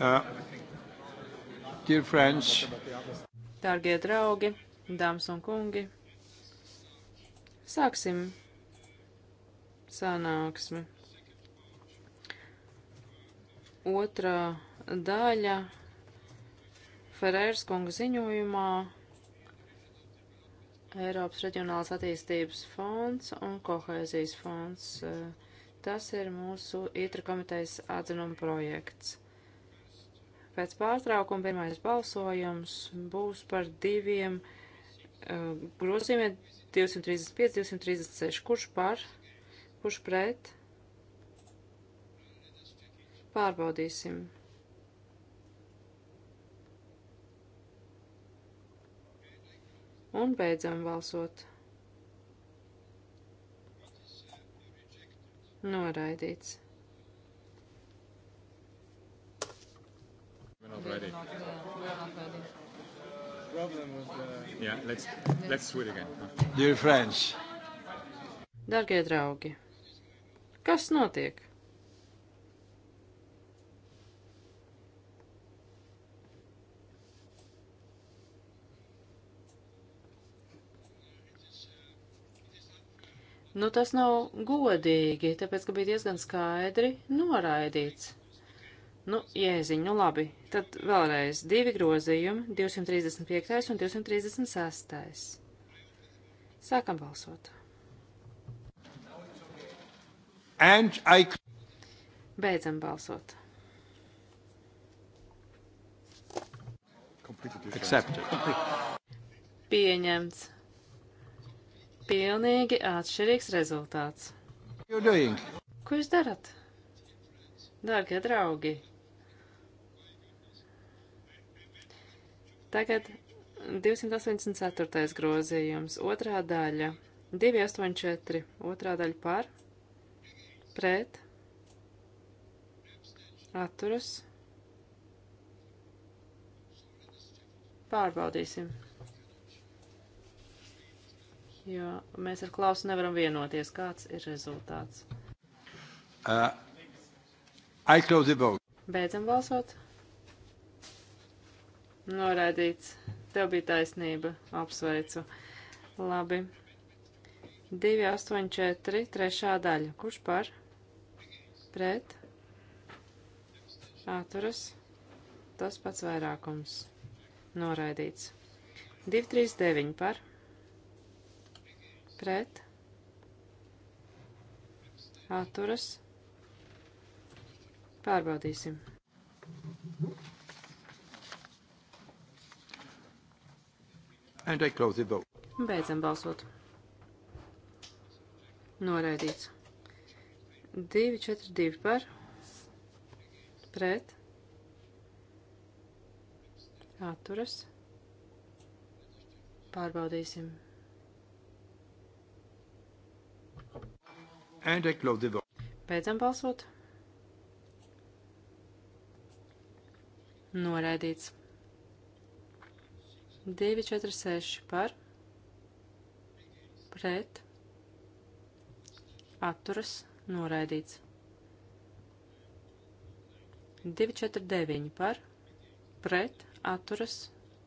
Uh, dear friends. Dārgie draugi, dāmas un kungi, sāksim sanāksmi. Otrā daļa Ferērs kunga ziņojumā Eiropas reģionālās attīstības fonds un kohēzijas fonds. Uh, tas ir mūsu ITRA komitejas atzinuma projekts. Pēc pārtraukuma pirmais balsojums būs par diviem uh, grozījumiem 235, 236. Kurš par? Kurš pret? Pārbaudīsim. Un beidzam balsot. Noraidīts. not ready. Not, uh, we are not ready. The problem was the... Uh, yeah, let's, let's do it again. Dear friends. Dargie draugi, kas notiek? Nu, tas nav godīgi, tāpēc, ka bija diezgan skaidri noraidīts. Nu, jēziņ, nu labi. Tad vēlreiz divi grozījumi - 235. un 236. Sākam balsot. I... Beidzam balsot. Accepted. Pieņemts. Pilnīgi atšķirīgs rezultāts. Ko jūs darat? Dārgie draugi, Tagad 284. grozījums, otrā daļa, 284, otrā daļa par, pret, atturas, pārbaudīsim. Jo mēs ar Klausu nevaram vienoties, kāds ir rezultāts. Uh, I close the vote. Beidzam balsot. Norādīts. Tev bija taisnība. Apsveicu. Labi. 284. Trešā daļa. Kurš par? Pret. Atturas. Tas pats vairākums. Noraidīts. 239 par. Pret. Atturas. Pārbaudīsim. And I close the vote. Beidzam balsot. Noraidīts. 2, 4, 2 par. Pret. Atturas. Pārbaudīsim. And I close the vote. Beidzam balsot. Noraidīts. 246 par pret atturas noraidīts. 249 par pret atturas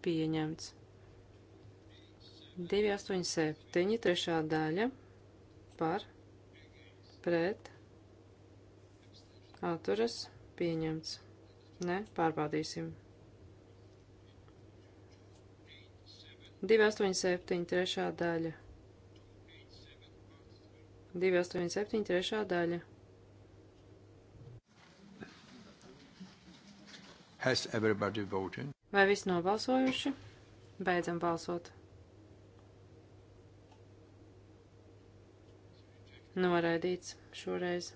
pieņemts. 287 trešā daļa par pret atturas pieņemts. Ne, pārbaudīsim. 289. 287, trešā daļa. 287, trešā daļa. Has everybody voted? Vai visi nobalsojuši? Beidzam balsot. Noraidīts šoreiz.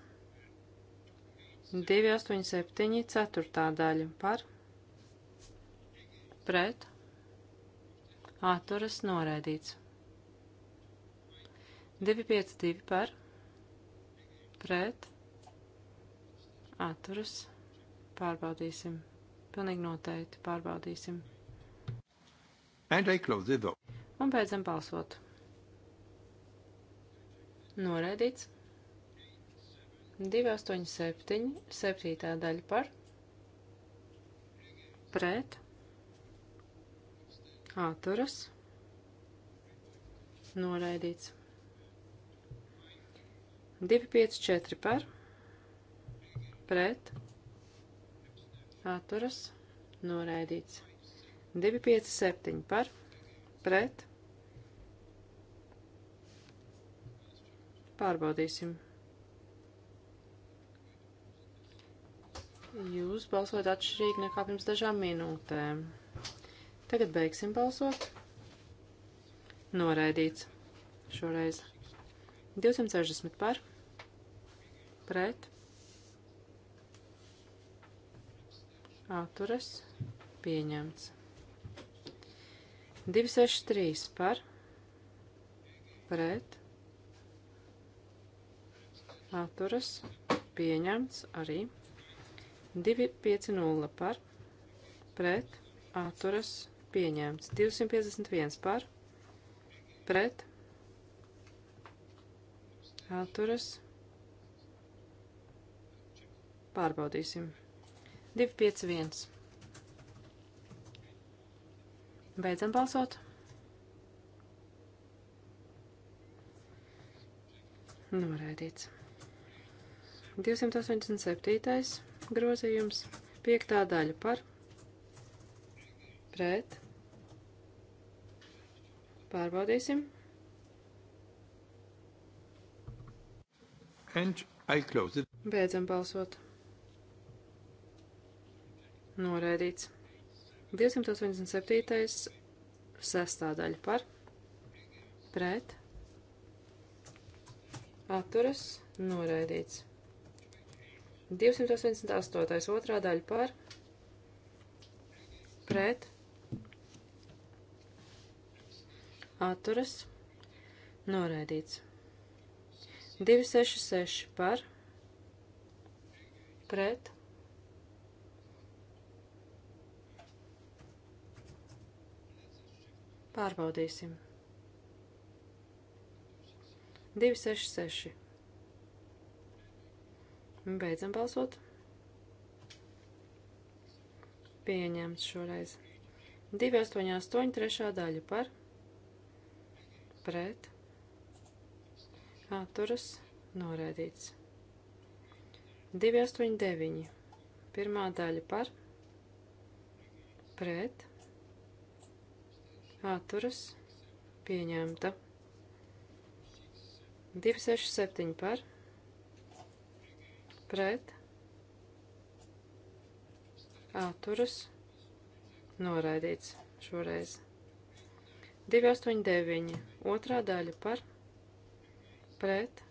287, ceturtā daļa par pret atturas noraidīts. 252 par, pret, atturas, pārbaudīsim. Pilnīgi noteikti pārbaudīsim. Un beidzam balsot. Noraidīts. 287, 7. daļa par, pret, Atturas. Noraidīts. 254 par. Pret. Atturas. Noraidīts. 257 par. Pret. Pārbaudīsim. Jūs balsot atšķirīgi nekā pirms dažām minūtēm. Tagad beigsim balsot. Noraidīts šoreiz. 260 par, pret, atturas, pieņemts. 263 par, pret, atturas, pieņemts arī. 250 par, pret, atturas, pieņemts pieņemts. 251 par, pret, atturas, pārbaudīsim. 251. Beidzam balsot. Noraidīts. 287. grozījums, piektā daļa par, pret. Pārbaudīsim. And I close it. Beidzam balsot. Noraidīts. 287. sestā daļa par pret atturas noraidīts. 288. otrā daļa par pret atturas atturas, noraidīts. 266 par, pret, pārbaudīsim. 266. Beidzam balsot. Pieņemts šoreiz. 288 trešā daļa par, pret pret, atturas, noraidīts. 289. Pirmā daļa par, pret, atturas, pieņemta. 267 par, pret, atturas, noraidīts šoreiz. 289. Otrā daļa par pret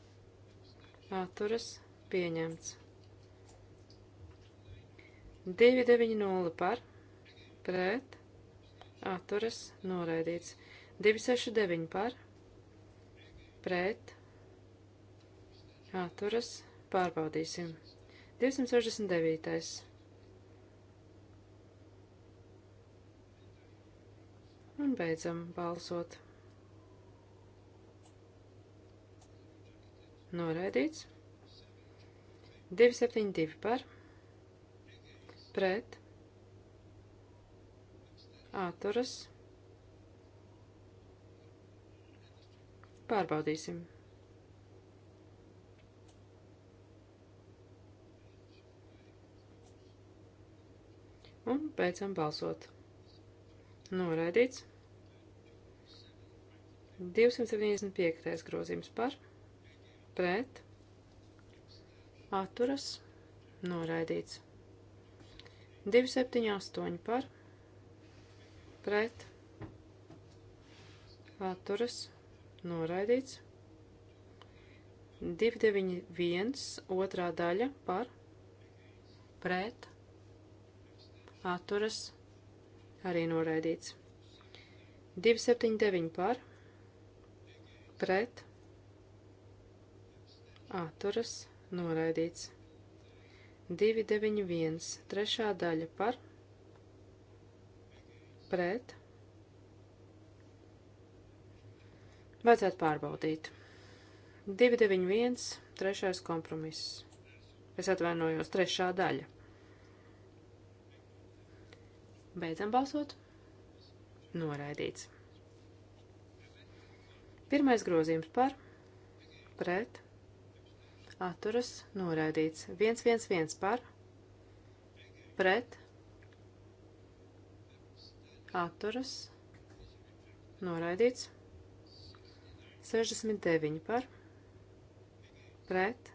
atturas pieņemts. 290 par pret atturas noraidīts. 269 par pret atturas pārbaudīsim. 269. Un beidzam balsot. Noraidīts. 272 par. Pret. Atturas. Pārbaudīsim. Un beidzam balsot. Noraidīts. 275. grozījums par, pret, atturas, noraidīts. 278 par, pret, atturas, noraidīts. 291, otrā daļa par, pret, atturas, arī noraidīts. 279 par, pret, atturas, noraidīts. 291, trešā daļa par, pret, vajadzētu pārbaudīt. 291, trešais kompromiss. Es atvainojos, trešā daļa. Beidzam balsot. Noraidīts. Pirmais grozījums par, pret, atturas, noraidīts. 111 par, pret, atturas, noraidīts. 69 par, pret,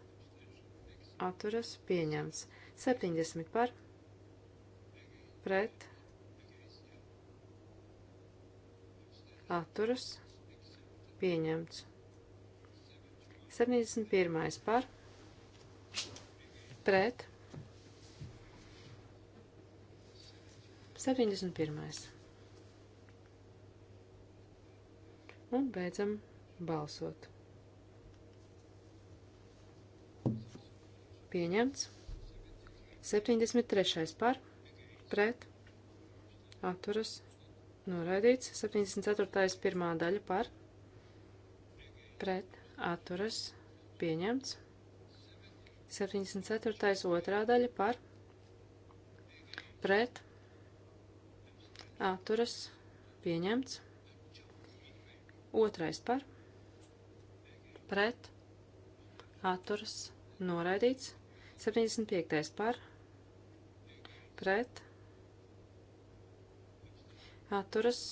atturas, pieņemts. 70 par, pret, atturas, noraidīts pieņemts. 71. par pret 71. Un beidzam balsot. Pieņemts. 73. par pret atturas noraidīts. 74. pirmā daļa par pret pret atturas pieņemts. 74. otrā daļa par pret atturas pieņemts. Otrais par pret atturas noraidīts. 75. par pret atturas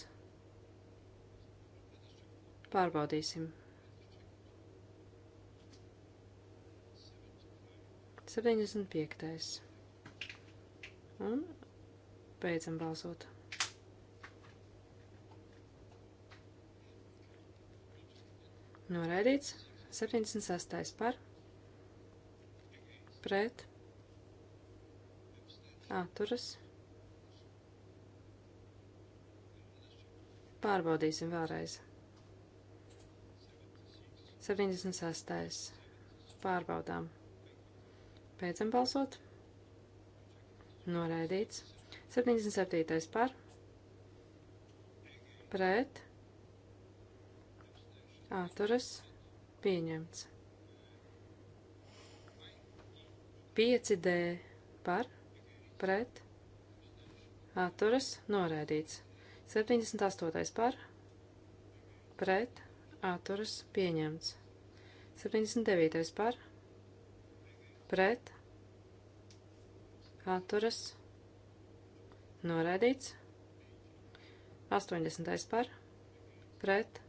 pārbaudīsim. 75. Un beidzam balsot. Noraidīts. 76. par. Pret. Atturas. Pārbaudīsim vēlreiz. 76. Pārbaudām. Beidzam balsot. Noraidīts. 77. par. Pret. Atturas. Pieņemts. 5D par. Pret. Atturas. Noraidīts. 78. par. Pret. Atturas. Pieņemts. 79. par. Pret pret, atturas, noraidīts, 80. par, pret,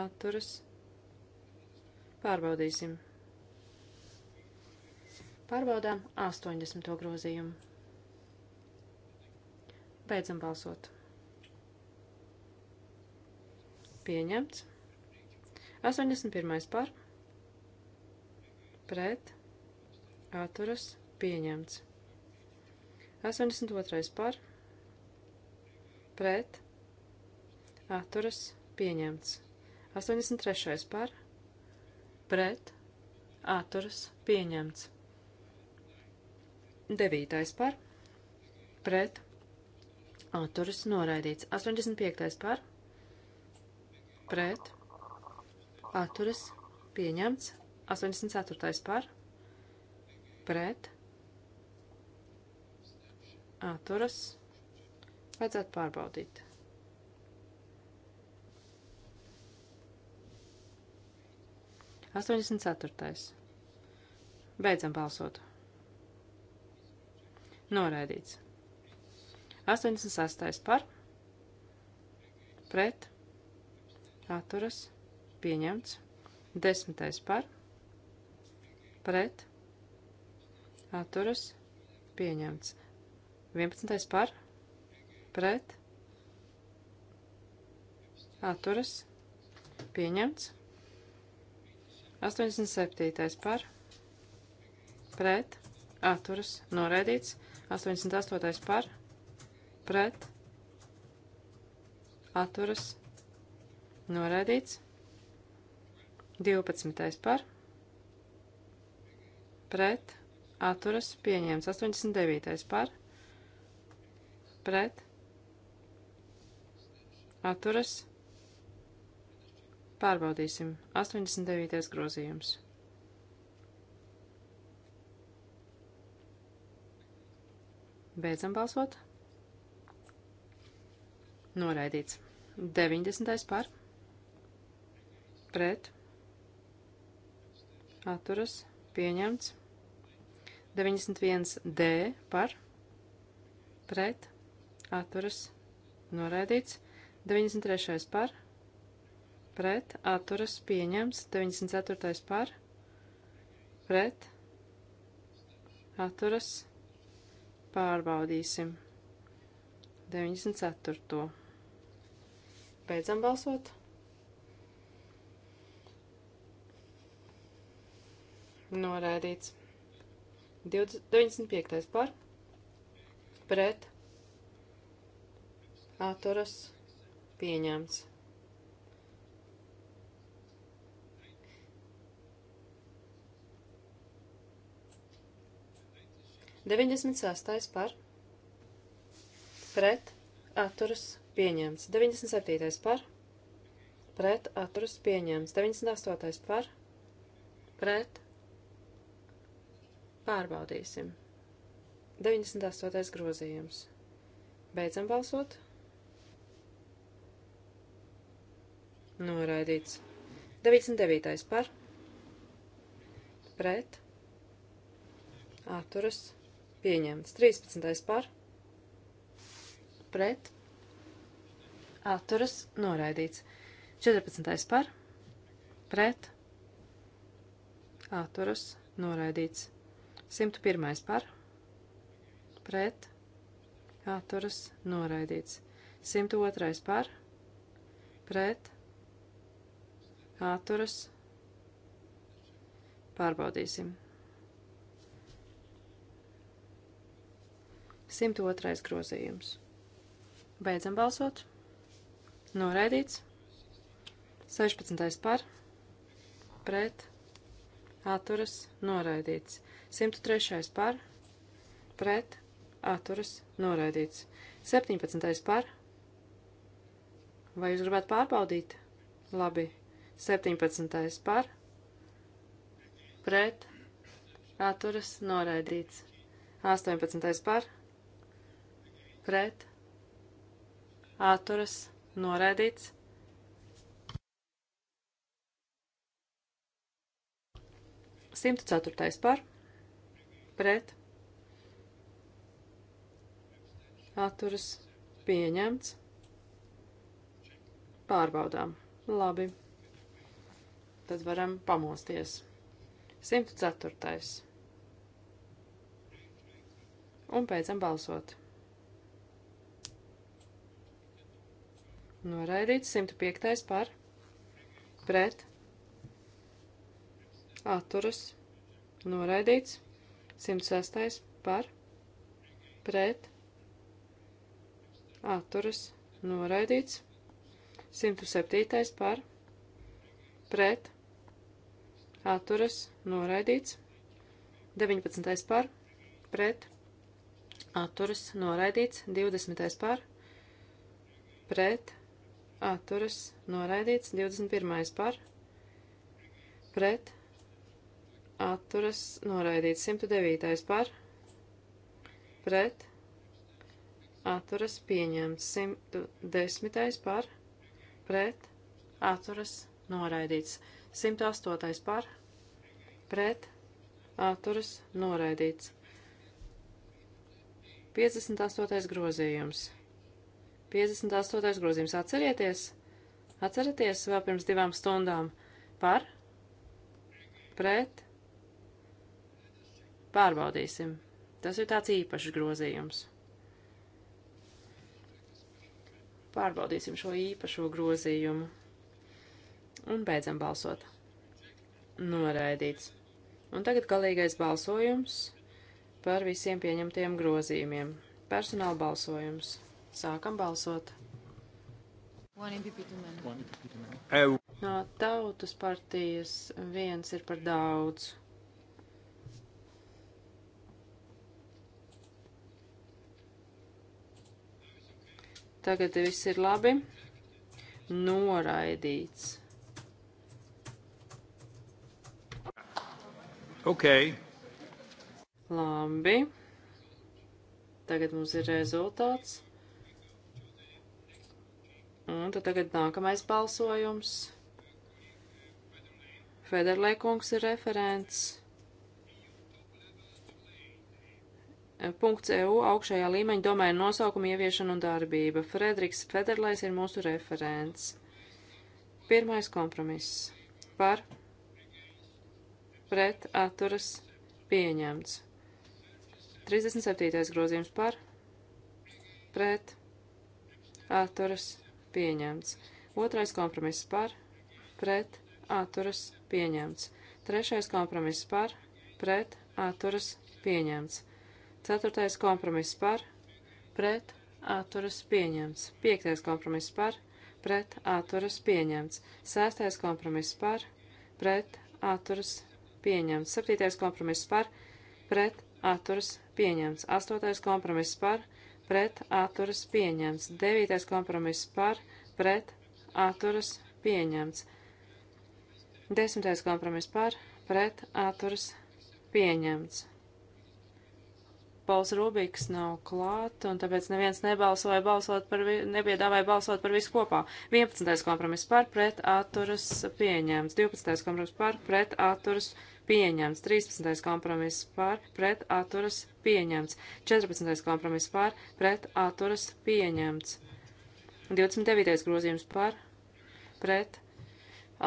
atturas, pārbaudīsim. Pārbaudām 80. grozījumu. Beidzam balsot. Pieņemts. 81. par, pret, pret, atturas, pieņemts. 82. par, pret, atturas, pieņemts. 83. par, pret, atturas, pieņemts. 9. par, pret, atturas, noraidīts. 85. par, pret, atturas, pieņemts. 84. par pret atturas vajadzētu pārbaudīt. Astoņdesmit ceturtais. Beidzam balsot. Noraidīts. 86. par, pret, atturas, pieņemts. 10. par, pret, atturas, pieņemts. 11. par, pret, atturas, pieņemts. 87. par, pret, atturas, noraidīts. 88. par, pret, atturas, noraidīts. 12. par, pret pret, atturas, pieņemts. 89. par, pret, atturas, pārbaudīsim. 89. grozījums. Beidzam balsot. Noraidīts. 90. par, pret, atturas, pieņemts. 91D par pret atturas noraidīts. 93. par pret atturas pieņemts. 94. par pret atturas pārbaudīsim. 94. Beidzam balsot. Noraidīts. 95. par pret atturas pieņemts. Deviņdesmit sastais par pret atturas pieņemts. Deviņdesmit septītais par pret atturas pieņemts. Deviņdesmit astotais par pret Pārbaudīsim. 98. grozījums. Beidzam balsot. Noraidīts. 99. par. Pret. Atturas. Pieņemts. 13. par. Pret. Atturas. Noraidīts. 14. par. Pret. Atturas. Noraidīts. 101. par, pret, atturas, noraidīts. 102. par, pret, atturas, pārbaudīsim. 102. grozījums. Beidzam balsot. Noraidīts. 16. par, pret, atturas, noraidīts. 103. par, pret, atturas, noraidīts. 17. par. Vai jūs gribētu pārbaudīt? Labi. 17. par, pret, atturas, noraidīts. 18. par, pret, atturas, noraidīts. Simt ceturtais par, pret pret atturas pieņemts. Pārbaudām. Labi. Tad varam pamosties. 104. Un beidzam balsot. Noraidīts 105. par pret atturas noraidīts 106. par pret atturas noraidīts. 107. par pret atturas noraidīts. 19. par pret atturas noraidīts. 20. par pret atturas noraidīts. 21. par pret atturas noraidīts 109. par pret atturas pieņemts 110. par pret atturas noraidīts 108. par pret atturas noraidīts 58. grozījums 58. grozījums atcerieties atceraties vēl pirms divām stundām par pret Pārbaudīsim. Tas ir tāds īpašs grozījums. Pārbaudīsim šo īpašo grozījumu. Un beidzam balsot. Noraidīts. Un tagad galīgais balsojums par visiem pieņemtiem grozījumiem. Personāla balsojums. Sākam balsot. No tautas partijas viens ir par daudz. Tagad viss ir labi. Noraidīts. Ok. Labi. Tagad mums ir rezultāts. Un tad tagad nākamais balsojums. Federlē kungs ir referents. punkts EU augšējā līmeņa domēna nosaukuma ieviešana un darbība. Frederiks Federlais ir mūsu referents. Pirmais kompromiss. Par pret atturas pieņemts. 37. grozījums par pret atturas pieņemts. Otrais kompromiss par pret atturas pieņemts. Trešais kompromiss par pret atturas pieņemts. Ceturtais kompromiss par, pret, atturas pieņemts. Piektais kompromiss par, pret, atturas pieņemts. Sestais kompromiss par, pret, atturas pieņemts. Septītais kompromiss par, pret, atturas pieņemts. Astotais kompromiss par, pret, atturas pieņemts. Devītais kompromiss par, pret, atturas pieņemts. Desmitais kompromiss par, pret, atturas pieņemts. Pols Rubiks nav klāt, un tāpēc neviens nebalsoja balsot par, nepiedāvāja balsot par visu kopā. 11. kompromiss par pret atturas pieņemts, 12. kompromiss par pret atturas pieņemts, 13. kompromiss par pret atturas pieņemts, 14. kompromiss par pret atturas pieņemts, 29. grozījums par pret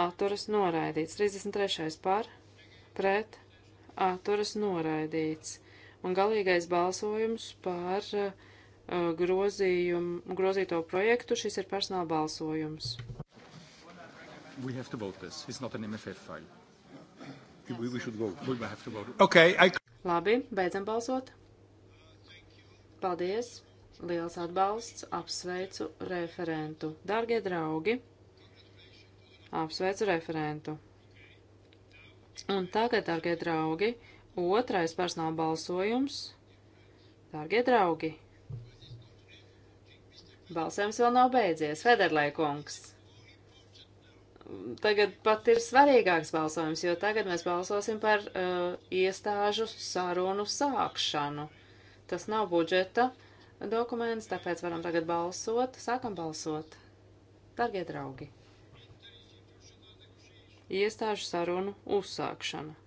atturas noraidīts, 33. par pret atturas noraidīts un galīgais balsojums par uh, grozījumu, grozīto projektu. Šis ir personāla balsojums. We have to vote this. It's not an MFF file. We, we should vote. We have to vote. Okay, I... Labi, beidzam balsot. Paldies. Liels atbalsts. Apsveicu referentu. Dargie draugi, apsveicu referentu. Un tagad, dargie draugi, Otrais personāla balsojums. Dārgie draugi, balsojums vēl nav beidzies. Federlai kungs. Tagad pat ir svarīgāks balsojums, jo tagad mēs balsosim par uh, iestāžu sarunu sākšanu. Tas nav budžeta dokuments, tāpēc varam tagad balsot. Sākam balsot. Dargie draugi! Iestāžu sarunu uzsākšana.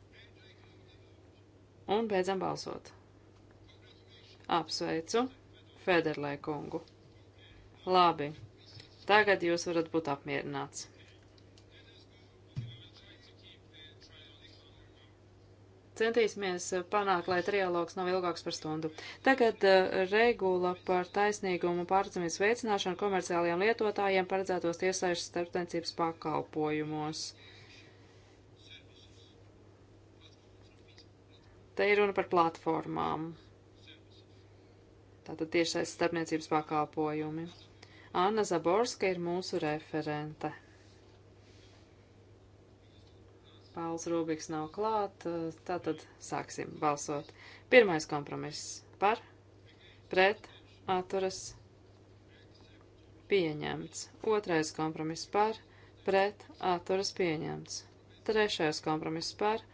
Un beidzam balsot. Apsveicu Federlai kungu. Labi, tagad jūs varat būt apmierināts. centīsimies panākt, lai trialogs nav ilgāks par stundu. Tagad uh, regula par taisnīgumu pārdzimības veicināšanu komerciālajiem lietotājiem paredzētos tiesaišas starptencības pakalpojumos. Uh, Te ir runa par platformām. Tātad tiešais starpniecības pakāpojumi. Anna Zaborska ir mūsu referente. Pāls Rūbiks nav klāt, tātad sāksim balsot. Pirmais kompromiss par, pret, atturas, pieņemts. Otrais kompromiss par, pret, atturas, pieņemts. Trešais kompromiss par,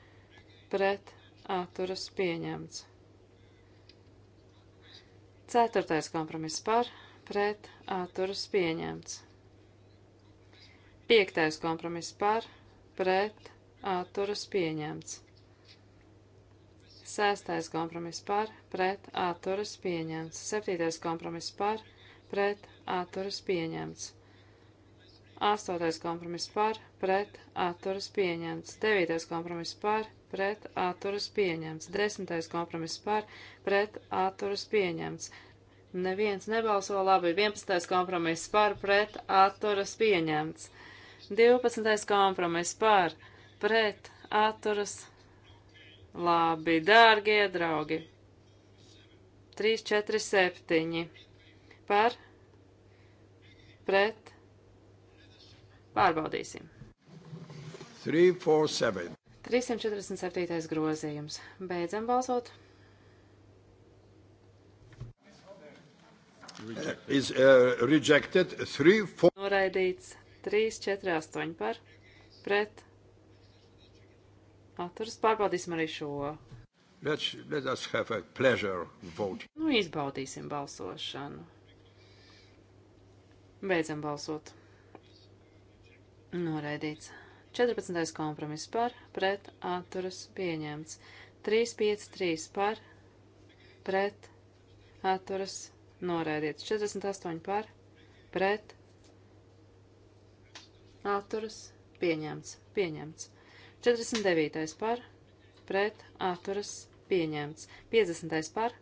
pret, atturas pieņemts. Ceturtais kompromiss par, pret, atturas pieņemts. Piektais kompromiss par, pret, atturas pieņemts. Sestais kompromiss par, pret, atturas pieņemts. Septītais kompromiss par, pret, atturas pieņemts. Astotais kompromiss par, pret, atturas pieņemts. Devītais kompromiss par, pret atturas pieņemts. Desmitais kompromiss par pret atturas pieņemts. Neviens nebalso labi. Vienpadsmitais kompromiss par pret atturas pieņemts. Divpadsmitais kompromiss par pret atturas labi. Dārgie draugi, 3, 4, 7 par pret pārbaudīsim. 3, 4, 7. 347. grozījums. Beidzam balsot. Uh, is, uh, rejected, three, four... Noraidīts 3, 4, 8 par pret. Atturas pārbaudīsim arī šo. Let, let us have a pleasure vote. Nu, izbaudīsim balsošanu. Beidzam balsot. Noraidīts. 14. kompromiss par, pret, atturas pieņemts. 353 par, pret, atturas noraidīts. 48 par, pret, atturas pieņemts. Pieņemts. 49. par, pret, atturas pieņemts. 50. par,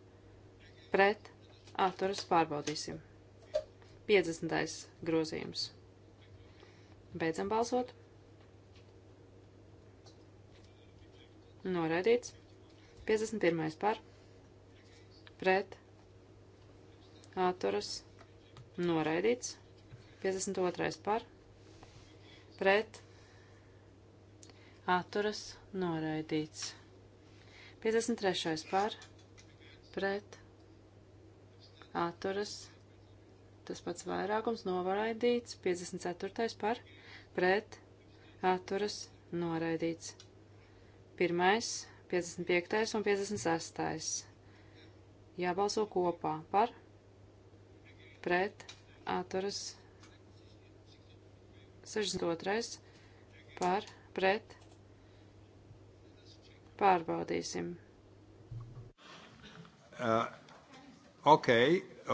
pret, atturas pārbaudīsim. 50. grozījums. Beidzam balsot. Noraidīts. 51. par. Pret. Atturas. Noraidīts. 52. par. Pret. Atturas. Noraidīts. 53. par. Pret. Atturas. Tas pats vairākums noraidīts. 54. par. Pret. Atturas. Noraidīts. 1, 55 un 56. Jābalso kopā par, pret, atturas, 62. par, pret, pārbaudīsim. Uh, ok,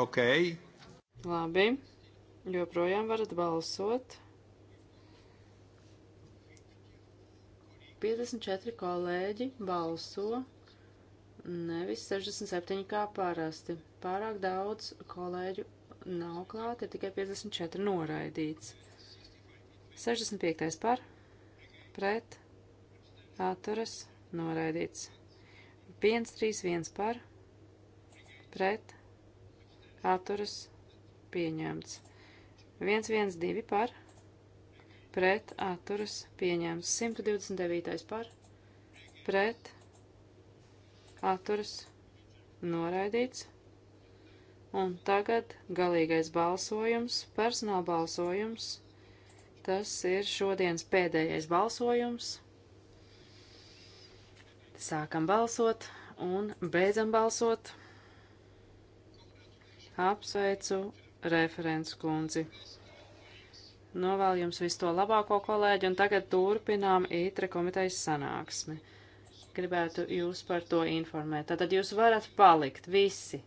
ok. Labi, joprojām varat balsot. 54 kolēģi balso, nevis 67 kā parasti. Pārāk daudz kolēģu nav klāt, ir tikai 54 noraidīts. 65. par, pret, atturas, noraidīts. 131 par, pret, atturas, pieņemts. 112 par, pret pret atturas pieņēmts. 129. par pret atturas noraidīts. Un tagad galīgais balsojums, personāla balsojums. Tas ir šodienas pēdējais balsojums. Sākam balsot un beidzam balsot. Apsveicu referents kundzi. Novēl jums visu to labāko, kolēģi, un tagad turpinām ITRE komitejas sanāksmi. Gribētu jūs par to informēt. Tātad jūs varat palikt visi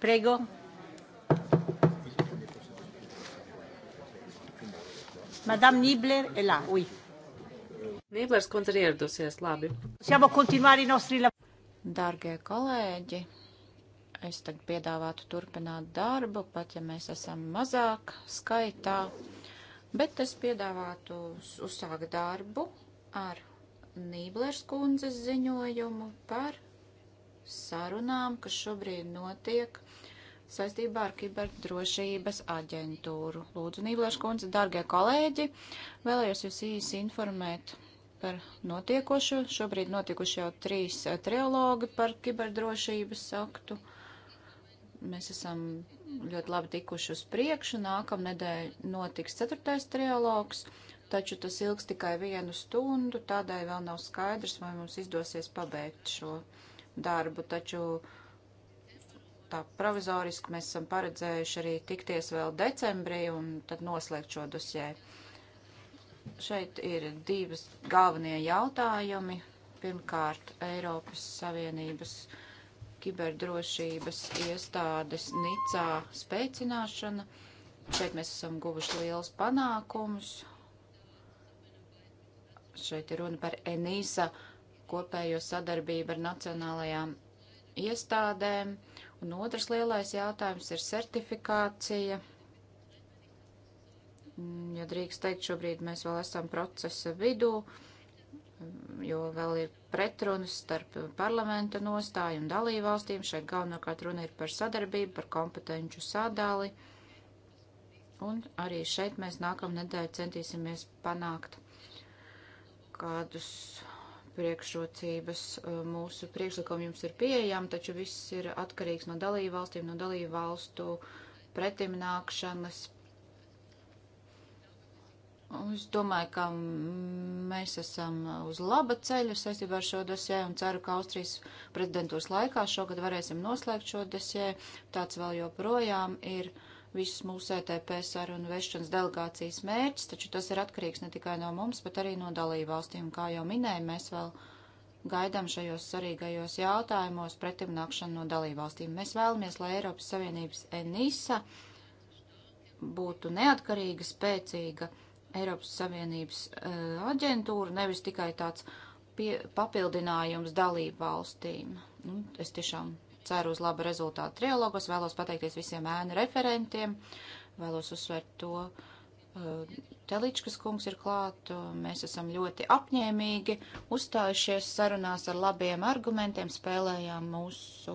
Prego. Madame Nibler è là, oui. Nīblers kundze ir ieradusies, labi. Siamo continuare i nostri Dargie kolēģi, es tagad piedāvātu turpināt darbu, pat ja mēs esam mazāk skaitā, bet es piedāvātu uzsākt darbu ar Nīblers kundzes ziņojumu par sarunām, kas šobrīd notiek saistībā ar kiberdrošības aģentūru. Lūdzu, Nīblēš kundze, dargie kolēģi, vēlējos jūs īsi informēt par notiekošo. Šobrīd notikuši jau trīs eh, trilogi par kiberdrošības aktu. Mēs esam ļoti labi tikuši uz priekšu. Nākamnedēļ notiks ceturtais trilogs, taču tas ilgs tikai vienu stundu, tādēļ vēl nav skaidrs, vai mums izdosies pabeigt šo darbu, taču tā provizoriski mēs esam paredzējuši arī tikties vēl decembrī un tad noslēgt šo dosjē. Šeit ir divas galvenie jautājumi. Pirmkārt, Eiropas Savienības kiberdrošības iestādes Nicā spēcināšana. Šeit mēs esam guvuši liels panākumus. Šeit ir runa par Enīsa kopējo sadarbību ar nacionālajām iestādēm. Un otrs lielais jautājums ir certifikācija. Mm, ja drīkst teikt, šobrīd mēs vēl esam procesa vidū, jo vēl ir pretrunas starp parlamenta nostāju un dalībvalstīm. Šeit galvenokārt runa ir par sadarbību, par kompetenču sadali. Un arī šeit mēs nākamnedēļ centīsimies panākt kādus priekšrocības. Uh, mūsu priekšlikumi jums ir pieejami, taču viss ir atkarīgs no dalību valstīm, no dalību valstu pretimnākšanas. Es domāju, ka mēs esam uz laba ceļa saistībā ar šo dosē un ceru, ka Austrijas prezidentūras laikā šogad varēsim noslēgt šo dosē. Tāds vēl joprojām ir. Uh, visas mūsu ETP sarunu vešanas delegācijas mērķis, taču tas ir atkarīgs ne tikai no mums, bet arī no dalībvalstīm. Kā jau minēju, mēs vēl gaidām šajos svarīgajos jautājumos pretimnākšanu no dalībvalstīm. Mēs vēlamies, lai Eiropas Savienības ENISA būtu neatkarīga, spēcīga Eiropas Savienības uh, aģentūra, nevis tikai tāds pie, papildinājums dalību valstīm. Nu, es tiešām ceru uz labu rezultātu trialogos, vēlos pateikties visiem ēnu referentiem, vēlos uzsvērt to, eh, Teličkas kungs ir klāt, mēs esam ļoti apņēmīgi uzstājušies sarunās ar labiem argumentiem, spēlējām mūsu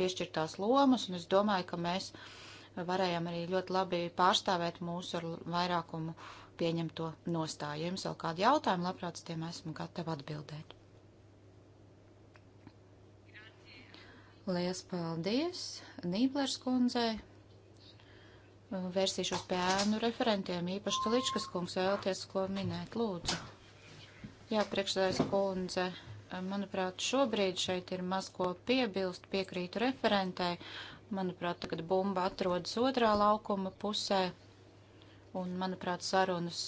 piešķirtās lomas, un es domāju, ka mēs varējām arī ļoti labi pārstāvēt mūsu ar vairākumu pieņemto nostāju. Jums vēl kādi jautājumi, labprāt, tiem esmu gatava atbildēt. Lielas paldies Nīblers kundzei. Vērsīšos pie ēnu referentiem, īpaši Taličkas kungs vēlties, ko minēt, lūdzu. Jā, priekšsēdājas kundze, manuprāt, šobrīd šeit ir maz ko piebilst, piekrītu referentei. Manuprāt, tagad bumba atrodas otrā laukuma pusē, un, manuprāt, sarunas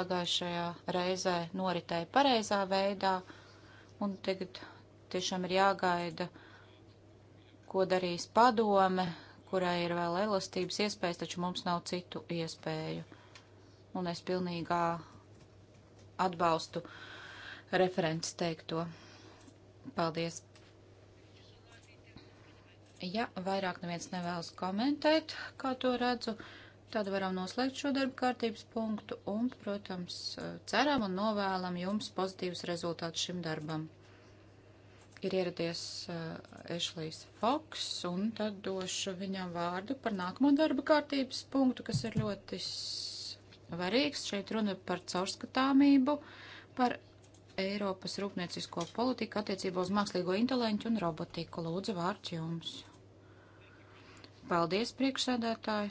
pagājušajā reizē noritēja pareizā veidā, un tagad tiešām ir jāgaida ko darīs padome, kurai ir vēl elastības iespējas, taču mums nav citu iespēju. Un es pilnīgā atbalstu referents teikto. Paldies! Ja vairāk neviens nevēlas komentēt, kā to redzu, tad varam noslēgt šo darba kārtības punktu un, protams, ceram un novēlam jums pozitīvus rezultātus šim darbam ir ieradies eh, Ešlijs Foks, un tad došu viņam vārdu par nākamo darba kārtības punktu, kas ir ļoti svarīgs. Šeit runa par caurskatāmību, par Eiropas rūpniecisko politiku attiecībā uz mākslīgo intelektu un robotiku. Lūdzu, vārds jums. Paldies, priekšsēdētāji!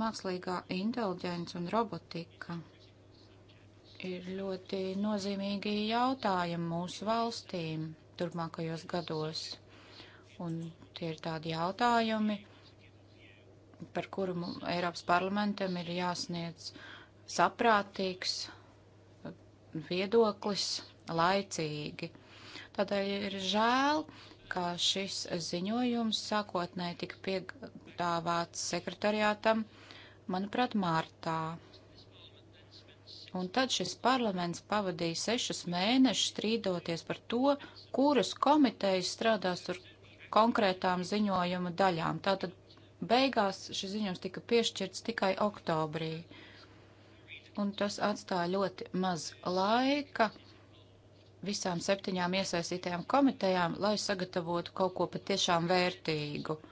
Mākslīgā inteliģence un robotika ir ļoti nozīmīgi jautājumi mūsu valstīm turpmākajos gados. Un tie ir tādi jautājumi, par kuru Eiropas parlamentam ir jāsniedz saprātīgs viedoklis laicīgi. Tādēļ ir žēl, ka šis ziņojums sākotnēji tika piedāvāts sekretariātam, manuprāt, martā. Un tad šis parlaments pavadīja sešus mēnešus strīdoties par to, kuras komitejas strādās ar konkrētām ziņojuma daļām. Tātad beigās šis ziņojums tika piešķirts tikai oktobrī. Un tas atstāja ļoti maz laika visām septiņām iesaistītajām komitejām, lai sagatavotu kaut ko patiešām vērtīgu.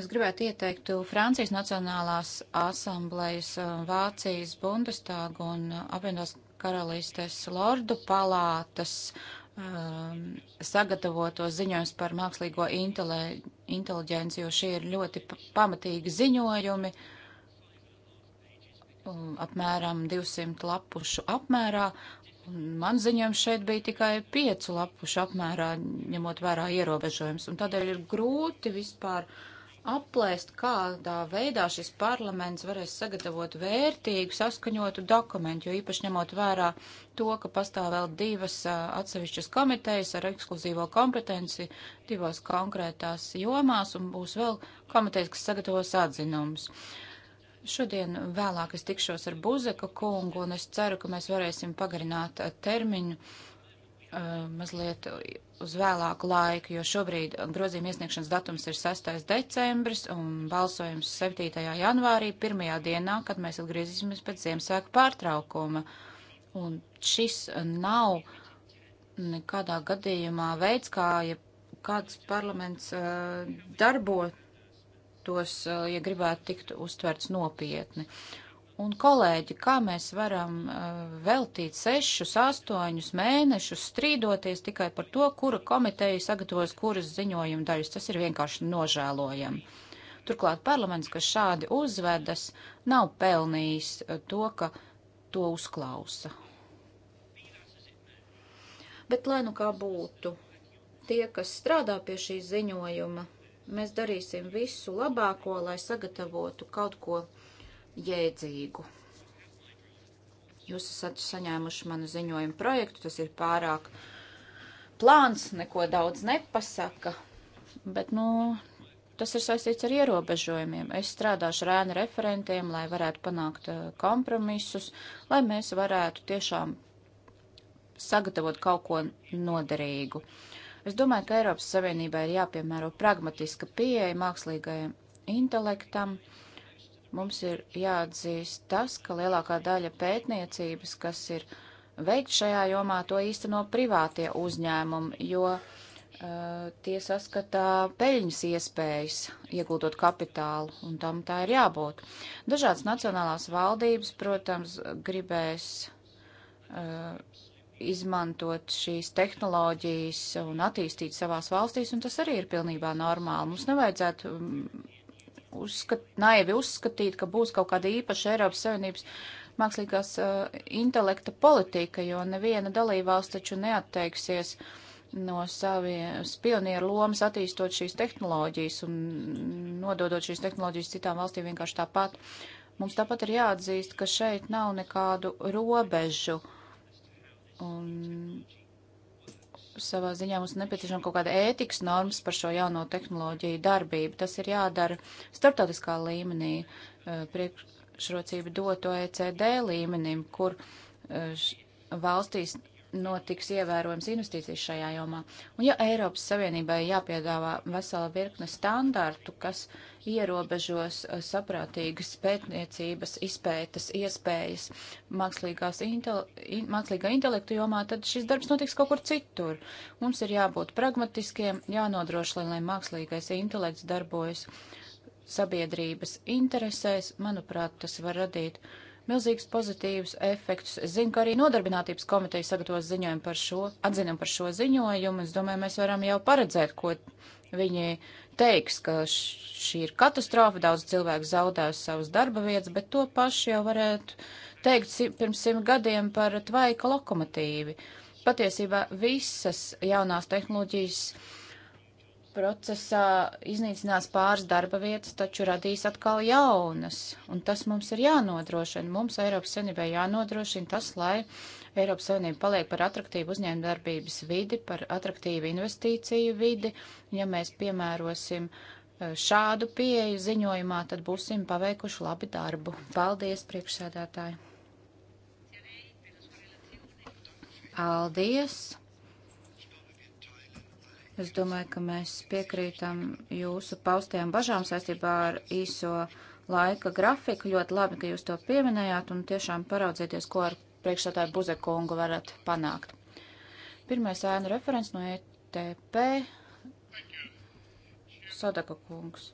Es gribētu ieteikt Francijas Nacionālās asamblejas, eh, Vācijas Bundestāgu un eh, apvienotās karalistes lordu palātas um, eh, sagatavotos ziņojums par mākslīgo intele, inteliģenci, jo šie ir ļoti pamatīgi ziņojumi, um, apmēram 200 lapušu apmērā. Man ziņojums šeit bija tikai piecu lapušu apmērā, ņemot vērā ierobežojums, un tādēļ ir grūti vispār uh, aplēst, kādā veidā šis parlaments varēs sagatavot vērtīgu, saskaņotu dokumentu, jo īpaši ņemot vērā to, ka pastāv vēl divas atsevišķas komitejas ar ekskluzīvo kompetenci divās konkrētās jomās, un būs vēl komitejas, kas sagatavos atzinumus. Šodien vēlāk es tikšos ar Buzeka kungu, un es ceru, ka mēs varēsim pagarināt termiņu Eh, mazliet uz vēlāku laiku, jo šobrīd grozījuma iesniegšanas datums ir 6. decembris un balsojums 7. janvārī, pirmajā dienā, kad mēs atgriezīsimies pēc Ziemassvētku pārtraukuma. Un šis nav nekādā gadījumā veids, kā ja kāds parlaments uh, darbotos, uh, ja gribētu tikt uztverts nopietni. Uh, Un, kolēģi, kā mēs varam uh, veltīt sešus, astoņus mēnešus strīdoties tikai par to, kura komiteja sagatavos kuras ziņojuma daļas? Tas ir vienkārši nožēlojami. Turklāt parlaments, kas šādi uzvedas, nav pelnījis uh, to, ka to uzklausa. Bet, lai nu kā būtu, tie, kas strādā pie šī ziņojuma, mēs darīsim visu labāko, lai sagatavotu kaut ko jēdzīgu. Jūs esat saņēmuši manu ziņojumu projektu, tas ir pārāk plāns, neko daudz nepasaka, bet, nu, tas ir saistīts ar ierobežojumiem. Es strādāšu ar ēnu referentiem, lai varētu panākt eh, kompromisus, lai mēs varētu tiešām sagatavot kaut ko noderīgu. Es domāju, ka Eiropas Savienībā ir jāpiemēro pragmatiska pieeja mākslīgajam intelektam. Uh, Mums ir jāatzīst tas, ka lielākā daļa pētniecības, kas ir veikta šajā jomā, to īsteno privātie uzņēmumi, jo uh, tie saskatā peļņas iespējas, ieguldot kapitālu, un tam tā ir jābūt. Dažādas nacionālās valdības, protams, gribēs uh, izmantot šīs tehnoloģijas un attīstīt savās valstīs, un tas arī ir pilnībā normāli. Mums nevajadzētu mm, uzskat, naivi uzskatīt, ka būs kaut kāda īpaša Eiropas Savienības mākslīgās uh, intelekta politika, jo neviena dalībvalsts taču neatteiksies no savas pionieru lomas attīstot šīs tehnoloģijas un nododot šīs tehnoloģijas citām valstīm vienkārši tāpat. Mums tāpat ir jāatzīst, ka šeit nav nekādu robežu. Un savā ziņā mums nepieciešama kaut kāda ētikas normas par šo jauno tehnoloģiju darbību. Tas ir jādara starptautiskā līmenī, eh, priekšrocība doto ECD līmenim, kur eh, valstīs notiks ievērojams investīcijas šajā jomā. Un ja Eiropas Savienībai jāpiedāvā vesela virkne standārtu, kas ierobežos uh, saprātīgas pētniecības, izpētes, iespējas mākslīgās intele, in, mākslīgā intelektu jomā, tad šis darbs notiks kaut kur citur. Mums ir jābūt pragmatiskiem, jānodrošina, lai mākslīgais intelekts darbojas sabiedrības interesēs. Manuprāt, tas var radīt uh, milzīgs pozitīvs efekts. Es zinu, ka arī nodarbinātības komiteja sagatavos ziņojumu par šo, atzinumu par šo ziņojumu. Es domāju, mēs varam jau paredzēt, ko viņi teiks, ka šī ir katastrofa, daudz cilvēku zaudēs savas darba vietas, bet to pašu jau varētu teikt pirms simt gadiem par tvaika lokomotīvi. Patiesībā visas jaunās tehnoloģijas procesā iznīcinās pāris darba vietas, taču radīs atkal jaunas. Un tas mums ir jānodrošina. Mums Eiropas Savienībai jānodrošina tas, lai Eiropas Savienība paliek par atraktīvu uzņēmdarbības vidi, par atraktīvu investīciju vidi. Ja mēs piemērosim eh, šādu pieeju ziņojumā, tad būsim paveikuši labi darbu. Paldies, priekšsēdētāji! Paldies! Es domāju, ka mēs piekrītam jūsu paustajām bažām saistībā ar īso laika grafiku. Ļoti labi, ka jūs to pieminējāt un tiešām paraudzieties, ko ar priekšstādāju buzekungu varat panākt. Pirmais ēnu referents no ETP Sodaka kungs.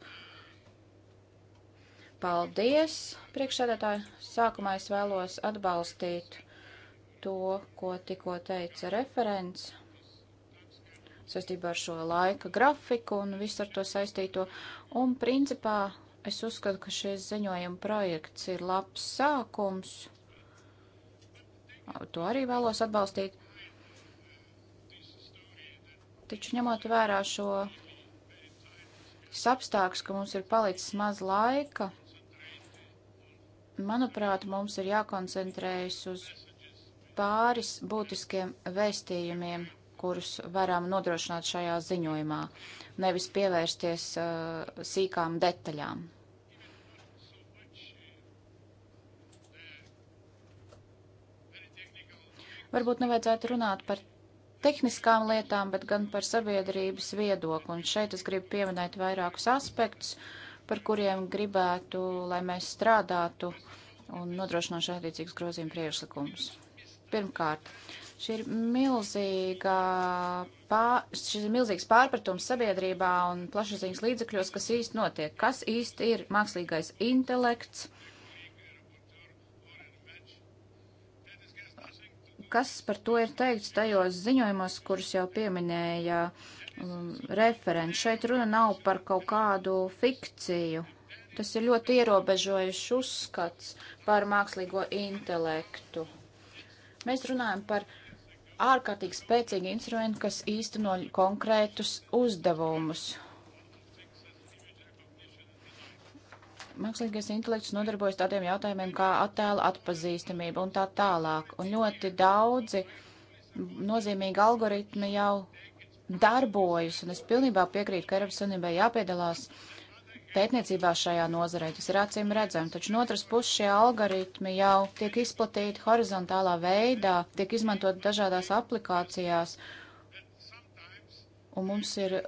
Paldies, priekšsēdētāji. Sākumā es vēlos atbalstīt to, ko tikko teica referents saistībā ar šo laika grafiku un visu ar to saistīto. Un principā es uzskatu, ka šis ziņojuma projekts ir labs sākums. To arī vēlos atbalstīt. Taču ņemot vērā šo apstākļus, ka mums ir palicis maz laika, manuprāt, mums ir jākoncentrējas uz pāris būtiskiem vēstījumiem, kurus varam nodrošināt šajā ziņojumā, nevis pievērsties uh, sīkām detaļām. Varbūt nevajadzētu runāt par tehniskām lietām, bet gan par sabiedrības viedokli. Un šeit es gribu pieminēt vairākus aspektus, par kuriem gribētu, lai mēs strādātu un nodrošinātu attiecīgus grozījumu priekšlikumus. Pirmkārt, uh, Šī ir milzīga, pār, šis ir milzīgs pārpratums sabiedrībā un plašsaziņas līdzekļos, kas īsti notiek. Kas īsti ir mākslīgais intelekts? Kas par to ir teikts tajos ziņojumos, kurus jau pieminēja um, referents? Šeit runa nav par kaut kādu fikciju. Tas ir ļoti ierobežojuši uzskats par mākslīgo intelektu. Mēs runājam par ārkārtīgi spēcīgi instrumenti, kas īsteno konkrētus uzdevumus. Mākslīgais intelekts nodarbojas tādiem jautājumiem kā attēla atpazīstamība un tā tālāk. Un ļoti daudzi nozīmīgi algoritmi jau darbojas, un es pilnībā piekrītu, ka Eiropas Savienībai jāpiedalās uh, pētniecībā šajā nozarē. Tas ir acīm redzami, taču no otras puses šie algoritmi jau tiek izplatīti horizontālā veidā, tiek izmantot dažādās aplikācijās. Un mums ir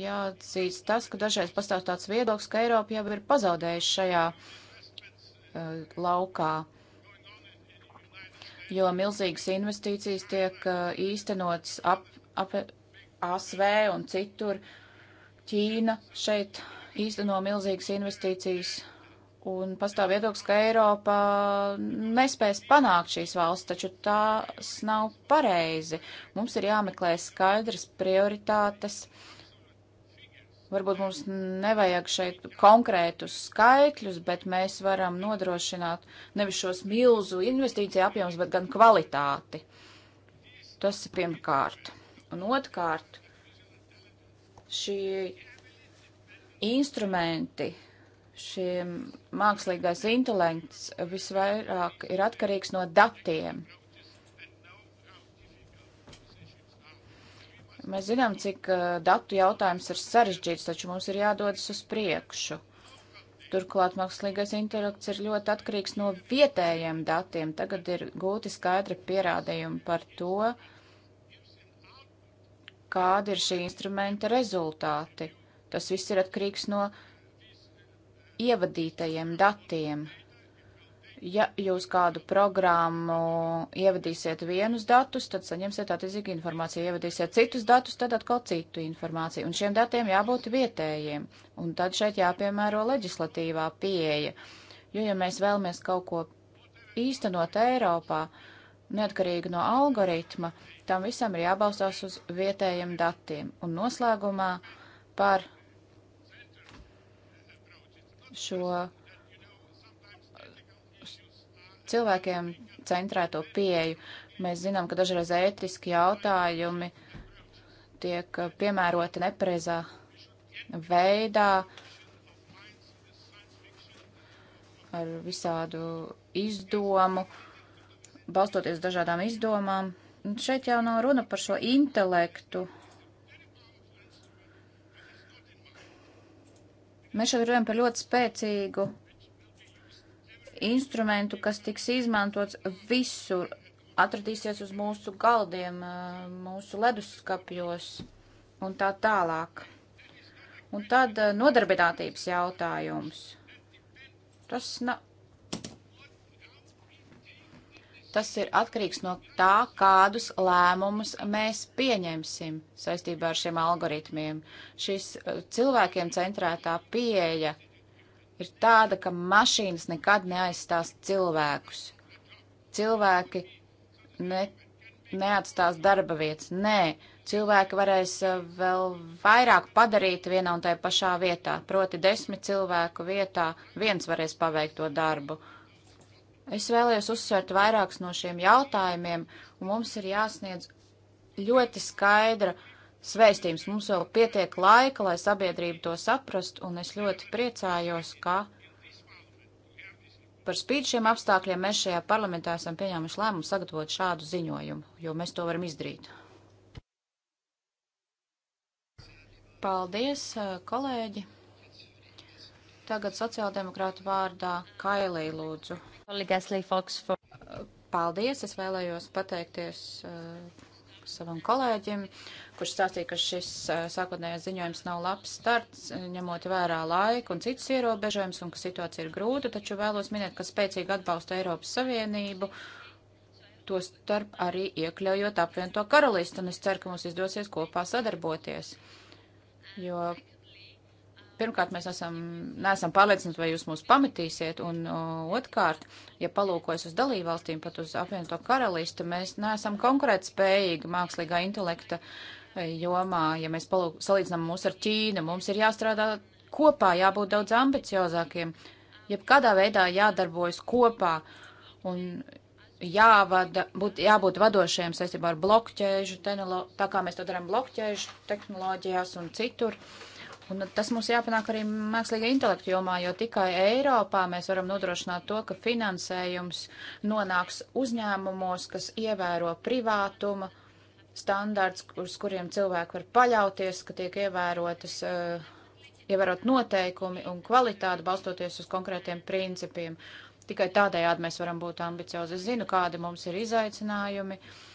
jāatzīst tas, ka dažreiz pastāv tāds viedoklis, ka Eiropa jau ir pazaudējusi šajā uh, laukā, jo milzīgas investīcijas tiek uh, eh, īstenotas ap, ap ASV un citur, Ķīna šeit īsteno milzīgas investīcijas un pastāv viedoklis, ka Eiropa nespēs panākt šīs valsts, taču tās nav pareizi. Mums ir jāmeklē skaidras prioritātes. Varbūt mums nevajag šeit konkrētus skaitļus, bet mēs varam nodrošināt nevis šos milzu investīciju apjomus, bet gan kvalitāti. Tas ir pirmkārt. Un otrkārt, šie instrumenti, šiem mākslīgais intelekts visvairāk ir atkarīgs no datiem. Mēs zinām, cik uh, datu jautājums ir sarežģīts, taču mums ir jādodas uz priekšu. Turklāt mākslīgais intelekts ir ļoti atkarīgs no vietējiem datiem. Tagad ir gūti skaidri pierādījumi par to, uh, kādi ir šī instrumenta rezultāti. Tas viss ir atkarīgs no ievadītajiem datiem. Ja jūs kādu programmu ievadīsiet vienus datus, tad saņemsiet attiecīgu informāciju. Ievadīsiet citus datus, tad atkal citu informāciju. Un šiem datiem jābūt vietējiem. Un tad šeit jāpiemēro leģislatīvā pieeja. Jo, ja mēs vēlamies kaut ko īstenot Eiropā, neatkarīgi no algoritma, tam visam ir jābalstās uz vietējiem datiem. Un noslēgumā par šo cilvēkiem centrēto pieeju. Mēs zinām, ka dažreiz ētiski jautājumi tiek piemēroti nepareizā veidā ar visādu izdomu, balstoties dažādām izdomām. Un šeit jau nav runa par šo intelektu. Mēs šeit runājam par ļoti spēcīgu instrumentu, kas tiks izmantots visur, atradīsies uz mūsu galdiem, mūsu leduskapjos un tā tālāk. Un tad eh, nodarbinātības jautājums. Tas nav Tas ir atkarīgs no tā, kādus lēmumus mēs pieņemsim saistībā ar šiem algoritmiem. Šis uh, cilvēkiem centrētā pieeja ir tāda, ka mašīnas nekad neaizstās cilvēkus. Cilvēki ne, neatstās darba vietas. Nē, cilvēki varēs uh, vēl vairāk padarīt vienā un tajā pašā vietā. Proti, desmit cilvēku vietā viens varēs paveikt to darbu. Uh, Es vēlējos uzsvērt vairākus no šiem jautājumiem, un mums ir jāsniedz ļoti skaidra svēstījums. Mums vēl pietiek laika, lai sabiedrība to saprast, un es ļoti priecājos, ka par spīti šiem apstākļiem mēs šajā parlamentā esam pieņēmuši lēmumu sagatavot šādu ziņojumu, jo mēs to varam izdarīt. Paldies, kolēģi! Tagad sociāldemokrāta vārdā Kailī lūdzu. Paldies! Es vēlējos pateikties uh, savam kolēģim, kurš stāstīja, ka šis uh, sākotnējais ziņojums nav labs starts, ņemot vērā laiku un citas ierobežojumus, un ka situācija ir grūta, taču vēlos minēt, ka spēcīgi atbalsta Eiropas Savienību, to starp arī iekļaujot apvienoto karalistu, un es ceru, ka mums izdosies kopā sadarboties, jo pirmkārt, mēs esam, neesam pārliecināti, vai jūs mūs pamatīsiet, un uh, otrkārt, ja palūkojas uz dalībvalstīm, pat uz apvienoto karalisti, mēs neesam konkurēt spējīgi mākslīgā intelekta e, jomā, ja mēs palūk, salīdzinām mūs ar Ķīnu, mums ir jāstrādā kopā, jābūt daudz ambiciozākiem, jebkādā veidā jādarbojas kopā. Un jāvada, būt, jābūt vadošiem saistībā ar blokķēžu, tā kā mēs to darām blokķēžu tehnoloģijās un citur. Uh, Un nu, tas mums jāpanāk arī mākslīgā intelektu jomā, jo tikai Eiropā mēs varam nodrošināt to, ka finansējums nonāks uzņēmumos, kas ievēro privātuma standārts, uz kuriem cilvēki var paļauties, ka tiek ievērotas, eh, ievērot noteikumi un kvalitāte balstoties uz konkrētiem principiem. Tikai tādējādi mēs varam būt ambiciozi. Es zinu, kādi mums ir izaicinājumi. Uh,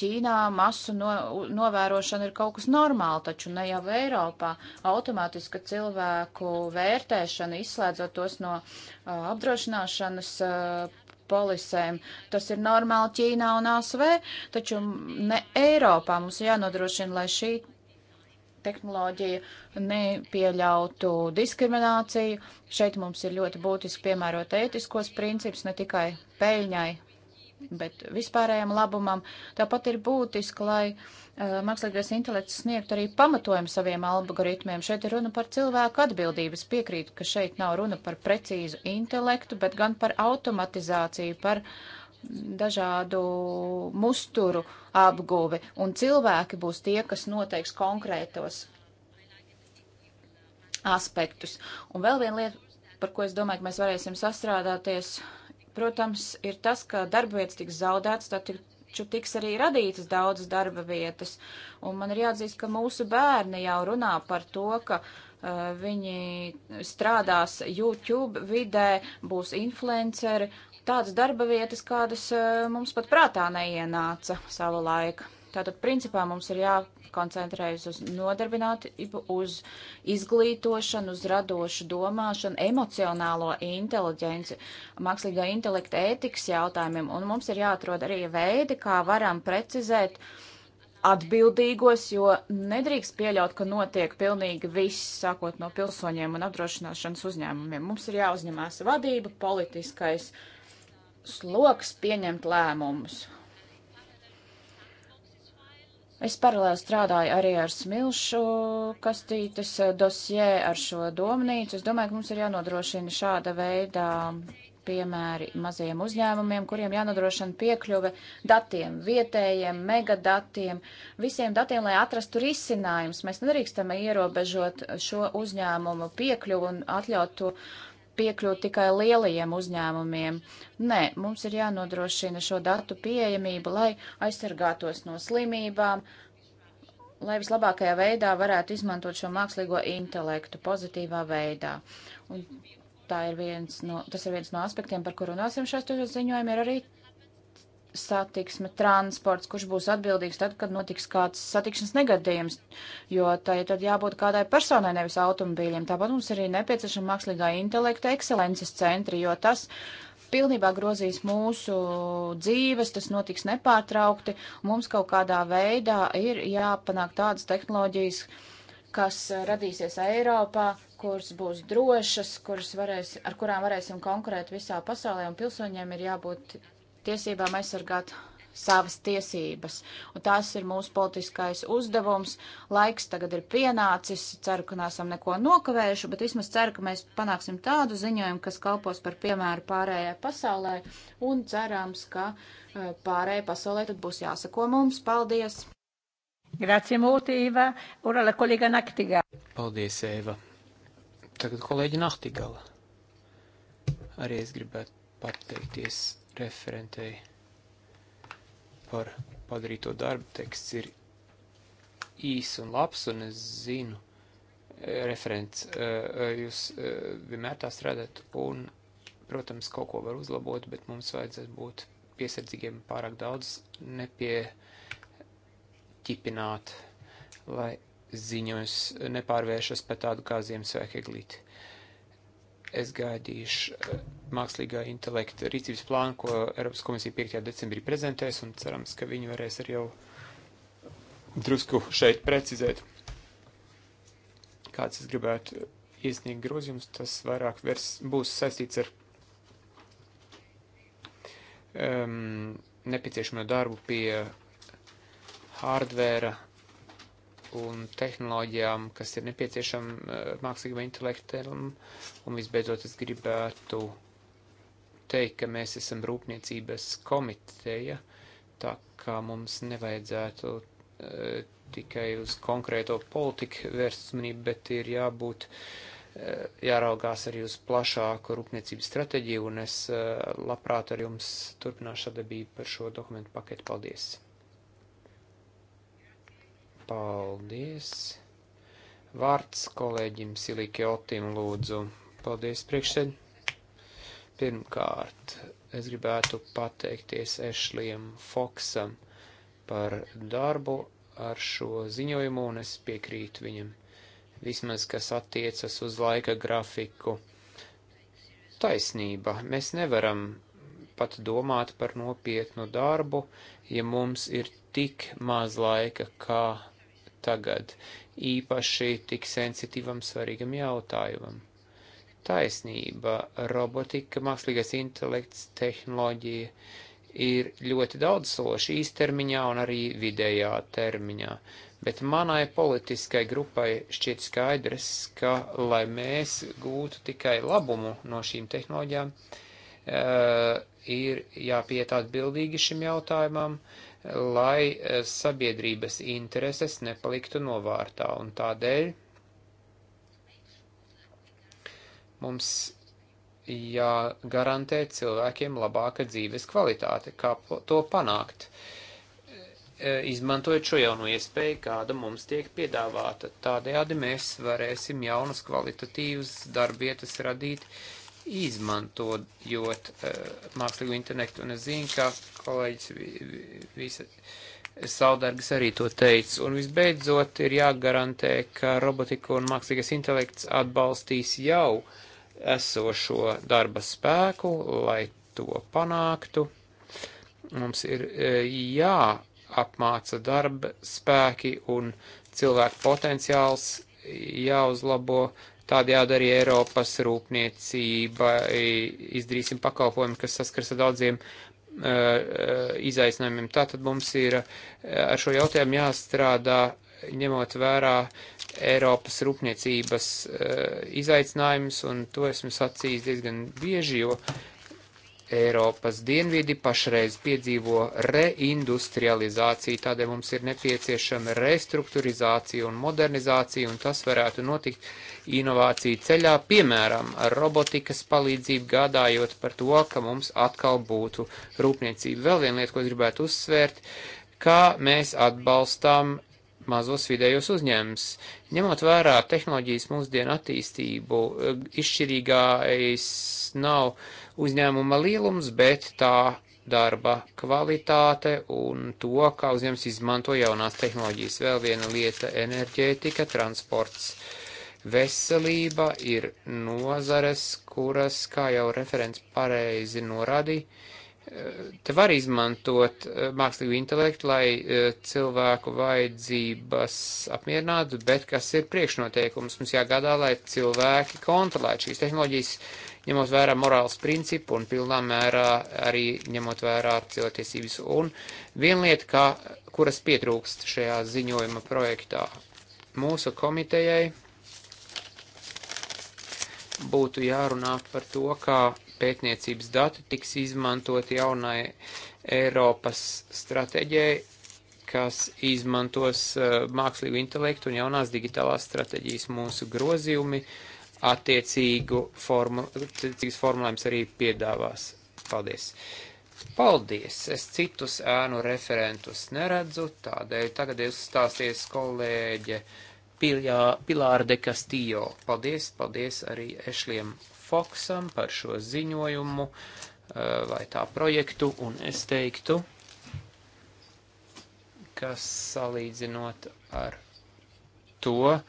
Ķīnā masu no, novērošana ir kaut kas normāli, taču ne jau Eiropā automātiska cilvēku vērtēšana, izslēdzot tos no uh, apdrošināšanas uh, polisēm. Tas ir normāli Ķīnā un ASV, taču ne Eiropā mums jānodrošina, lai šī tehnoloģija nepieļautu diskrimināciju. Šeit mums ir ļoti būtiski piemērot ētiskos principus ne tikai peļņai, bet vispārējām labumam. Tāpat ir būtiski, lai uh, mākslīgais intelekts sniegtu arī pamatojumu saviem algoritmiem. Šeit ir runa par cilvēku atbildības. Piekrītu, ka šeit nav runa par precīzu intelektu, bet gan par automatizāciju, par dažādu musturu apguvi. Un cilvēki būs tie, kas noteiks konkrētos aspektus. Un vēl viena lieta, par ko es domāju, ka mēs varēsim sastrādāties protams, ir tas, ka darba vietas tiks zaudētas, tad taču tiks arī radītas daudzas darba vietas. Un man ir jāatzīst, ka mūsu bērni jau runā par to, ka uh, viņi strādās YouTube vidē, būs influenceri, tādas darba vietas, kādas uh, mums pat prātā neienāca savu laiku. Tātad, principā, mums ir jā, koncentrējas uz nodarbinātību, uz izglītošanu, uz radošu domāšanu, emocionālo inteliģenci, mākslīgā intelekta ētikas jautājumiem, un mums ir jāatrod arī veidi, kā varam precizēt atbildīgos, jo nedrīkst pieļaut, ka notiek pilnīgi viss, sākot no pilsoņiem un apdrošināšanas uzņēmumiem. Mums ir jāuzņemās vadība, politiskais sloks pieņemt lēmumus. Es paralēli strādāju arī ar smilšu kastītes eh, dosjē ar šo domnīcu. Es domāju, ka mums ir jānodrošina šāda veida piemēri maziem uzņēmumiem, kuriem jānodrošina piekļuve datiem, vietējiem, megadatiem, visiem datiem, lai atrastu risinājums. Mēs nedrīkstam ierobežot šo uzņēmumu piekļuvu un atļaut to piekļūt tikai lielajiem uzņēmumiem. Nē, mums ir jānodrošina šo datu pieejamību, lai aizsargātos no slimībām, lai vislabākajā veidā varētu izmantot šo mākslīgo intelektu pozitīvā veidā. Un tā ir viens no, tas ir viens no aspektiem, par kuru runāsim šajos ziņojumiem, ir arī satiksme, transports, kurš būs atbildīgs tad, kad notiks kāds satiksmes negadījums, jo tai tad jābūt kādai personai, nevis automobīļiem. Tāpat mums arī nepieciešama mākslīgā intelekta ekscelences centri, jo tas pilnībā grozīs mūsu dzīves, tas notiks nepārtraukti, un mums kaut kādā veidā ir jāpanāk tādas tehnoloģijas, kas radīsies Eiropā, kuras būs drošas, kuras varēs, ar kurām varēsim konkurēt visā pasaulē, un pilsoņiem ir jābūt tiesībām aizsargāt savas tiesības. Un tas ir mūsu politiskais uzdevums. Laiks tagad ir pienācis. Ceru, ka neesam neko nokavējuši, bet vismaz ceru, ka mēs panāksim tādu ziņojumu, kas kalpos par piemēru pārējai pasaulē. Un cerams, ka eh, pārējai pasaulē tad būs jāsako mums. Paldies! Grazie molto, Eva. Ora la collega Naktiga. Paldies, Eva. Tagad kolēģi Naktigala. Arī es gribētu pateikties referentei par padarīto darbu. Teksts ir īs un labs, un es zinu, eh, referents, eh, eh, jūs vienmēr tā strādājat, un, protams, kaut ko var uzlabot, bet mums vajadzētu būt piesardzīgiem pārāk daudz, nepieķipināt, lai ziņojums nepārvēršas par tādu kā Ziemassvētku eglīti. Es gaidīšu eh, mākslīgā intelekta rīcības plānu, ko Eiropas komisija 5. decembrī prezentēs, un cerams, ka viņi varēs arī jau drusku šeit precizēt. Kāds es gribētu iesniegt grozījums, tas vairāk vers, būs saistīts ar um, nepieciešamo darbu pie hardvēra un tehnoloģijām, kas ir nepieciešama eh, mākslīgam intelektam. Un visbeidzot, es gribētu teikt, ka mēs esam rūpniecības komiteja, tā kā mums nevajadzētu e, tikai uz konkrēto politiku vērst uzmanību, bet ir jābūt, e, jāraugās arī uz plašāku rūpniecības stratēģiju, un es e, labprāt ar jums turpināšu sadarbību par šo dokumentu paketu. Paldies! Paldies. Vārds kolēģim Silikjotim lūdzu. Paldies priekšsēd. Pirmkārt, es gribētu pateikties Ešlijam Foksam par darbu ar šo ziņojumu, un es piekrītu viņam, vismaz kas attiecas uz laika grafiku. Taisnība, mēs nevaram pat domāt par nopietnu darbu, ja mums ir tik maz laika, kā tagad, īpaši tik sensitīvam svarīgam jautājumam. Taisnība, robotika, mākslīgais intelekts, tehnoloģija ir ļoti daudzsološi īstermiņā un arī vidējā termiņā. Bet manai politiskai grupai šķiet skaidrs, ka, lai mēs gūtu tikai labumu no šīm tehnoloģijām, uh, ir jāpiet atbildīgi šim jautājumam, uh, lai eh, sabiedrības intereses nepaliktu novārtā. Un tādēļ mums jāgarantē cilvēkiem labāka dzīves kvalitāte. Kā to panākt? Eh, eh, izmantojot šo jauno iespēju, kāda mums tiek piedāvāta, tādējādi mēs varēsim jaunas kvalitatīvas darbietas radīt uh, izmantojot uh, mākslīgo intelektu. Un es zinu, ka kolēģis visa Saudargas arī to teica. Un visbeidzot ir jāgarantē, ka robotika un mākslīgais intelekts atbalstīs jau esošo darba spēku, lai to panāktu. Mums ir uh, jāapmāca darba spēki un cilvēku potenciāls jāuzlabo, uh, Tāda jādara arī Eiropas rūpniecība, izdarīsim pakalpojumu, kas saskars ar daudziem uh, izaicinājumiem. Tātad mums ir e, ar šo jautājumu jāstrādā, ņemot vērā Eiropas rūpniecības uh, izaicinājumus, un to esmu sacījis diezgan bieži, jo Eiropas dienvidi pašreiz piedzīvo reindustrializāciju, tādēļ mums ir nepieciešama restruktūrizācija un modernizācija, un tas varētu notikt inovāciju ceļā, piemēram, ar robotikas palīdzību gādājot par to, ka mums atkal būtu rūpniecība. Vēl viena lieta, ko gribētu uzsvērt, kā mēs atbalstām mazos vidējos uzņēmums. Ņemot vērā tehnoloģijas mūsdienu attīstību, eh, izšķirīgais nav uzņēmuma lielums, bet tā darba kvalitāte un to, kā uzņēmums izmanto jaunās tehnoloģijas. Vēl viena lieta - enerģētika, transports. Veselība ir nozares, kuras, kā jau referents pareizi norādīja, te var izmantot eh, mākslīgu intelektu, lai eh, cilvēku vajadzības apmierinātu, bet kas ir priekšnoteikums? Mums jāgādā, lai cilvēki kontrolētu šīs tehnoloģijas. Uh, ņemot vērā morāls principu un pilnā mērā arī ņemot vērā cilvēktiesības. Un viena lieta, kā, kuras pietrūkst šajā ziņojuma projektā mūsu komitejai, būtu jārunā par to, kā pētniecības dati tiks izmantot jaunai Eiropas stratēģijai, kas izmantos uh, mākslīgu intelektu un jaunās digitālās stratēģijas mūsu grozījumi. Uh, attiecīgu formu, attiecīgas formulējums arī piedāvās. Paldies! Paldies! Es citus ēnu referentus neredzu, tādēļ tagad uzstāsies kolēģe Piljā, Pilāra de Castillo. Paldies, paldies arī Ešliem Foksam par šo ziņojumu eh, vai tā projektu, un es teiktu, kas salīdzinot ar to, uh,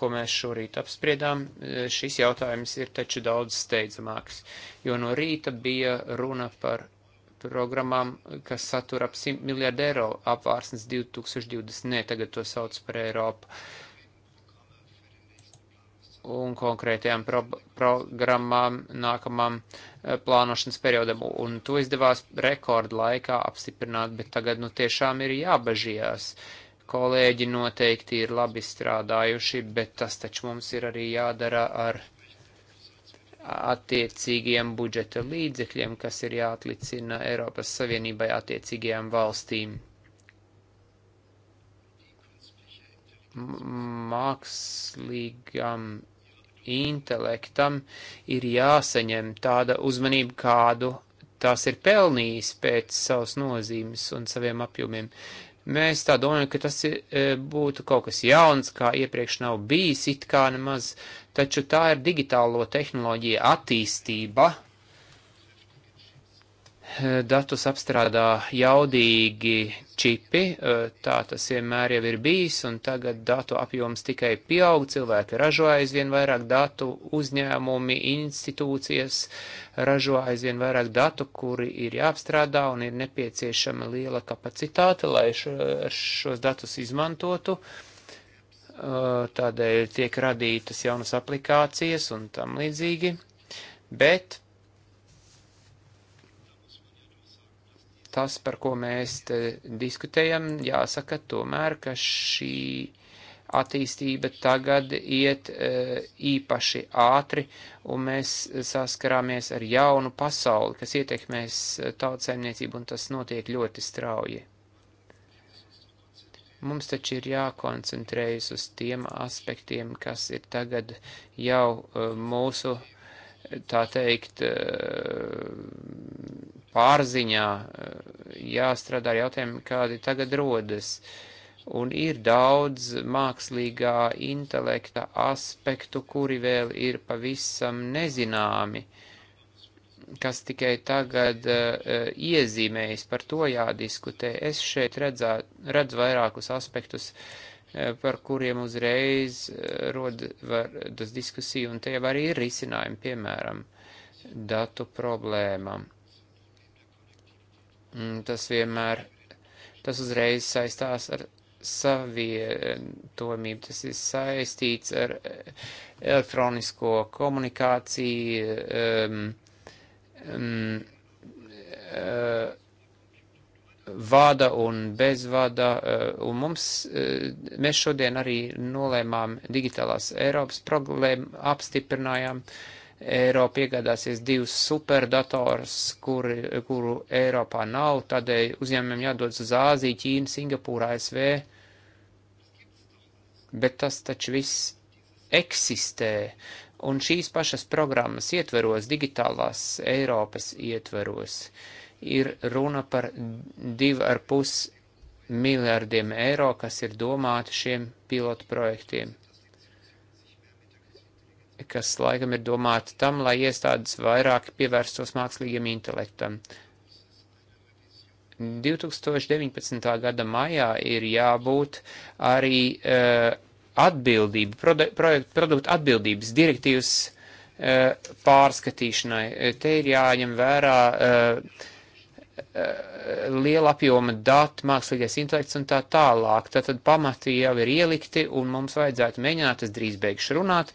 ko mēs šorīt apspriedām, e, šis jautājums ir taču daudz steidzamāks, jo no rīta bija runa par programmām, kas satura ap 100 miljārdu eiro apvārsnes 2020, ne tagad to sauc par Eiropu, un konkrētajām pro programmām nākamām e, plānošanas periodam, un to izdevās rekordu laikā apstiprināt, bet tagad nu tiešām ir jābažījās. Uh, Kolēģi noteikti ir labi strādājuši, bet tas taču mums ir arī jādara ar attiecīgiem budžeta līdzekļiem, kas ir jāatlicina Eiropas Savienībai attiecīgajām valstīm. Mākslīgam intelektam ir jāsaņem tāda uzmanība, kādu tās ir pelnījis pēc savas nozīmes un saviem apjomiem. Mēs tā domājam, ka tas ir, e, būtu kaut kas jauns, kā iepriekš nav bijis it kā nemaz, taču tā ir digitālo tehnoloģiju attīstība, datus apstrādā jaudīgi čipi, e, tā tas vienmēr jau ir bijis, un tagad datu apjoms tikai pieaug, cilvēki ražo aizvien vairāk datu, uzņēmumi, institūcijas ražo aizvien vairāk datu, kuri ir jāapstrādā, un ir nepieciešama liela kapacitāte, lai šo, šos datus izmantotu. E, tādēļ tiek radītas jaunas aplikācijas un tam līdzīgi, bet tas, par ko mēs te diskutējam, jāsaka tomēr, ka šī attīstība tagad iet e, īpaši ātri, un mēs saskarāmies ar jaunu pasauli, kas ietekmēs eh, tautsēmniecību, un tas notiek ļoti strauji. Mums taču ir jākoncentrējas uz tiem aspektiem, kas ir tagad jau e, mūsu e, tā teikt, eh, pārziņā eh, jāstrādā ar jautājumiem, kādi tagad rodas. Un ir daudz mākslīgā intelekta aspektu, kuri vēl ir pavisam nezināmi, kas tikai tagad uh, iezīmējas, par to jādiskutē. Es šeit redzā, redzu vairākus aspektus, uh, Eh, par kuriem uzreiz eh, rodas diskusija, un te jau arī ir risinājumi, piemēram, datu problēmām. Mm, tas vienmēr, tas uzreiz saistās ar savietojamību, tas ir saistīts ar eh, elektronisko komunikāciju, um, um, uh, vada un bezvada, eh, un mums, eh, mēs šodien arī nolēmām digitālās Eiropas problēmu, apstiprinājām, Eiropa iegādāsies divus superdators, kur, kuru Eiropā nav, tādēļ uzņēmumiem jādodas uz Āziju, Ķīnu, Singapūru, ASV, bet tas taču viss eksistē, un šīs pašas programmas ietveros, digitālās Eiropas ietveros. Uh, ir runa par 2,5 miljārdiem eiro, kas ir domāti šiem pilotu projektiem, kas laikam ir domāti tam, lai iestādes vairāk pievērstos mākslīgiem intelektam. 2019. gada maijā ir jābūt arī uh, atbildību, produ, projektu, produktu atbildības direktīvas uh, pārskatīšanai. Te ir jāņem vērā uh, Eh, liela apjoma dati, mākslīgais intelekts un tā tālāk. Tātad pamati jau ir ielikti un mums vajadzētu mēģināt, es drīz beigšu runāt,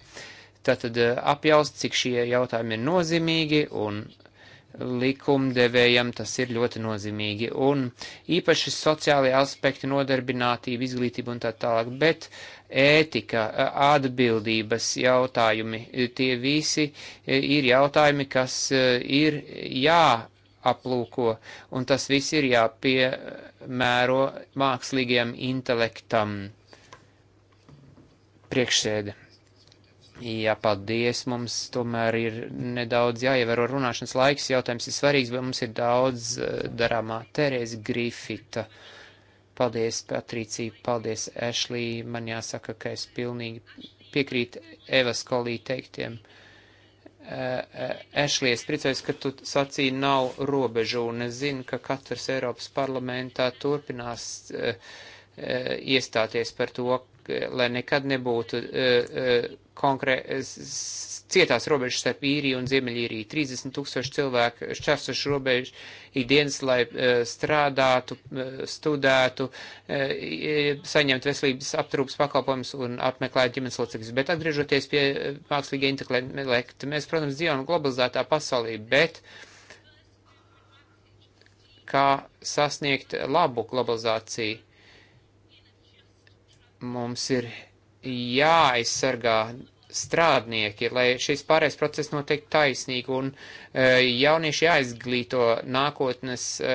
tātad eh, apjaust, cik šie jautājumi ir nozīmīgi un likumdevējam tas ir ļoti nozīmīgi. Un īpaši sociālajie aspekti, nodarbinātība, izglītība un tā tālāk, bet ētika, eh, atbildības jautājumi, tie visi ir jautājumi, kas ir jā aplūko, un tas viss ir jāpiemēro mākslīgiem intelektam priekšsēde. Jā, paldies. Mums tomēr ir nedaudz jāievēro runāšanas laiks. Jautājums ir svarīgs, bet mums ir daudz eh, darāmā. Terēza Grifita. Paldies, Patricija. Paldies, Ešlī. Man jāsaka, ka es pilnīgi piekrītu Evas kolī teiktiem. Uh, Ešlies, eh, eh, priecājos, ka tu sacīji nav robežu un es zinu, ka katrs Eiropas parlamentā turpinās uh, Eh, iestāties par to, lai nekad nebūtu eh, eh, cietās robežas starp īriju un ziemeļīriju. 30 tūkstoši cilvēku šķērsuši robežu ikdienas, lai strādātu, studētu, saņemtu veselības aptrūpas pakalpojumus un apmeklētu ģimenes locekļus. Bet atgriežoties pie mākslīgā intelekta, mēs, protams, dzīvojam globalizētā pasaulī, bet kā sasniegt labu globalizāciju? Mums ir jāaizsargā strādnieki, lai šis pārējais process notiek taisnīgi un e, jaunieši jāizglīto nākotnes e,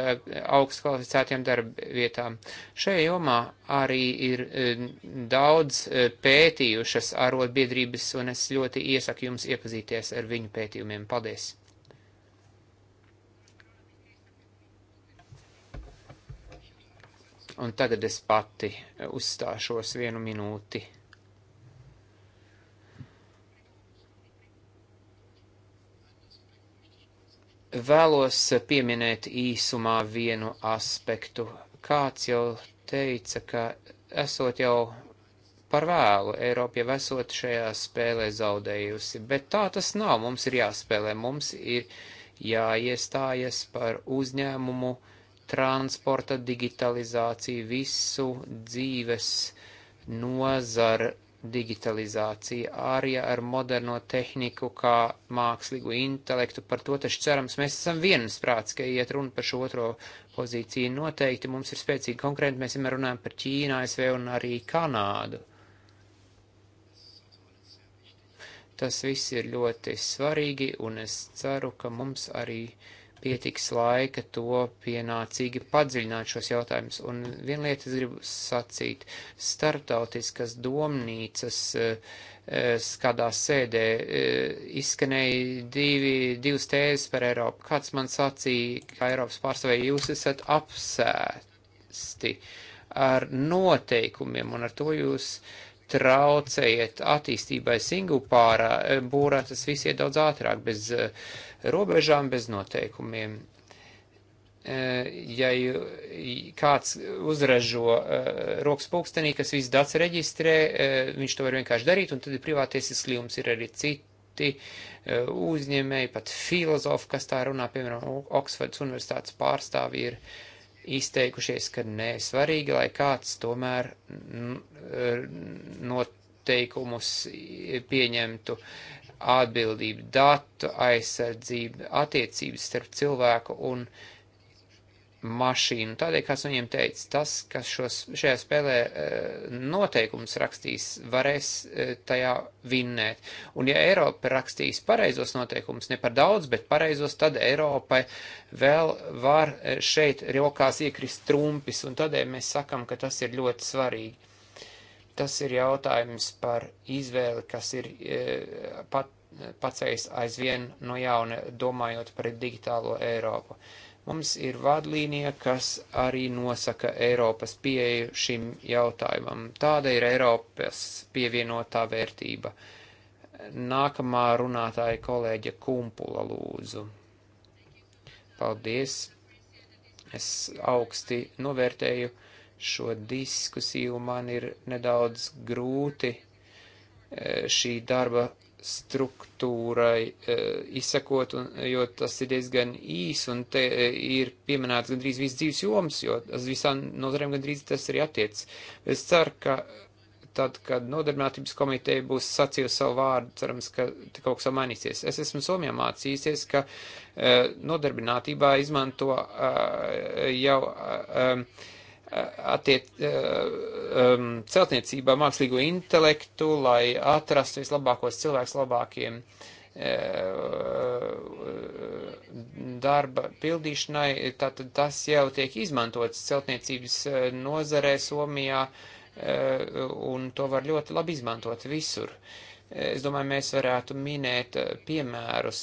augstu kvalificētiem darbvietām. Šajā jomā arī ir e, daudz pētījušas arotbiedrības, un es ļoti iesaku jums iepazīties ar viņu pētījumiem. Paldies! Un tagad es pati e, uzstāšos vienu minūti. Vēlos pieminēt īsumā vienu aspektu. Kāds jau teica, ka esot jau par vēlu, Eiropa jau esot šajā spēlē zaudējusi, bet tā tas nav. Mums ir jāspēlē, mums ir jāiestājas par uzņēmumu uh, transporta digitalizācija, visu dzīves nozara digitalizācija, arī ar moderno tehniku, kā mākslīgu intelektu. Par to taču cerams, mēs esam viensprāts, ka iet runa par šo otro pozīciju. Noteikti mums ir spēcīgi konkurenti, mēs vienmēr runājam par Ķīnu, ASV un arī Kanādu. Tas viss ir ļoti svarīgi, un es ceru, ka mums arī uh, pietiks laika to pienācīgi padziļināt šos jautājumus. Un viena lieta es gribu sacīt. Startautiskas domnīcas eh, eh, kādā sēdē eh, izskanēja divi, divas tēzes par Eiropu. Kāds man sacīja, ka Eiropas pārstāvēji jūs esat apsēsti ar noteikumiem, un ar to jūs uh, traucējat attīstībai Singapūrā, e, būrā tas viss iet daudz ātrāk, bez e, robežām, bez noteikumiem. E, ja kāds uzražo rokas pulkstenī, kas viss dats reģistrē, viņš to var vienkārši darīt, un tad ir privātiesas līgums, ir arī citi uzņēmēji, pat filozofi, kas tā runā, piemēram, Oksfords universitātes pārstāvi ir. Uh, izteikušies, ka nē, svarīgi, lai kāds tomēr noteikumus pieņemtu atbildību, datu aizsardzību, attiecības starp cilvēku un cilvēku mašīnu. Tādēļ, kāds viņiem teica, tas, kas šos, šajā spēlē eh, noteikums rakstīs, varēs eh, tajā vinnēt. Un ja Eiropa rakstīs pareizos noteikumus, ne par daudz, bet pareizos, tad Eiropai vēl var eh, šeit rokās iekrist trumpis, un tādēļ mēs sakam, ka tas ir ļoti svarīgi. Tas ir jautājums par izvēli, kas ir e, pat, pacējis aizvien no jauna, domājot par digitālo Eiropu. E, Mums ir vadlīnija, kas arī nosaka Eiropas pieeju šim jautājumam. Tāda ir Eiropas pievienotā vērtība. Nākamā runātāja kolēģa Kumpula lūdzu. Paldies! Es augsti novērtēju šo diskusiju. Man ir nedaudz grūti eh, šī darba struktūrai e, izsakot, un, jo tas ir diezgan īs, un te e, ir pieminēts gandrīz viss dzīves joms, jo uz visām nozarēm gandrīz tas arī attiec. Es ceru, ka tad, kad nodarbinātības komiteja būs sacījusi savu vārdu, cerams, ka kaut kas mainīsies. Es esmu Somijā mācījusies, ka e, nodarbinātībā izmanto e, jau. E, e, attiec, um, celtniecībā mākslīgo intelektu, lai atrastu vislabākos cilvēkus labākiem eh, darba pildīšanai, tātad tas jau tiek izmantots celtniecības eh, nozarē Somijā, un to var ļoti labi izmantot visur. Es domāju, mēs varētu minēt piemērus,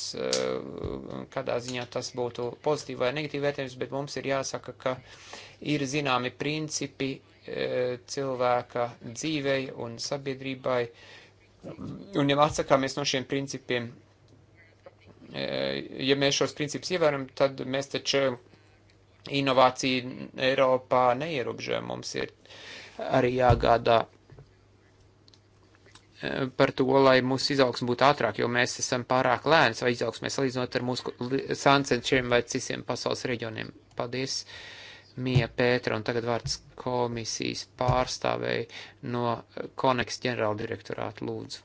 kādā ziņā tas būtu pozitīvi vai negatīvi vērtējums, bet mums ir jāsaka, ka uh, ir zināmi principi e, cilvēka dzīvei un sabiedrībai, un ja atsakāmies no šiem principiem, e, ja mēs šos principus ievēram, tad mēs taču inovāciju Eiropā neierobežojam. Mums ir arī jāgādā e, par to, lai mūsu izaugsme būtu ātrāk, jo mēs esam pārāk lēns vai izaugsmē salīdzinot ar mūsu sancenšiem vai citiem pasaules reģioniem. Paldies! Mija Pētra un tagad vārds komisijas pārstāvēji no Koneks eh, ģenerāla direktorāta lūdzu.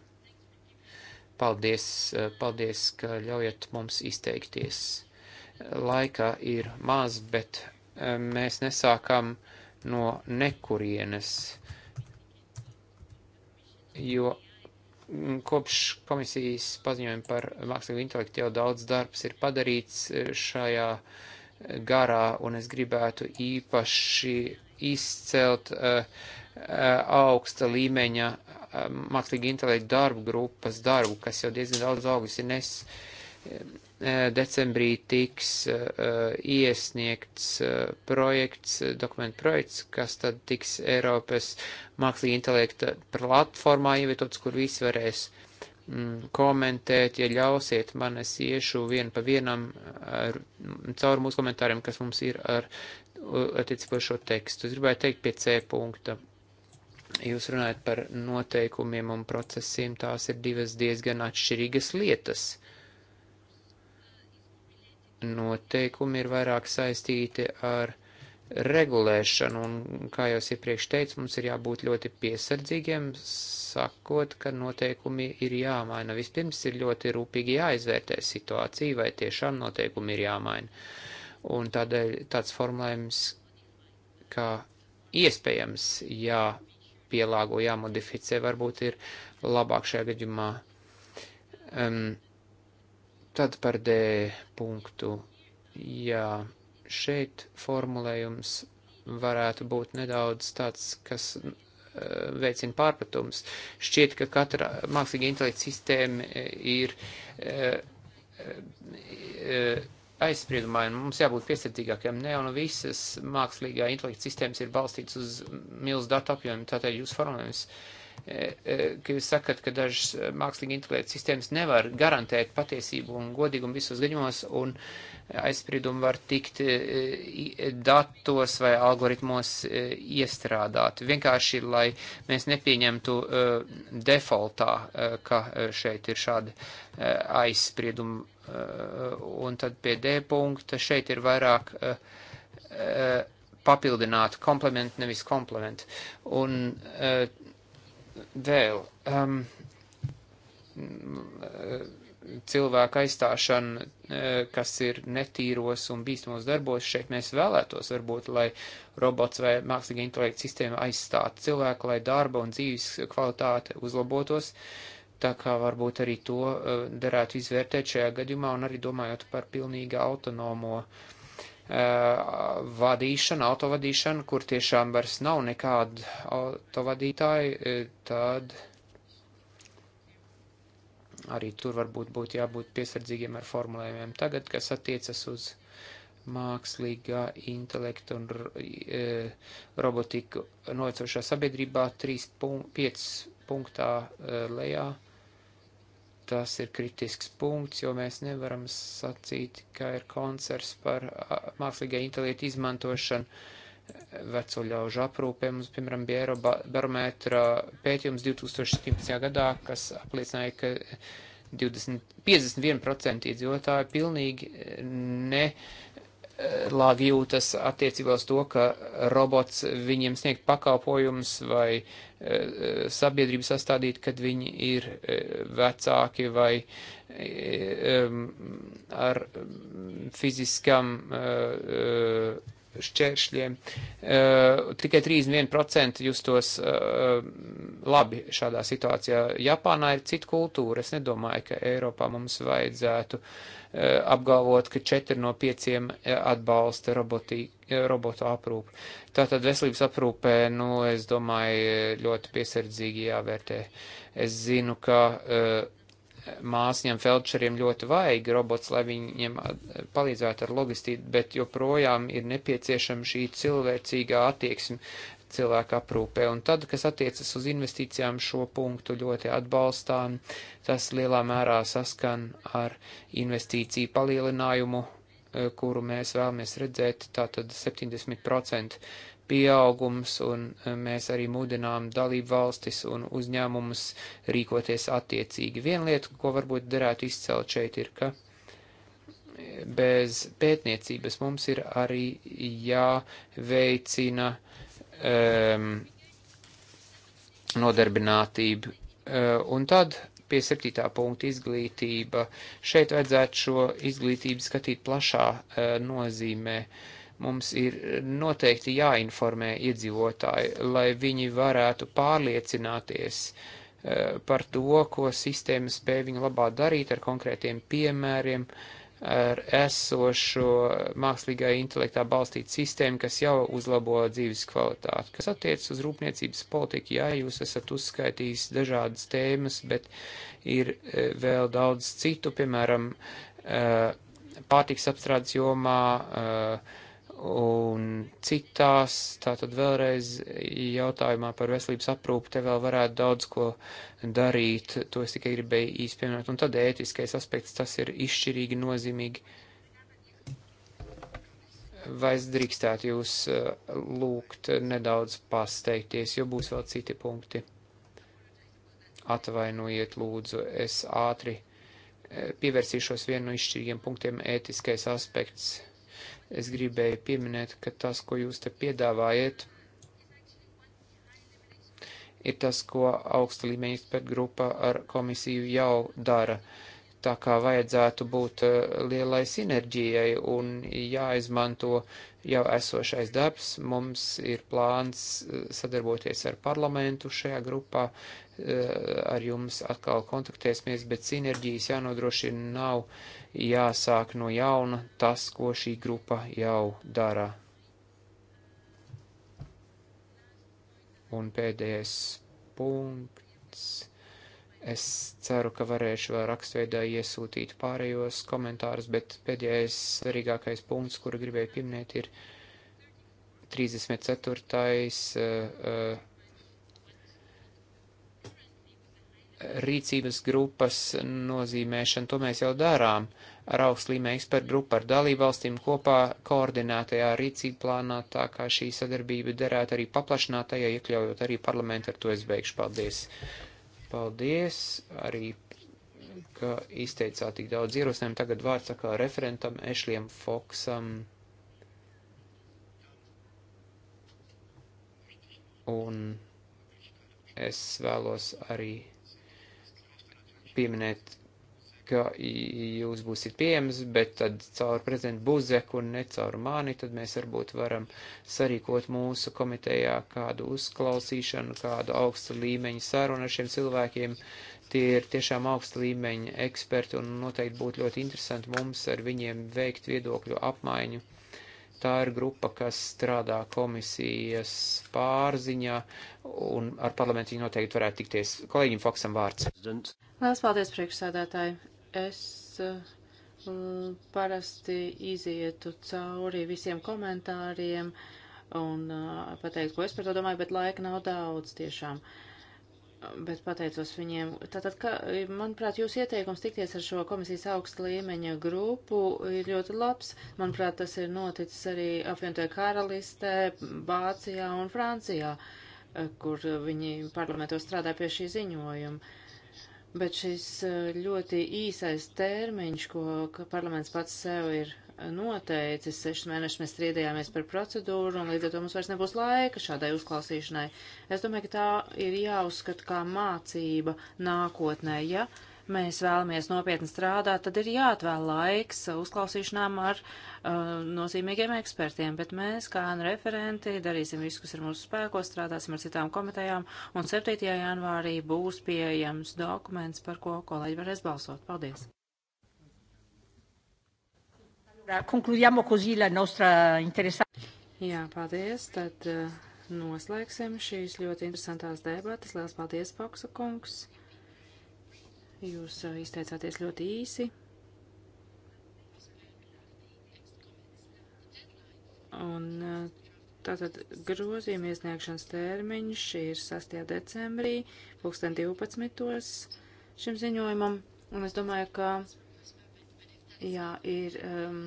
Paldies, eh, paldies, ka ļaujat mums izteikties. Laika ir maz, bet eh, mēs nesākam no nekurienes, jo mm, kopš komisijas paziņojuma par mākslīgu intelektu jau daudz darbs ir padarīts šajā uh, garā, un es gribētu īpaši izcelt uh, augsta līmeņa uh, eh, mākslīgi intelektu darbu grupas darbu, kas jau diezgan daudz augus ir nes. Decembrī tiks uh, iesniegts uh, projekts, dokumentu projekts, kas tad tiks Eiropas mākslīgi intelekta platformā ievietots, kur visi varēs uh, Mm, komentēt, ja ļausiet man, es iešu vienu pa vienam ar, caur mūsu komentāriem, kas mums ir ar attiecībā šo tekstu. Es gribēju teikt pie C punkta. Jūs runājat par noteikumiem un procesiem, tās ir divas diezgan atšķirīgas lietas. Noteikumi ir vairāk saistīti ar uh, regulēšanu, un, kā jau es iepriekš teicu, mums ir jābūt ļoti piesardzīgiem, sakot, ka noteikumi ir jāmaina. Vispirms ir ļoti rūpīgi jāizvērtē situācija, vai tiešām noteikumi ir jāmaina. Un tādēļ tāds formulējums, kā iespējams jāpielāgo, jāmodificē, varbūt ir labāk šajā gadījumā. Um, tad par D punktu, jā. Ja Šeit formulējums varētu būt nedaudz tāds, kas eh, veicina pārpratums. Šķiet, ka katra mākslīga intelekta sistēma eh, ir eh, aizspriedumā, un mums jābūt piesardzīgākiem. Ne, un visas mākslīgā intelekta sistēmas ir balstītas uz milzu datu apjomu, tātad jūs formulējums. Uh, E, e, ka jūs sakat, ka dažas e, mākslīgi intelekta sistēmas nevar garantēt patiesību un godīgumu visos gadījumos, un aizspriedumi var tikt datos vai algoritmos iestrādāt. Vienkārši, lai mēs nepieņemtu defaultā, ka šeit ir šādi aizspriedumi, un tad pie D punkta šeit ir vairāk papildināt, komplementu nevis komplementu. Un uh, vēl. Um, cilvēku aizstāšana, eh, kas ir netīros un bīstamos darbos, šeit mēs vēlētos varbūt, lai robots vai mākslīga intelekta sistēma aizstātu cilvēku, lai darba un dzīves kvalitāte uzlabotos. Tā kā varbūt arī to eh, derētu izvērtēt šajā gadījumā un arī domājot par pilnīgi autonomo uh, Eh, vadīšana, autovadīšana, kur tiešām vairs nav nekāda autovadītāja, eh, tad arī tur varbūt būtu jābūt piesardzīgiem ar formulējumiem. Tagad, kas attiecas uz mākslīgā intelektu un e, robotiku novecošā sabiedrībā, 3.5 punktā e, lejā. E, tas ir kritisks punkts, jo mēs nevaram sacīt, ka ir koncerts par mākslīgā intelektu izmantošanu veco ļaužu aprūpē. Mums, piemēram, bija Eirobarometra pētījums 2017. gadā, kas apliecināja, ka 20, 51% iedzīvotāji pilnīgi ne Eh, lāgi jūtas attiecībā uz to, ka robots viņiem sniegt pakalpojumus vai eh, sabiedrību sastādīt, kad viņi ir eh, vecāki vai ar mm, fiziskam šķēršļiem. Eh, tikai 31% justos eh, labi šādā situācijā. Japānā ir cita kultūra. Es nedomāju, ka Eiropā mums vajadzētu eh, apgalvot, ka 4 no 5 atbalsta robotī, robotu aprūpu. Tātad veselības aprūpē, nu, es domāju, ļoti piesardzīgi jāvērtē. Es zinu, ka uh, māsņiem felčeriem ļoti vajag robots, lai viņiem palīdzētu ar logistiku, bet joprojām ir nepieciešama šī cilvēcīgā attieksme cilvēka aprūpē. Un tad, kas attiecas uz investīcijām, šo punktu ļoti atbalstām. Tas lielā mērā saskan ar investīciju palielinājumu, e, kuru mēs vēlamies redzēt, tātad 70% pieaugums, un eh, mēs arī mudinām dalību valstis un uzņēmumus rīkoties attiecīgi. Viena lieta, ko varbūt derētu izcelt šeit, ir, ka eh, bez pētniecības mums ir arī jāveicina um, nodarbinātība. Uh, un tad pie septītā punkta izglītība. Šeit vajadzētu šo izglītību skatīt plašā uh, nozīmē. Uh, Mums ir e, noteikti jāinformē iedzīvotāji, lai viņi varētu pārliecināties e, par to, ko sistēma spēj viņu labā darīt ar konkrētiem piemēriem, ar esošo mākslīgā intelektā balstītu sistēmu, kas jau uzlabo dzīves kvalitāti. Kas attiecas uz rūpniecības politiku, jā, jūs esat uzskaitījis dažādas tēmas, bet ir e, vēl daudz citu, piemēram, pārtiks apstrādes jomā, uh, un citās, tātad vēlreiz jautājumā par veselības aprūpu te vēl varētu daudz ko darīt, to es tikai gribēju īspieminēt, un tad ētiskais aspekts tas ir izšķirīgi nozīmīgi. Vai es drīkstētu jūs eh, lūgt nedaudz pasteikties, jo būs vēl citi punkti? Atvainojiet, lūdzu, es ātri eh, pievērsīšos vienu no izšķirīgiem punktiem - ētiskais aspekts Es gribēju pieminēt, ka tas, ko jūs te piedāvājat, ir tas, ko augsta līmeņa eksperta grupa ar komisiju jau dara. Tā kā vajadzētu būt eh, lielai sinerģijai un jāizmanto uh, jau esošais darbs. Mums ir plāns eh, sadarboties ar parlamentu šajā grupā, eh, ar jums atkal kontaktēsimies, bet sinerģijas jānodrošina nav jāsāk no jauna tas, ko šī grupa jau dara. Un pēdējais punkts Es ceru, ka varēšu vēl rakstveidā iesūtīt pārējos komentārus, bet pēdējais svarīgākais punkts, kuru gribēju pieminēt, ir 34. Uh, uh, rīcības grupas nozīmēšanu, to mēs jau darām ar augstlīmē ekspertu grupu ar dalībvalstīm kopā koordinētajā rīcību plānā, tā kā šī sadarbība derētu arī paplašinātajā, iekļaujot arī parlamentu, ar to es beigšu. Paldies! Paldies arī, ka izteicāt tik daudz ierosinājumu. Tagad vārds sakā referentam Ešliem Foksam. Un es vēlos arī pieminēt ka jūs būsiet pieejams, bet tad caur prezidentu Buzeku un ne caur mani, tad mēs varbūt varam sarīkot mūsu komitejā kādu uzklausīšanu, kādu augsta līmeņa sarunu ar šiem cilvēkiem. Tie ir tiešām augsta līmeņa eksperti un noteikti būtu ļoti interesanti mums ar viņiem veikt viedokļu apmaiņu. Tā ir grupa, kas strādā komisijas pārziņā un ar parlamentu viņi noteikti varētu tikties. Kolēģim Foksam vārds. President. Lielas paldies, priekšsēdētāji. Es mm, parasti izietu cauri visiem komentāriem un pateiktu, ko es par to domāju, bet laika nav daudz tiešām. Bet pateicos viņiem. Tātad, ka, manuprāt, jūsu ieteikums tikties ar šo komisijas augsta līmeņa grupu ir ļoti labs. Manuprāt, tas ir noticis arī apvienotajā karalistē, Vācijā un Francijā, kur viņi parlamentos strādā pie šī ziņojuma. Uh, bet šis eh, ļoti īsais termiņš, ko parlaments pats sev ir eh, noteicis, sešas mēnešus mēs strīdējāmies par procedūru, un līdz ar to mums vairs nebūs laika šādai uzklausīšanai. Es domāju, ka tā ir jāuzskata kā mācība nākotnē, ja mēs vēlamies nopietni strādāt, tad ir jāatvēl laiks uzklausīšanām ar uh, nozīmīgiem ekspertiem, bet mēs, kā referenti, darīsim visu, kas ir mūsu spēkos, strādāsim ar citām komitejām, un 7. janvārī būs pieejams dokuments, par ko kolēģi varēs balsot. Paldies! Concludiamo così la nostra interessante. Jā, paldies. Tad uh, noslēgsim šīs ļoti interesantās debatas. Lielas paldies, Paksa kungs. Jūs eh, izteicāties ļoti īsi. Un eh, tātad grozījuma iesniegšanas termiņš ir 6. decembrī, 2012. šim ziņojumam. Un es domāju, ka, jā, ir, um,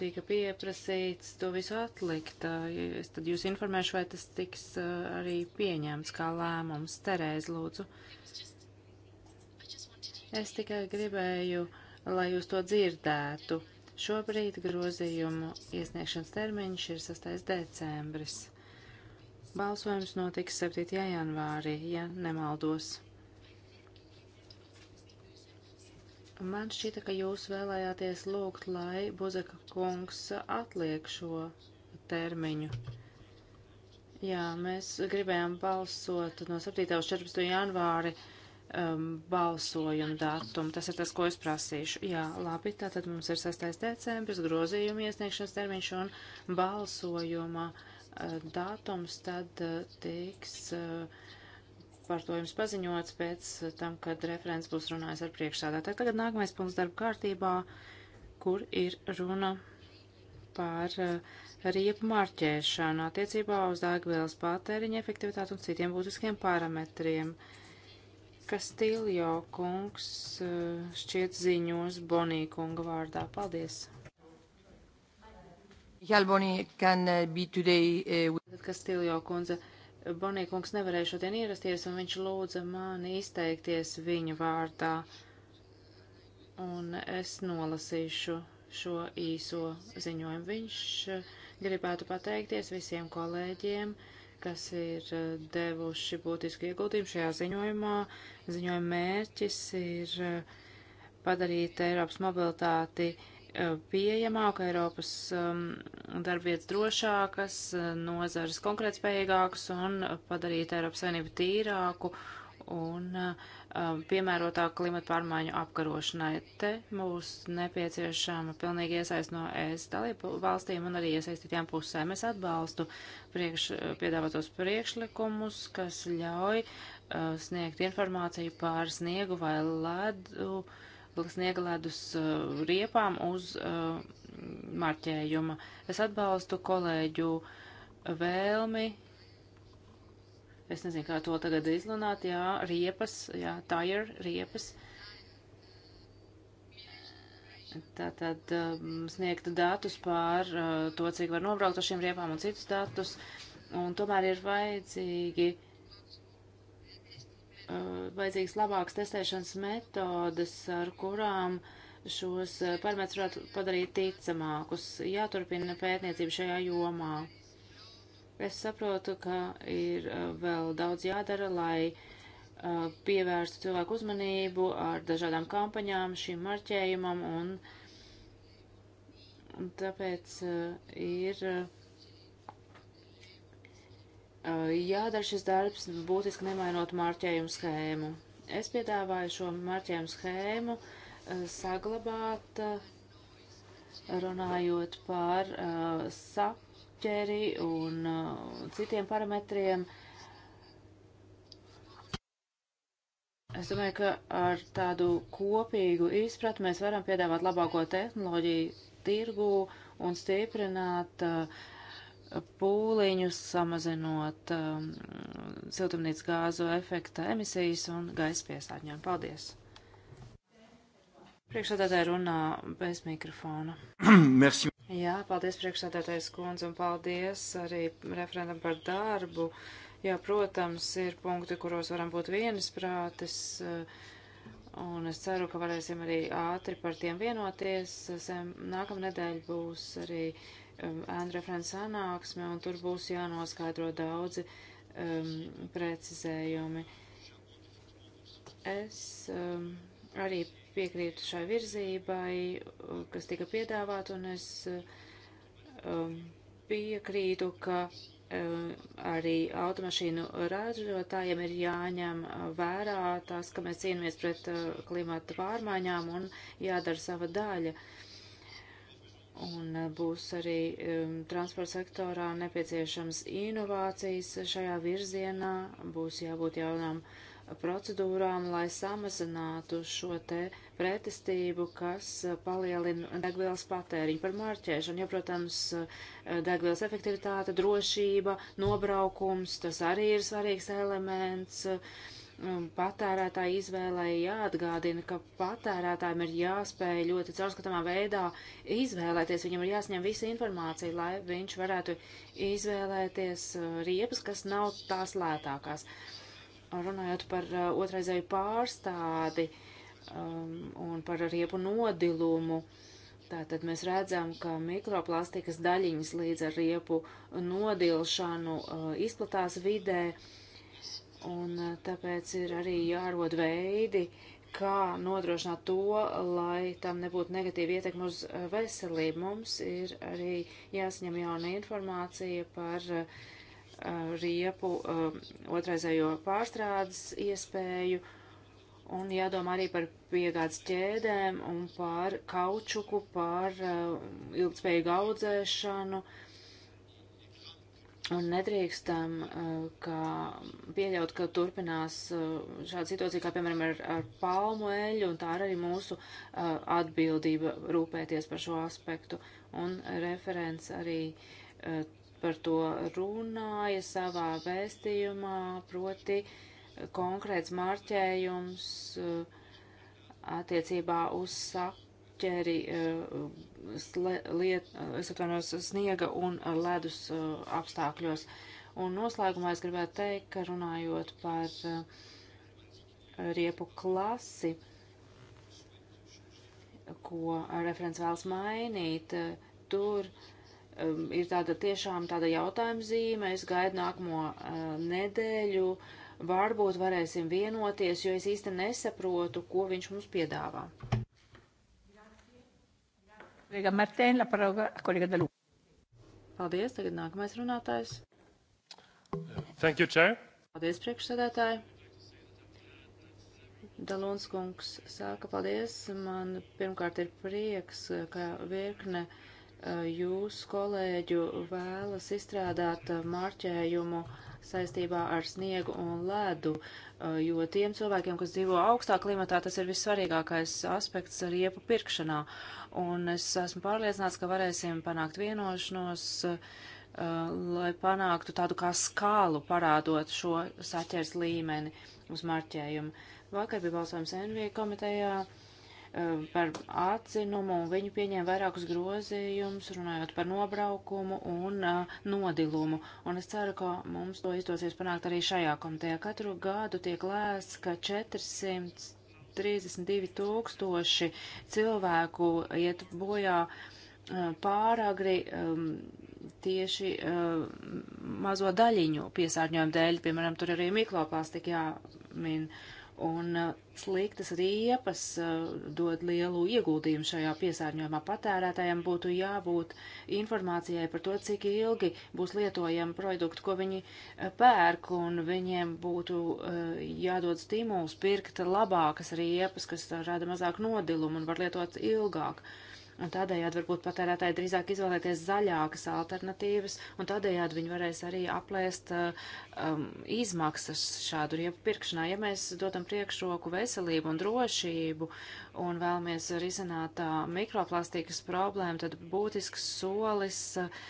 tika pieprasīts to visu atlikt. Eh, es tad jūs informēšu, vai tas tiks uh, arī pieņemts kā lēmums. Terēz, lūdzu. Just Es tikai gribēju, lai jūs to dzirdētu. Šobrīd grozījumu iesniegšanas termiņš ir 6. decembris. Balsojums notiks 7. janvārī, ja nemaldos. Man šķita, ka jūs vēlējāties lūgt, lai Buzeka kungs atliek šo termiņu. Jā, mēs gribējām balsot no 7. līdz 14. janvāri um, balsojuma datumu. Tas ir tas, ko es prasīšu. Jā, labi, tātad mums ir 6. decembris, grozījuma iesniegšanas termiņš un balsojuma uh, datums tad uh, tiks. Uh, Par to jums paziņots pēc uh, tam, kad referents būs runājis ar priekšsādātāju. Tagad nākamais punkts darba kārtībā, kur ir runa par uh, riepu marķēšanu attiecībā uz dāgvielas patēriņa efektivitāti un citiem būtiskiem parametriem. Uh, Kastīljo kungs eh, šķiet ziņos Bonī kunga vārdā. Paldies! Jalboni can eh, be today. Uh... Eh, Kastīljo kundze, Bonī kungs nevarēja šodien ierasties, un viņš lūdza mani izteikties viņa vārdā. Un es nolasīšu šo īso ziņojumu. Viņš gribētu pateikties visiem kolēģiem. Uh, kas ir eh, devuši būtisku ieguldījumu šajā ziņojumā. Ziņojuma mērķis ir eh, padarīt Eiropas mobilitāti eh, pieejamāku, Eiropas ehm, darbvietas drošākas, nozares konkrētspējīgākas un padarīt Eiropas savienību tīrāku un um, piemērotā klimata pārmaiņu apkarošanai. Te mūs nepieciešama pilnīgi iesaist no ES dalību valstīm un arī iesaistītām pusēm. Es atbalstu priekš, piedāvātos priekšlikumus, kas ļauj uh, sniegt informāciju par sniegu vai ledu, sniega ledus uh, riepām uz uh, marķējuma. Es atbalstu kolēģu uh, vēlmi Es nezinu, kā to tagad izlunāt. Jā, riepas, jā, tire, riepas. Tātad um, sniegt datus pār uh, to, cik var nobraukt ar šīm riepām un citus datus. Un tomēr ir vajadzīgi, uh, vajadzīgas labākas testēšanas metodas, ar kurām šos uh, parametrus varētu padarīt ticamākus. Jāturpina pētniecība šajā jomā. Es saprotu, ka ir uh, vēl daudz jādara, lai uh, pievērstu cilvēku uzmanību ar dažādām kampaņām, šim marķējumam, un, un tāpēc uh, ir jādara šis darbs, būtiski nemainot marķējumu schēmu. Es piedāvāju šo marķējumu schēmu saglabāt, runājot par sap apģēri un uh, citiem parametriem. Es domāju, ka ar tādu kopīgu izpratni mēs varam piedāvāt labāko tehnoloģiju tirgū un stiprināt uh, pūliņus, samazinot um, siltumnīcas gāzu efekta emisijas un gaisa piesārņojumu. Paldies! Priekšsēdētāji runā bez mikrofona. Merci. Jā, paldies priekšsādātais kundze un paldies arī referendam par darbu. Jā, protams, ir punkti, kuros varam būt vienisprātis. Uh, un es ceru, ka varēsim arī ātri par tiem vienoties. Nākamā nedēļa būs arī Andra um, Frančs sanāksme, un tur būs jānoskaidro daudzi um, precizējumi. Es um, arī piekrītu šai virzībai, uh, kas tika piedāvāt, un es uh, um, piekrītu, ka uh, arī automašīnu ražotājiem ir jāņem vērā tas, ka mēs cīnāmies pret klimata pārmaiņām un jādara sava daļa. Un būs arī um, transporta sektorā nepieciešams inovācijas šajā virzienā, būs jābūt jaunām uh, procedūrām, lai samazinātu šo te pretestību, kas eh, palielina degvielas patēriņu par mārķēšanu. Ja, protams, eh, degvielas efektivitāte, drošība, nobraukums, tas arī ir svarīgs elements. Eh, Patērētāji izvēlēja jāatgādina, ka patērētājiem ir jāspēj ļoti caurskatāmā veidā izvēlēties, viņam ir jāsņem visa informācija, lai viņš varētu izvēlēties riepas, kas nav tās lētākās. Uh, runājot par uh, otraizēju pārstādi um, un par riepu nodilumu, tātad mēs redzam, ka mikroplastikas daļiņas līdz ar riepu nodilšanu uh, izplatās vidē, un uh, tāpēc ir arī jārod veidi, kā nodrošināt to, lai tam nebūtu negatīva ietekme uz uh, veselību. Mums ir arī jāsaņem jauna informācija par uh, Uh, riepu uh, otraizējo pārstrādes iespēju un jādomā arī par piegādes ķēdēm un par kaučuku, par uh, ilgspējīgu audzēšanu. Un nedrīkstam ka pieļaut, ka turpinās šāda situācija, kā piemēram ar, ar palmu eļu, un tā ir arī mūsu atbildība rūpēties par šo aspektu. Un referents arī par to runāja savā vēstījumā, proti konkrēts marķējums uh, attiecībā uz saķeri uh, liet, uh, es atvainojos, sniega un ledus apstākļos. Un noslēgumā es gribētu teikt, ka runājot par riepu klasi, ko referents vēlas mainīt, tur uh, um, ir tāda tiešām tāda jautājuma zīme. Es gaidu nākamo uh, nedēļu. Varbūt varēsim vienoties, jo es īsti nesaprotu, ko viņš mums piedāvā. Paldies, tagad nākamais runātājs. Thank you, Chair. Paldies, priekšsēdētāji. Dalons kungs sāka paldies. Man pirmkārt ir prieks, ka virkne uh, jūs, kolēģu, vēlas izstrādāt uh, marķējumu saistībā ar sniegu un ledu, uh, jo tiem cilvēkiem, kas dzīvo augstā klimatā, tas ir vissvarīgākais aspekts riepu pirkšanā. Un es esmu pārliecināts, ka varēsim panākt vienošanos, uh, lai panāktu tādu kā skālu parādot šo saķers līmeni uz marķējumu. Vakar bija balsojums NV komitejā Um, par atzinumu, un viņi pieņēma vairākus grozījumus, runājot par nobraukumu un uh, nodilumu. Un es ceru, ka mums to izdosies panākt arī šajā komitejā. Katru gadu tiek lēsts, ka 400. 32 tūkstoši cilvēku iet bojā uh, pāragri um, tieši uh, mazo daļiņu piesārņojumu dēļ, piemēram, tur arī mikroplastika jāmin. Uh, un uh, sliktas riepas uh, dod lielu ieguldījumu šajā piesārņojumā. Patērētājiem būtu jābūt informācijai par to, cik ilgi būs lietojama produkta, ko viņi uh, pērk, un viņiem būtu jādod stimuls pirkt labākas riepas, kas rada mazāk nodilumu un var lietot ilgāk. Un tādējādi varbūt patērētāji drīzāk izvēlēties zaļākas alternatīvas, un tādējādi viņi varēs arī aplēst uh, um, izmaksas šādu riepu pirkšanā. Ja mēs dotam priekšroku veselību un drošību un vēlamies risināt tā uh, mikroplastikas problēmu, tad būtisks solis uh,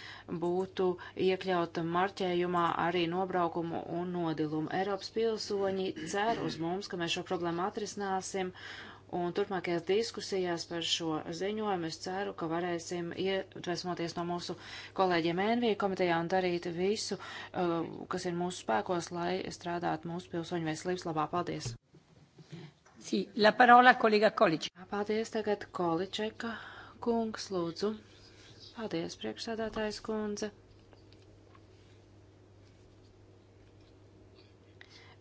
būtu iekļaut marķējumā arī nobraukumu un nodilumu. Eiropas pilsoņi cer uz mums, ka mēs šo problēmu atrisināsim Un turpmākajās diskusijās par šo ziņojumu es ceru, ka varēsim iedvesmoties no mūsu kolēģiem NV komitejā un darīt visu, uh, kas ir mūsu spēkos, lai strādātu mūsu pilsoņu veselības labā. Paldies! Sī, la parola kolīga Količ. Paldies tagad Količeka kungs, lūdzu. Paldies, priekšsādātājs kundze.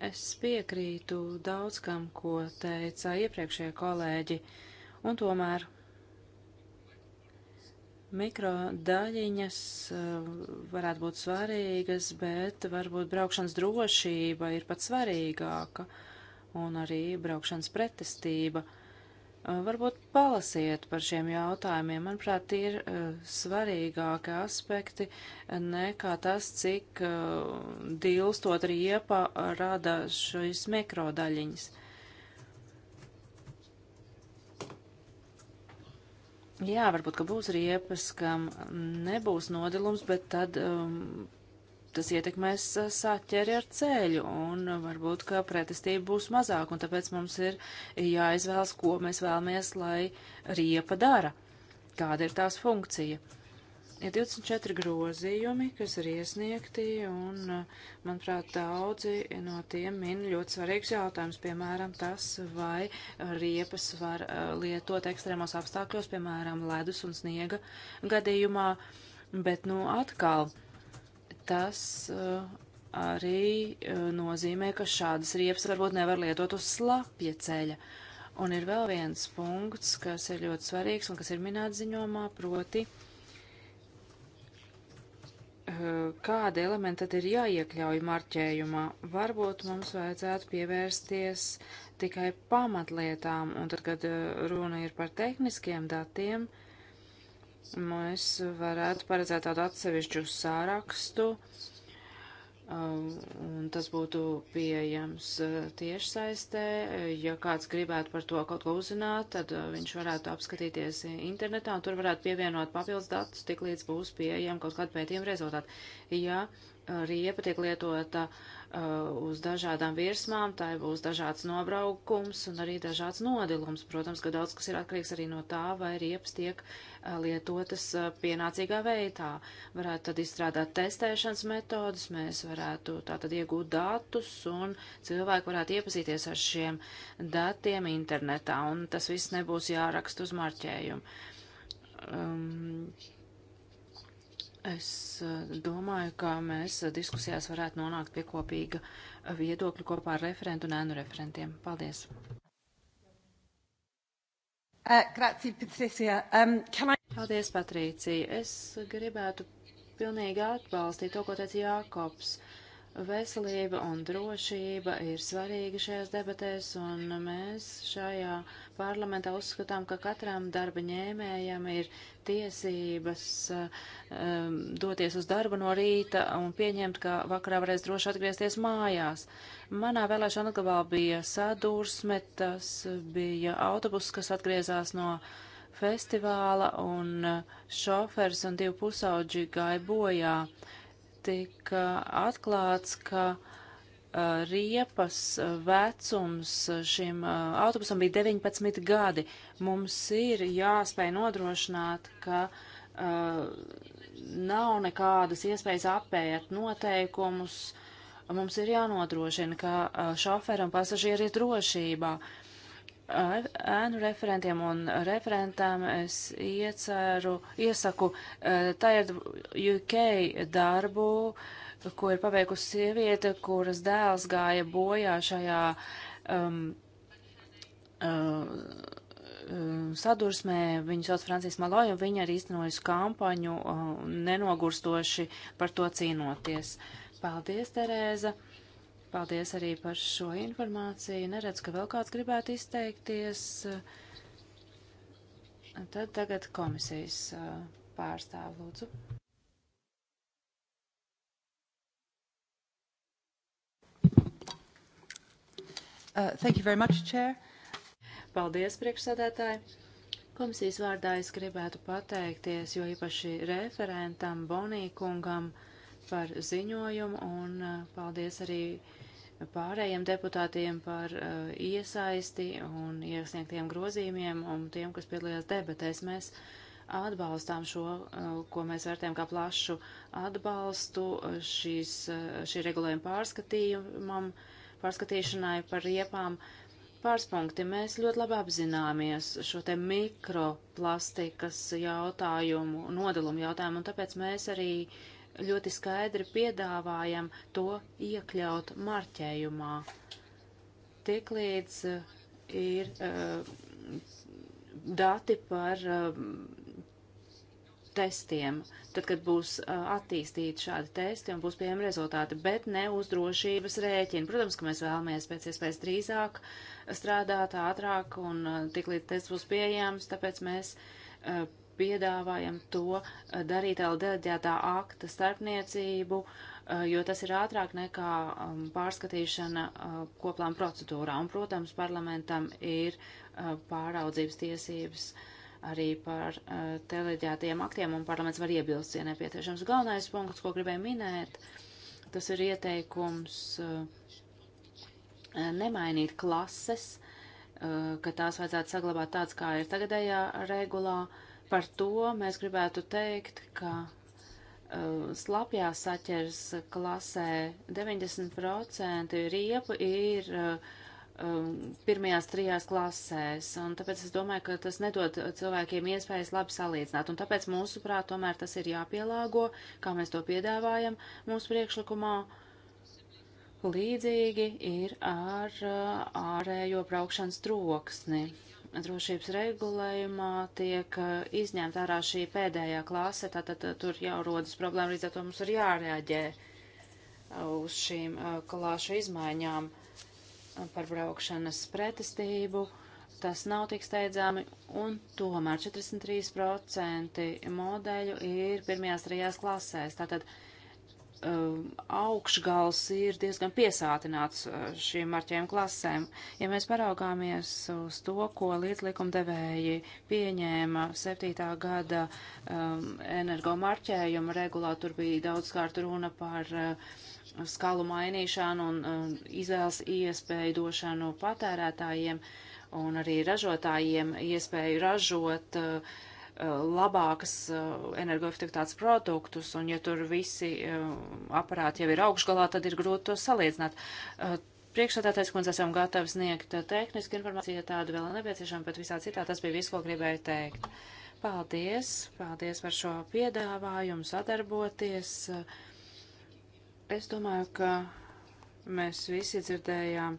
Es piekrītu daudz kam, ko teica iepriekšējie kolēģi, un tomēr mikrodaļiņas eh, varētu būt svarīgas, bet varbūt braukšanas drošība ir pat svarīgāka, un arī braukšanas pretestība. Uh, Uh, varbūt palasiet par šiem jautājumiem. Manuprāt, tie ir uh, svarīgāki aspekti nekā tas, cik uh, dilstot riepa rada šīs mikrodaļiņas. Jā, varbūt, ka būs riepas, kam nebūs nodilums, bet tad um, tas ietekmēs eh, saķeri ar ceļu, un varbūt, ka pretestība būs mazāk, un tāpēc mums ir jāizvēlas, ko mēs vēlamies, lai riepa dara, kāda ir tās funkcija. Ir 24 grozījumi, kas ir iesniegti, un, eh, manuprāt, daudzi no tiem min ļoti svarīgs jautājums, piemēram, tas, vai riepas var eh, lietot ekstrēmos apstākļos, piemēram, ledus un sniega gadījumā, bet, nu, atkal tas eh, arī eh, nozīmē, ka šādas riepas varbūt nevar lietot uz slapja ceļa. Un ir vēl viens punkts, kas ir ļoti svarīgs un kas ir minēts ziņomā, proti, eh, kāda elementa tad ir jāiekļauj marķējumā. Varbūt mums vajadzētu pievērsties tikai pamatlietām, un tad, kad runa ir par tehniskiem datiem, uh, mēs varētu paredzēt tādu atsevišķu sārakstu, um, un tas būtu pieejams uh, tiešsaistē. Ja kāds gribētu par to kaut ko uzzināt, tad uh, viņš varētu apskatīties internetā, un tur varētu pievienot papildus datus, tik līdz būs pieejama kaut kāda pētījuma rezultāti. Ja uh, riepa tiek lietota uh, Uh, uz dažādām virsmām, tā būs dažāds nobraukums un arī dažāds nodilums. Protams, ka daudz kas ir atkarīgs arī no tā, vai riepas tiek uh, lietotas uh, pienācīgā veidā. Varētu tad izstrādāt testēšanas metodus, mēs varētu tātad iegūt datus un cilvēki varētu iepazīties ar šiem datiem internetā, un tas viss nebūs jārakst uz marķējumu. Um, Es eh, domāju, ka mēs eh, diskusijās varētu nonākt pie kopīga eh, viedokļa kopā ar referentu un ēnu referentiem. Paldies! Uh, grazie, Patricija. Um, I... Paldies, Patricija. Es gribētu pilnīgi atbalstīt to, ko teica Jākops. Uh, Veselība un drošība ir svarīga šajās debatēs, un mēs šajā parlamentā uzskatām, ka katram darba ņēmējam ir tiesības um, doties uz darbu no rīta un pieņemt, ka vakarā varēs droši atgriezties mājās. Manā vēlēšana atgabalā bija sadursme, tas bija autobus, kas atgriezās no festivāla, un šofers un divi pusauģi gāja bojā. Uh, tika atklāts, ka riepas vecums šim autobusam bija 19 gadi. Mums ir jāspēj nodrošināt, ka nav nekādas iespējas apēt noteikumus. Mums ir jānodrošina, ka šoferam pasažieri ir drošībā. Uh, ar ēnu referentiem un referentām es ieceru, iesaku uh, Tired UK darbu, ko ir paveikusi sieviete, kuras dēls gāja bojā šajā um, uh, uh sadursmē. Viņu sauc Francijas Maloja, un viņa ir īstenojusi kampaņu uh, nenogurstoši par to cīnoties. Paldies, Terēza! Paldies arī par šo informāciju. Neredz, ka vēl kāds gribētu izteikties. Tad tagad komisijas pārstāv lūdzu. Uh, thank you very much, Chair. Paldies, priekšsēdētāji. Komisijas vārdā es gribētu pateikties, jo īpaši referentam Bonīkungam par ziņojumu un paldies arī uh, pārējiem deputātiem par uh, iesaisti un iesniegtiem grozījumiem un tiem, kas piedalījās debatēs. Mēs atbalstām šo, uh, ko mēs vērtējam kā plašu atbalstu eh, šīs, šī regulējuma pārskatījumam, pārskatīšanai par riepām. Pārspunkti mēs ļoti labi apzināmies šo te mikroplastikas jautājumu, nodalumu jautājumu, un tāpēc mēs arī uh, ļoti skaidri piedāvājam to iekļaut marķējumā. Tiklīdz eh, ir uh, dati par uh, testiem, tad, kad būs uh, attīstīti šādi testi un būs pieejami rezultāti, bet ne uz drošības rēķina. Protams, ka mēs vēlamies pēc iespējas drīzāk strādāt, ātrāk un tiklīdz tests būs pieejams, tāpēc mēs piedāvājam to eh, darīt LDDētā akta starpniecību, eh, jo tas ir ātrāk nekā um, pārskatīšana eh, koplām procedūrā. Un, protams, parlamentam ir pāraudzības tiesības arī par teleģētajiem aktiem, un parlaments var iebilst, ja nepieciešams. Galvenais punkts, ko gribēju minēt, tas ir ieteikums nemainīt klases, ka tās vajadzētu saglabāt tāds, kā ir tagadējā regulā Par to mēs gribētu teikt, ka uh, slapjā saķers klasē 90% riepu ir uh, um, pirmajās trijās klasēs, un tāpēc es domāju, ka tas nedod cilvēkiem iespējas labi salīdzināt, un tāpēc mūsuprāt tomēr tas ir jāpielāgo, kā mēs to piedāvājam mūsu priekšlikumā. Līdzīgi ir ar uh, ārējo braukšanas troksni drošības regulējumā tiek uh, izņemta ārā šī pēdējā klase, tātad uh, tur jau rodas problēma, līdz ar to mums ir jārēģē uh, uz šīm klāšu izmaiņām par braukšanas pretestību. Tas nav tik steidzami, un tomēr 43% modeļu ir pirmajās trijās klasēs. Tātad uh, Um, augšgals ir diezgan piesātināts uh, šīm marķējuma klasēm. Ja mēs paraugāmies uz to, ko līdzlikumdevēji pieņēma 7. gada um, energo marķējuma regulā, tur bija daudzkārt runa par uh, skalu mainīšanu un uh, izvēles iespēju došanu patērētājiem un arī ražotājiem iespēju ražot uh, Eh, labākas eh, energoefektivitātes produktus, un ja tur visi eh, aparāti jau ir augšgalā, tad ir grūti to salīdzināt. Priekšsādātais, kundze, esam gatavi sniegt tehnisku informāciju, ja tādu vēl nepieciešama, bet visā citā tas bija viss, ko gribēju teikt. Paldies, paldies par šo piedāvājumu sadarboties. Es domāju, ka mēs visi dzirdējām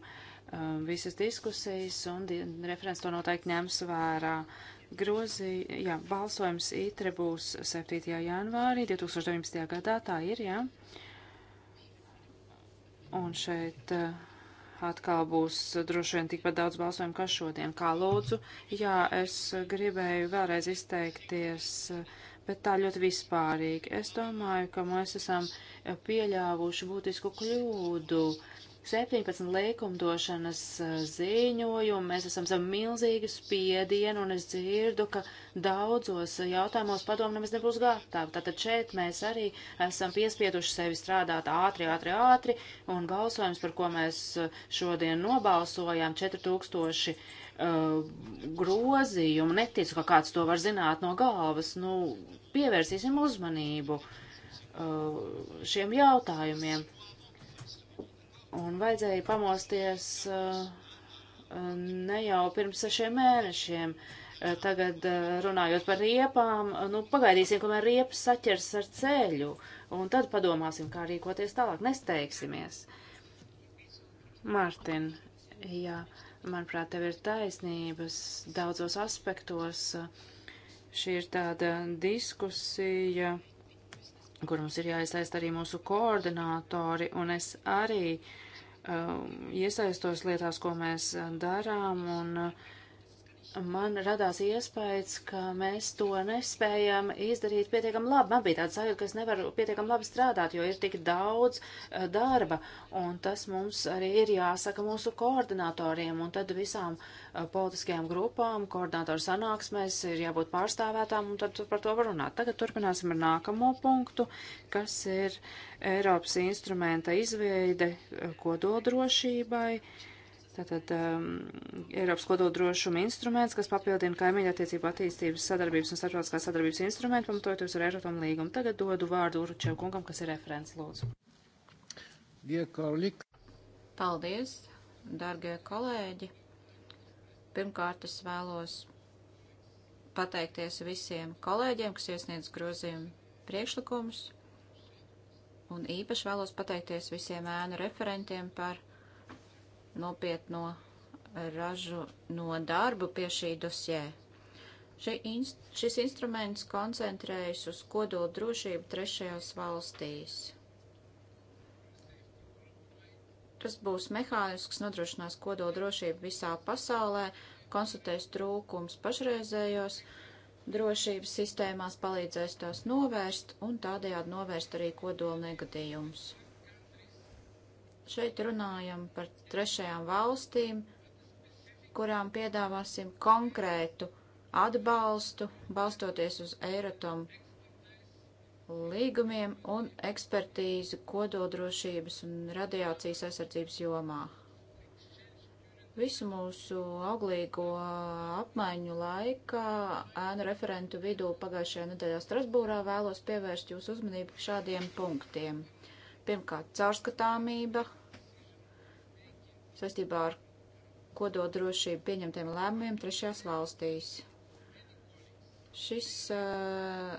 visas diskusijas, un referents to noteikti ņems vērā. Uh, Grozī, jā, balsojums ITRE būs 7. janvārī 2019. gadā, tā ir, jā. Un šeit eh, atkal būs droši vien tikpat daudz balsojumu kā šodien. Kā lūdzu, jā, es gribēju vēlreiz izteikties, bet tā ļoti vispārīgi. Es domāju, ka mēs esam eh, pieļāvuši būtisku kļūdu. Uh, 17 likumdošanas eh, ziņojumu, mēs esam zem milzīgu spiedienu, un es dzirdu, ka daudzos jautājumos padomu nemaz nebūs gatava. Tātad šeit mēs arī esam piespieduši sevi strādāt ātri, ātri, ātri, un balsojums, par ko mēs eh, šodien nobalsojām, 4000 uh, eh, grozījumu, neticu, ka kāds to var zināt no galvas, nu, pievērsīsim uzmanību uh, šiem jautājumiem un vajadzēja pamosties uh, uh, ne jau pirms sešiem mēnešiem. Uh, tagad runājot par riepām, nu pagaidīsim, kamēr riepas saķers ar ceļu, un tad padomāsim, kā rīkoties tālāk. Nesteigsimies. Mārtiņ, jā, manuprāt, tev ir taisnības daudzos aspektos. Šī ir tāda diskusija, kur mums ir jāiesaist arī mūsu koordinātori, un es arī uh, Um, iesaistos lietās, ko mēs darām, un uh, man radās iespējas, ka mēs to nespējam izdarīt pietiekam labi. Man bija tāds sajūta, ka es nevaru pietiekam labi strādāt, jo ir tik daudz uh, darba, un tas mums arī ir jāsaka mūsu koordinatoriem, un tad visām uh, politiskajām grupām koordinatoru sanāksmēs ir jābūt pārstāvētām, un tad par to var runāt. Tagad turpināsim ar nākamo punktu, kas ir Eiropas instrumenta izveide eh, kododrošībai. drošībai Tātad um, Eiropas kodoldrošuma instruments, kas papildina kaimiņu attiecību attīstības sadarbības un starptautiskās sadarbības instrumentu, pamatojoties ar Eirotom līgumu. Tagad dodu vārdu Uručev kungam, kas ir referents, lūdzu. Diekārlik. Paldies, dargie kolēģi. Pirmkārt, es vēlos pateikties visiem kolēģiem, kas iesniedz grozījumu priekšlikumus, un īpaši vēlos pateikties visiem ēnu referentiem par nopietno ražu no darbu pie šī dosjē. Ši inst šis instruments koncentrējas uz kodolu drošību trešajās valstīs. Tas būs mehānisks, kas nodrošinās kodolu drošību visā pasaulē, konstatēs trūkums pašreizējos drošības sistēmās, palīdzēs tos novērst un tādējādi novērst arī kodola negadījumus. Šeit runājam par trešajām valstīm, kurām piedāvāsim konkrētu atbalstu, balstoties uz Eiratom līgumiem un ekspertīzi kododrošības un radiācijas aizsardzības jomā. Visu mūsu auglīgo apmaiņu laikā ēnu referentu vidū pagājušajā nedēļā Strasbūrā vēlos pievērst jūsu uzmanību šādiem punktiem. Pirmkārt, caurskatāmība saistībā ar kododrošību pieņemtiem lēmumiem trešajās valstīs. Šis uh,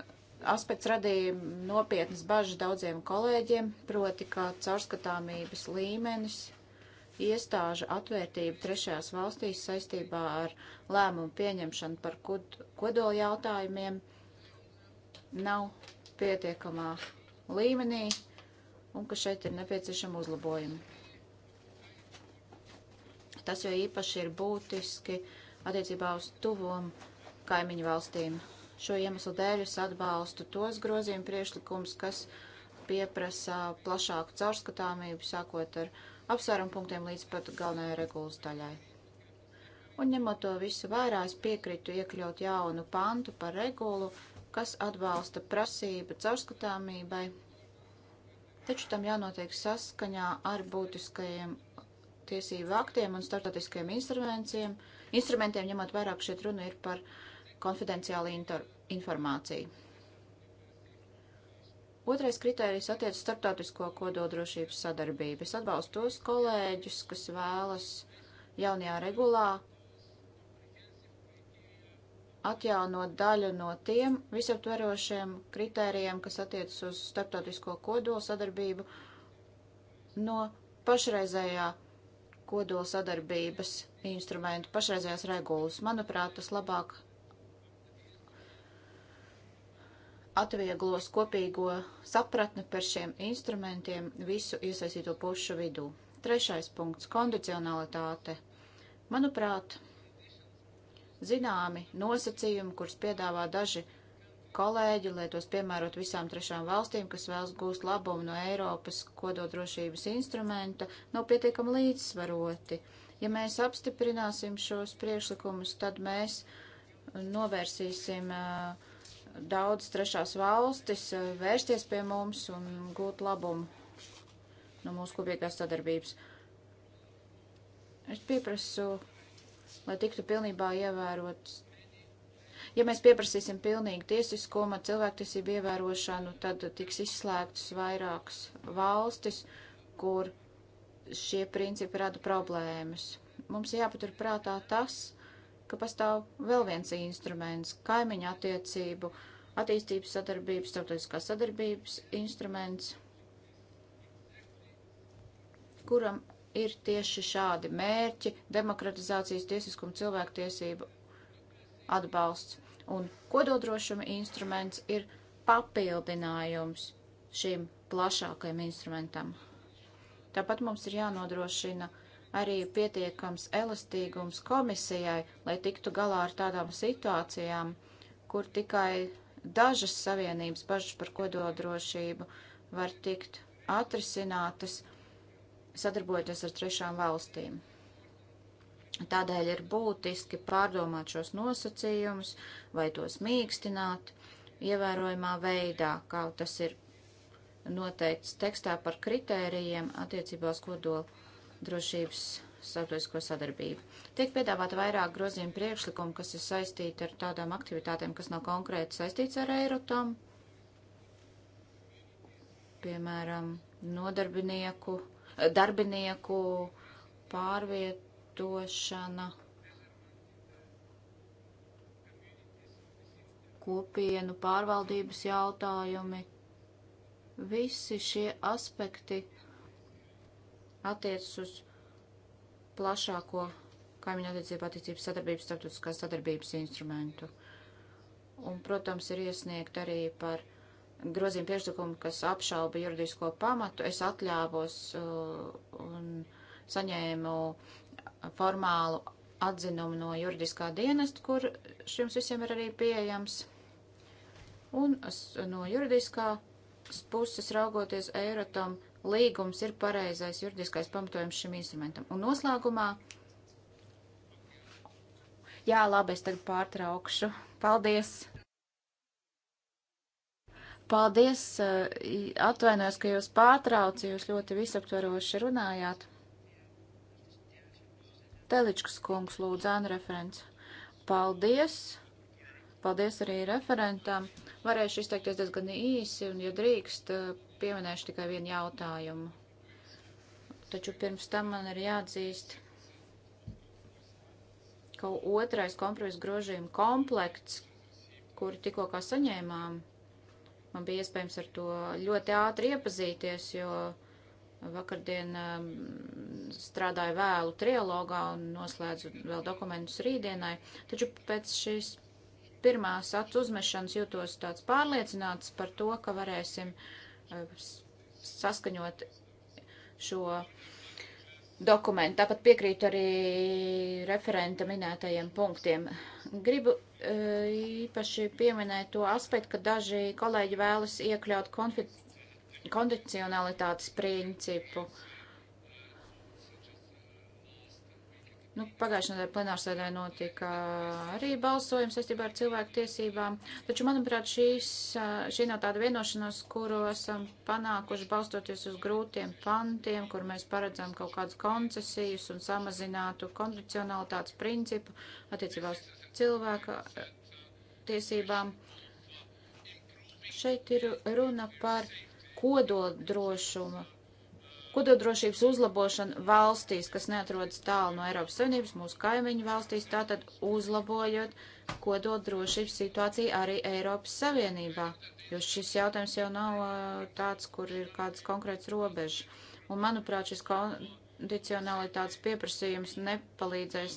aspekts radīja nopietnas bažas daudziem kolēģiem, proti, kā caurskatāmības līmenis, iestāžu atvērtība trešajās valstīs saistībā ar lēmumu pieņemšanu par kod kodoli jautājumiem nav pietiekamā līmenī, un ka šeit ir nepieciešama uzlabojumi. Tas jau īpaši ir būtiski attiecībā uz tuvom kaimiņu valstīm. Šo iemeslu dēļ es atbalstu tos grozījumu priešlikums, kas pieprasa plašāku caurskatāmību, sākot ar apsvērumu punktiem līdz pat galvenajai regulas daļai. Un ņemot to visu vērā, es piekritu iekļaut jaunu pantu par regulu, kas atbalsta prasību caurskatāmībai taču tam jānotiek saskaņā ar būtiskajiem tiesību aktiem un startautiskajiem instrumentiem, instrumentiem ņemot vairāk šeit runa ir par konfidenciālu informāciju. Otrais kriterijs attiec starptautisko kodoldrošības sadarbību. Es atbalstu tos kolēģus, kas vēlas jaunajā regulā atjaunot daļu no tiem visaptverošiem kritērijiem, kas attiecas uz starptautisko kodolu sadarbību no pašreizējā kodola sadarbības instrumentu, pašreizējās regulas. Manuprāt, tas labāk atvieglos kopīgo sapratni par šiem instrumentiem visu iesaistīto pušu vidū. Trešais punkts - kondicionalitāte. Manuprāt, zināmi nosacījumi, kurus piedāvā daži kolēģi, lai tos piemērot visām trešām valstīm, kas vēlas gūst labumu no Eiropas kododrošības instrumenta, nav pietiekami līdzsvaroti. Ja mēs apstiprināsim šos priekšlikumus, tad mēs novērsīsim daudz trešās valstis vērsties pie mums un gūt labumu no mūsu kopīgās sadarbības. Es pieprasu lai tiktu pilnībā ievērots. Ja mēs pieprasīsim pilnīgi tiesiskuma, cilvēktiesību ievērošanu, tad tiks izslēgtas vairākas valstis, kur šie principi rada problēmas. Mums jāpatur prātā tas, ka pastāv vēl viens instruments - kaimiņa attiecību, attīstības sadarbības, starptautiskās sadarbības instruments, kuram ir tieši šādi mērķi - demokratizācijas, tiesiskuma, cilvēktiesību atbalsts. Un kododrošuma instruments ir papildinājums šim plašākajam instrumentam. Tāpat mums ir jānodrošina arī pietiekams elastīgums komisijai, lai tiktu galā ar tādām situācijām, kur tikai dažas savienības bažas par kododrošību var tikt atrisinātas sadarbojoties ar trešām valstīm. Tādēļ ir būtiski pārdomāt šos nosacījumus vai tos mīkstināt ievērojumā veidā, kā tas ir noteikts tekstā par kritērijiem attiecībās kodola drošības starptautisko sadarbību. Tiek piedāvāta vairāk grozījumu priekšlikumu, kas ir saistīti ar tādām aktivitātēm, kas nav konkrēti saistīts ar Eirotom, piemēram, nodarbinieku darbinieku pārvietošana, kopienu pārvaldības jautājumi. Visi šie aspekti attiecas uz plašāko kaimiņu attiecību attiecības sadarbības starptautiskās sadarbības instrumentu. Un, protams, ir iesniegt arī par grozījuma priekšlikumu, kas apšauba juridisko pamatu, es atļāvos uh, un saņēmu formālu atzinumu no juridiskā dienesta, kur šiem visiem ir arī pieejams. Un no juridiskās puses raugoties Eiratam, līgums ir pareizais juridiskais pamatojums šim instrumentam. Un noslēgumā, jā, labi, es tagad pārtraukšu. Paldies! Paldies, eh, atvainojos, ka jūs pārtraucu, jūs ļoti visaptvaroši runājāt. Teličkas kungs lūdzu, referents. Paldies! Paldies arī referentam. Varēšu izteikties diezgan īsi, un, ja drīkst, eh, pieminēšu tikai vienu jautājumu. Taču pirms tam man ir jāatzīst, ka otrais kompromisa grožījuma komplekts, kuru tikko kā saņēmām, Man bija iespējams ar to ļoti ātri iepazīties, jo vakardien um, strādāju vēlu trialogā un noslēdzu vēl dokumentus rītdienai. Taču pēc šīs pirmās acu uzmešanas jūtos tāds pārliecināts par to, ka varēsim uh, saskaņot šo dokumentu. Tāpat piekrītu arī referenta minētajiem punktiem. Gribu īpaši pieminēju to aspektu, ka daži kolēģi vēlas iekļaut konfi kondicionalitātes principu. Nu, pagājušajā nedēļā plenārsēdē notika arī balsojums saistībā ar cilvēku tiesībām, taču, manuprāt, šīs, šī nav tāda vienošanos, kuru esam panākuši balstoties uz grūtiem pantiem, kur mēs paredzam kaut kādus koncesijas un samazinātu kondicionalitātes principu attiecībā uz cilvēka tiesībām. Šeit ir runa par kodoldrošumu, kodoldrošības uzlabošanu valstīs, kas neatrodas tālu no Eiropas Savienības, mūsu kaimiņu valstīs, tātad uzlabojot kodoldrošības situāciju arī Eiropas Savienībā, jo šis jautājums jau nav uh, tāds, kur ir kādas konkrētas robežas. Un, manuprāt, šis kon kondicionalitātes pieprasījums nepalīdzēs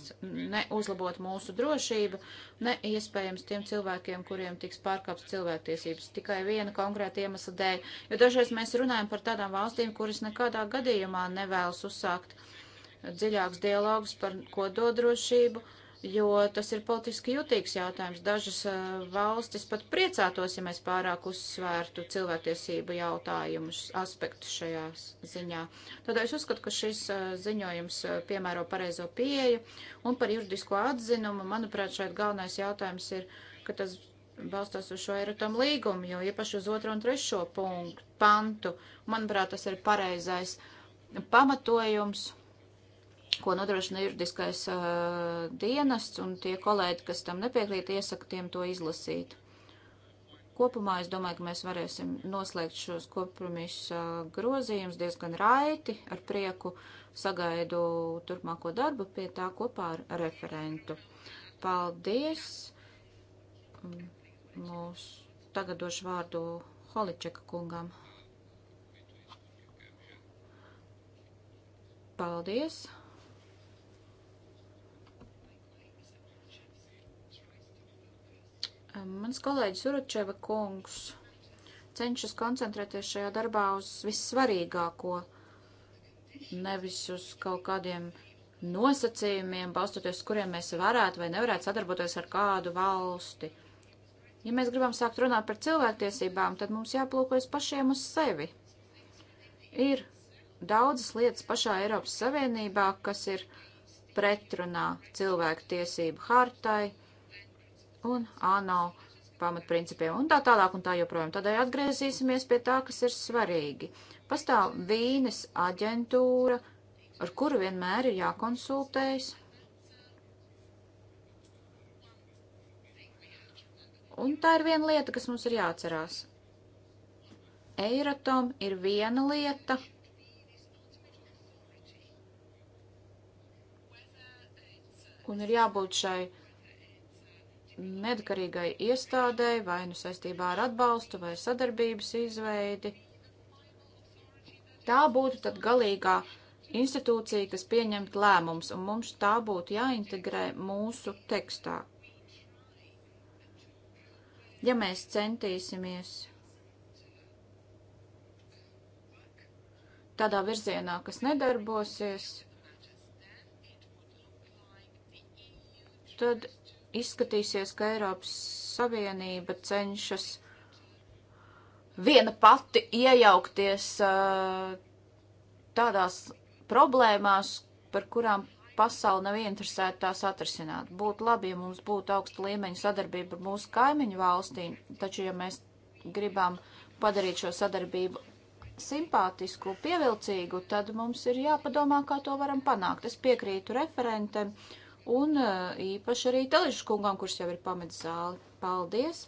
ne uzlabot mūsu drošību, ne iespējams tiem cilvēkiem, kuriem tiks pārkāpts cilvēktiesības tikai viena konkrēta iemesla dēļ. Jo dažreiz mēs runājam par tādām valstīm, kuras nekādā gadījumā nevēlas uzsākt dziļāks dialogs par kododrošību. drošību jo tas ir politiski jutīgs jautājums. Dažas valstis pat priecātos, ja mēs pārāk uzsvērtu cilvēktiesību jautājumus, aspektus šajā ziņā. Tādēļ es uzskatu, ka šis ziņojums piemēro pareizo pieeju, un par juridisko atzinumu, manuprāt, šeit galvenais jautājums ir, ka tas balstās uz šo Eirotam līgumu, jo īpaši uz otro un trešo punktu, pantu, manuprāt, tas ir pareizais pamatojums ko nodrošina juridiskais uh, dienests, un tie kolēģi, kas tam nepiekrīt, iesaka tiem to izlasīt. Kopumā es domāju, ka mēs varēsim noslēgt šos kompromisu uh, grozījumus diezgan raiti. Ar prieku sagaidu turpmāko darbu pie tā kopā ar referentu. Paldies! Mūs tagad došu vārdu Holičeka kungam. Paldies! Mans kolēģis Uručeva kungs cenšas koncentrēties šajā darbā uz vissvarīgāko, nevis uz kaut kādiem nosacījumiem, balstoties, kuriem mēs varētu vai nevarētu sadarboties ar kādu valsti. Ja mēs gribam sākt runāt par cilvēktiesībām, tad mums jāplūkojas pašiem uz sevi. Ir daudzas lietas pašā Eiropas Savienībā, kas ir pretrunā cilvēku tiesību hartai, un ANO pamatprincipiem un tā tālāk un tā joprojām. Tādēļ atgriezīsimies pie tā, kas ir svarīgi. Pastāv vīnes aģentūra, ar kuru vienmēr ir jākonsultējas. Un tā ir viena lieta, kas mums ir jāatcerās. Eiratom ir viena lieta. Un ir jābūt šai neatkarīgai iestādēji vai nu saistībā ar atbalstu vai sadarbības izveidi. Tā būtu tad galīgā institūcija, kas pieņemt lēmums, un mums tā būtu jāintegrē mūsu tekstā. Ja mēs centīsimies tādā virzienā, kas nedarbosies, tad izskatīsies, ka Eiropas Savienība cenšas viena pati iejaukties uh, tādās problēmās, par kurām pasauli nav interesēta tās atrisināt. Būtu labi, ja mums būtu augsta līmeņa sadarbība ar mūsu kaimiņu valstīm, taču, ja mēs gribam padarīt šo sadarbību simpātisku, pievilcīgu, tad mums ir jāpadomā, kā to varam panākt. Es piekrītu referentam. Uh, un īpaši arī Telišas kungam, kurš jau ir pametis zāli. Paldies!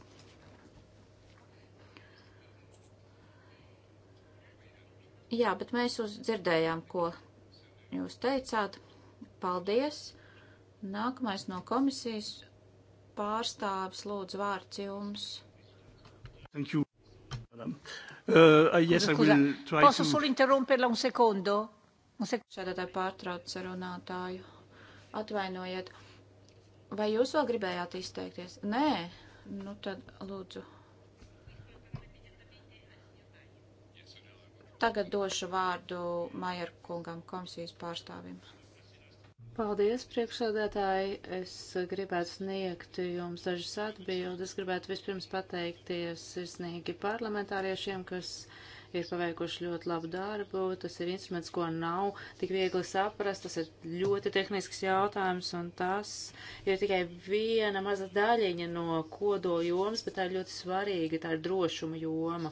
Jā, bet mēs uzdzirdējām, ko jūs teicāt. Paldies! Nākamais no komisijas pārstāvis lūdzu vārds jums. Thank you. Uh, yes, Posso to... solo interromperla un secondo? Un secondo. Šādā tā pārtrauc runātāju. Atvainojiet. Vai jūs vēl gribējāt izteikties? Nē, nu tad lūdzu. Tagad došu vārdu Majer kungam, komisijas pārstāvim. Paldies, priekšsādātāji. Es gribētu sniegt jums dažas atbildes. Gribētu vispirms pateikties sirsnīgi parlamentāriešiem, kas ir paveikuši ļoti labu darbu. Tas ir instruments, ko nav tik viegli saprast. Tas ir ļoti tehnisks jautājums, un tas ir tikai viena maza daļiņa no kodola jomas, bet tā ir ļoti svarīga. Tā ir drošuma joma.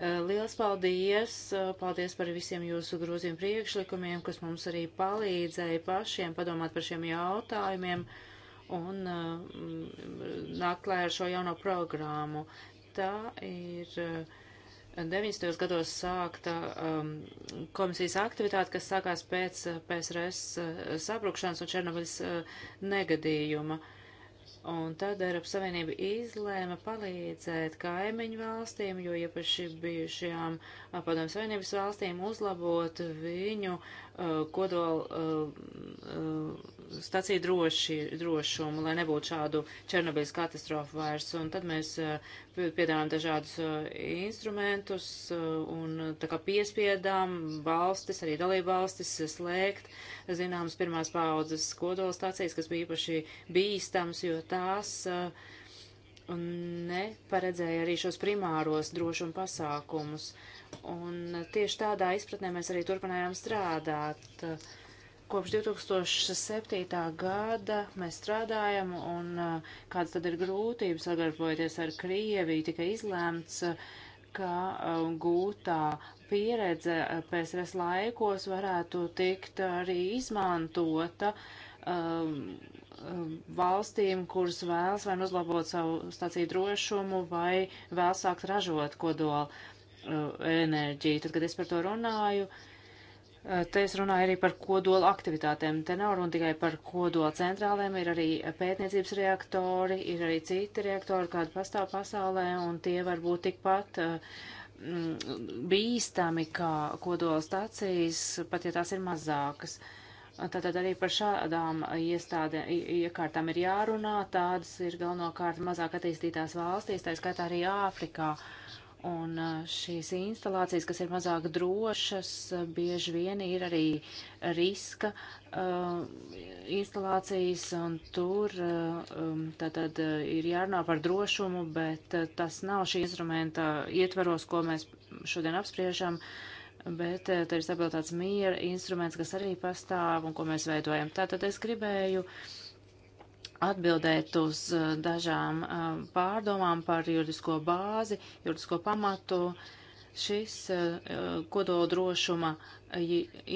Eh, liels paldies! Eh, paldies par visiem jūsu groziem priekšlikumiem, kas mums arī palīdzēja pašiem padomāt par šiem jautājumiem un eh, nāk klāj ar šo jauno programmu. Tā ir uh, 90. gados sākta um, komisijas aktivitāte, kas sākās pēc uh, PSRS uh, sabrukšanas un Černobiļas uh, negadījuma. Un tad Eiropas Savienība izlēma palīdzēt kaimiņu valstīm, jo īpaši bijušajām padomju savienības valstīm uzlabot viņu uh, kodolu uh, uh, staciju droši, drošumu, lai nebūtu šādu Černobiļas katastrofu vairs. Un tad mēs piedāvājam dažādus instrumentus un tā kā piespiedām valstis, arī dalību valstis slēgt zināmas pirmās paudzes kodola stācijas, kas bija īpaši bīstams, jo tās neparedzēja arī šos primāros drošuma pasākumus. Uh, Un tieši tādā izpratnē mēs arī turpinājām strādāt. Kopš 2007. gada mēs strādājam, un kādas tad ir grūtības sadarbojoties ar Krieviju, tika izlēmts, ka gūtā pieredze PSRS laikos varētu tikt arī izmantota um, valstīm, kuras vēlas vai nu uzlabot savu stāciju drošumu vai vēl sākt ražot kodolu Uh, enerģiju. Tad, kad es par to runāju, uh, te es runāju arī par kodola aktivitātēm. Te nav runa tikai par kodola centrālēm, ir arī pētniecības reaktori, ir arī citi reaktori, kādi pastāv pasaulē, un tie var būt tikpat uh, mm, bīstami kā kodola stacijas, pat ja tās ir mazākas. Tātad arī par šādām iestādēm, iekārtām ir jārunā, tādas ir galvenokārt mazāk attīstītās valstīs, tā skaitā arī Āfrikā. Uh, Un šīs instalācijas, kas ir mazāk drošas, bieži vien ir arī riska uh, instalācijas, un tur uh, tātad ir jārunā par drošumu, bet uh, tas nav šī instrumenta ietvaros, ko mēs šodien apspriežam, bet uh, tur ir stabilitātes miera instruments, kas arī pastāv un ko mēs veidojam. Tātad es gribēju uh, atbildēt uz eh, dažām eh, pārdomām par juridisko bāzi, juridisko pamatu. Šis eh, kododrošuma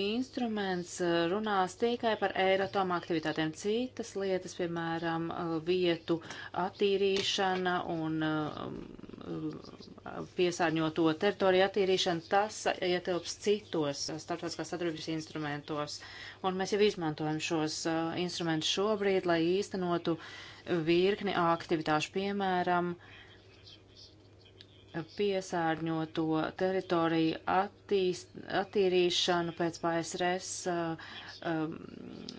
instruments runās tikai par eiratoma aktivitātēm. Citas lietas, piemēram, vietu attīrīšana un Um, piesārņoto teritoriju attīrīšana, tas ietilps citos uh, starptautiskās sadarbības instrumentos. Un mēs jau izmantojam šos uh, instrumentus šobrīd, lai īstenotu virkni aktivitāšu, piemēram, piesārņoto teritoriju attīst, attīrīšanu pēc PSRS uh, um,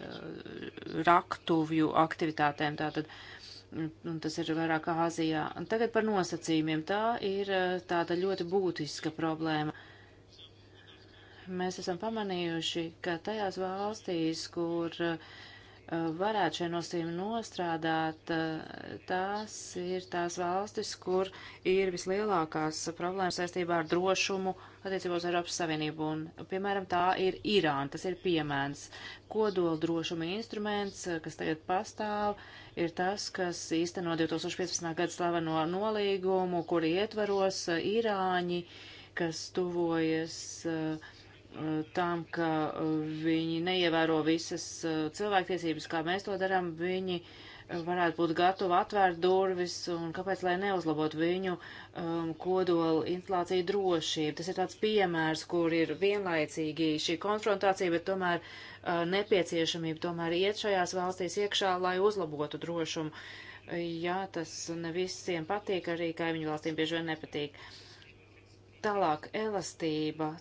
uh, raktuvju aktivitātēm. Tātad, uh, un tas ir vairāk Āzijā. Un tagad par nosacījumiem. Tā ir eh, tāda ļoti būtiska problēma. Mēs esam pamanījuši, ka tajās valstīs, kur uh, Eh, varētu šajā nosīm nostrādāt, eh, tās ir tās valstis, kur ir vislielākās problēmas saistībā ar drošumu attiecībos Eiropas Savienību. Un, piemēram, tā ir Irāna, tas ir piemērs. Kodola drošuma instruments, eh, kas tagad pastāv, ir tas, kas īsteno 2015. gada slaveno nolīgumu, kuri ietveros Irāņi, kas tuvojas uh, tam, ka uh, viņi neievēro visas uh, cilvēktiesības, kā mēs to darām, viņi uh, varētu būt gatavi atvērt durvis un kāpēc, lai neuzlabot viņu um, kodolu inflāciju drošību. Tas ir tāds piemērs, kur ir vienlaicīgi šī konfrontācija, bet tomēr uh, nepieciešamība tomēr iet šajās valstīs iekšā, lai uzlabotu drošumu. Jā, tas ne visiem patīk, arī kaimiņu valstīm bieži vien nepatīk. Tālāk, elastība.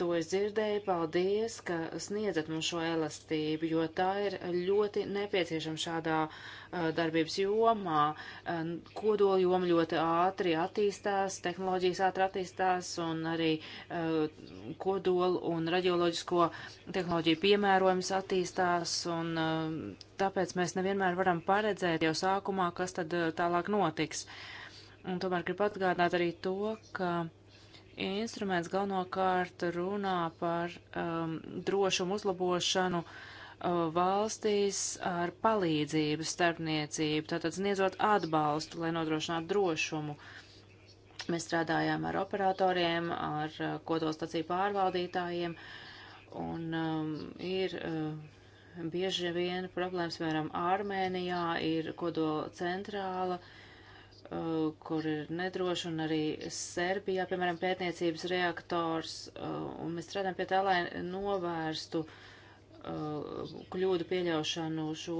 To es dzirdēju, paldies, ka sniedzat mums šo elastību, jo tā ir ļoti nepieciešama šādā uh, darbības jomā. Uh, kodola joma ļoti ātri attīstās, tehnoloģijas ātri attīstās un arī uh, kodola un raģioloģisko tehnoloģiju piemērojums attīstās un tāpēc mēs nevienmēr varam paredzēt jau sākumā, kas tad tālāk notiks. Un tomēr gribu atgādināt arī to, ka instruments galvenokārt runā par um, drošumu uzlabošanu uh, valstīs ar palīdzību starpniecību, tātad sniedzot atbalstu, lai nodrošinātu drošumu. Mēs strādājām ar operatoriem, ar uh, kodolstacīju pārvaldītājiem, un um, ir uh, bieži vien problēmas, piemēram, Armēnijā ir kodola centrāla, uh, Uh, kur ir nedroši, un arī Serbijā, piemēram, pētniecības reaktors, uh, un mēs strādājam pie tā, lai novērstu uh, kļūdu pieļaušanu šo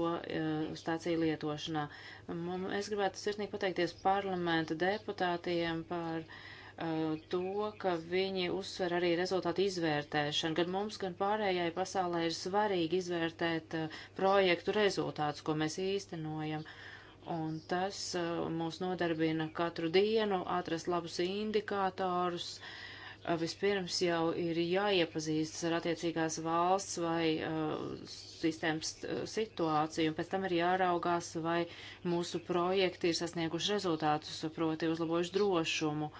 stāciju lietošanā. Es gribētu sirsnīgi pateikties parlamenta deputātiem par to, ka viņi uzsver arī rezultātu izvērtēšanu. Gan mums, gan pārējai pasaulē ir svarīgi izvērtēt projektu rezultātus, ko mēs īstenojam. Uh, Un tas uh, mūs nodarbina katru dienu, atrast labus indikātorus. Uh, vispirms jau ir jāiepazīstas ar attiecīgās valsts vai uh, sistēmas uh, situāciju, un pēc tam ir jāraugās, vai mūsu projekti ir sasnieguši rezultātus, proti uzlabojuši drošumu,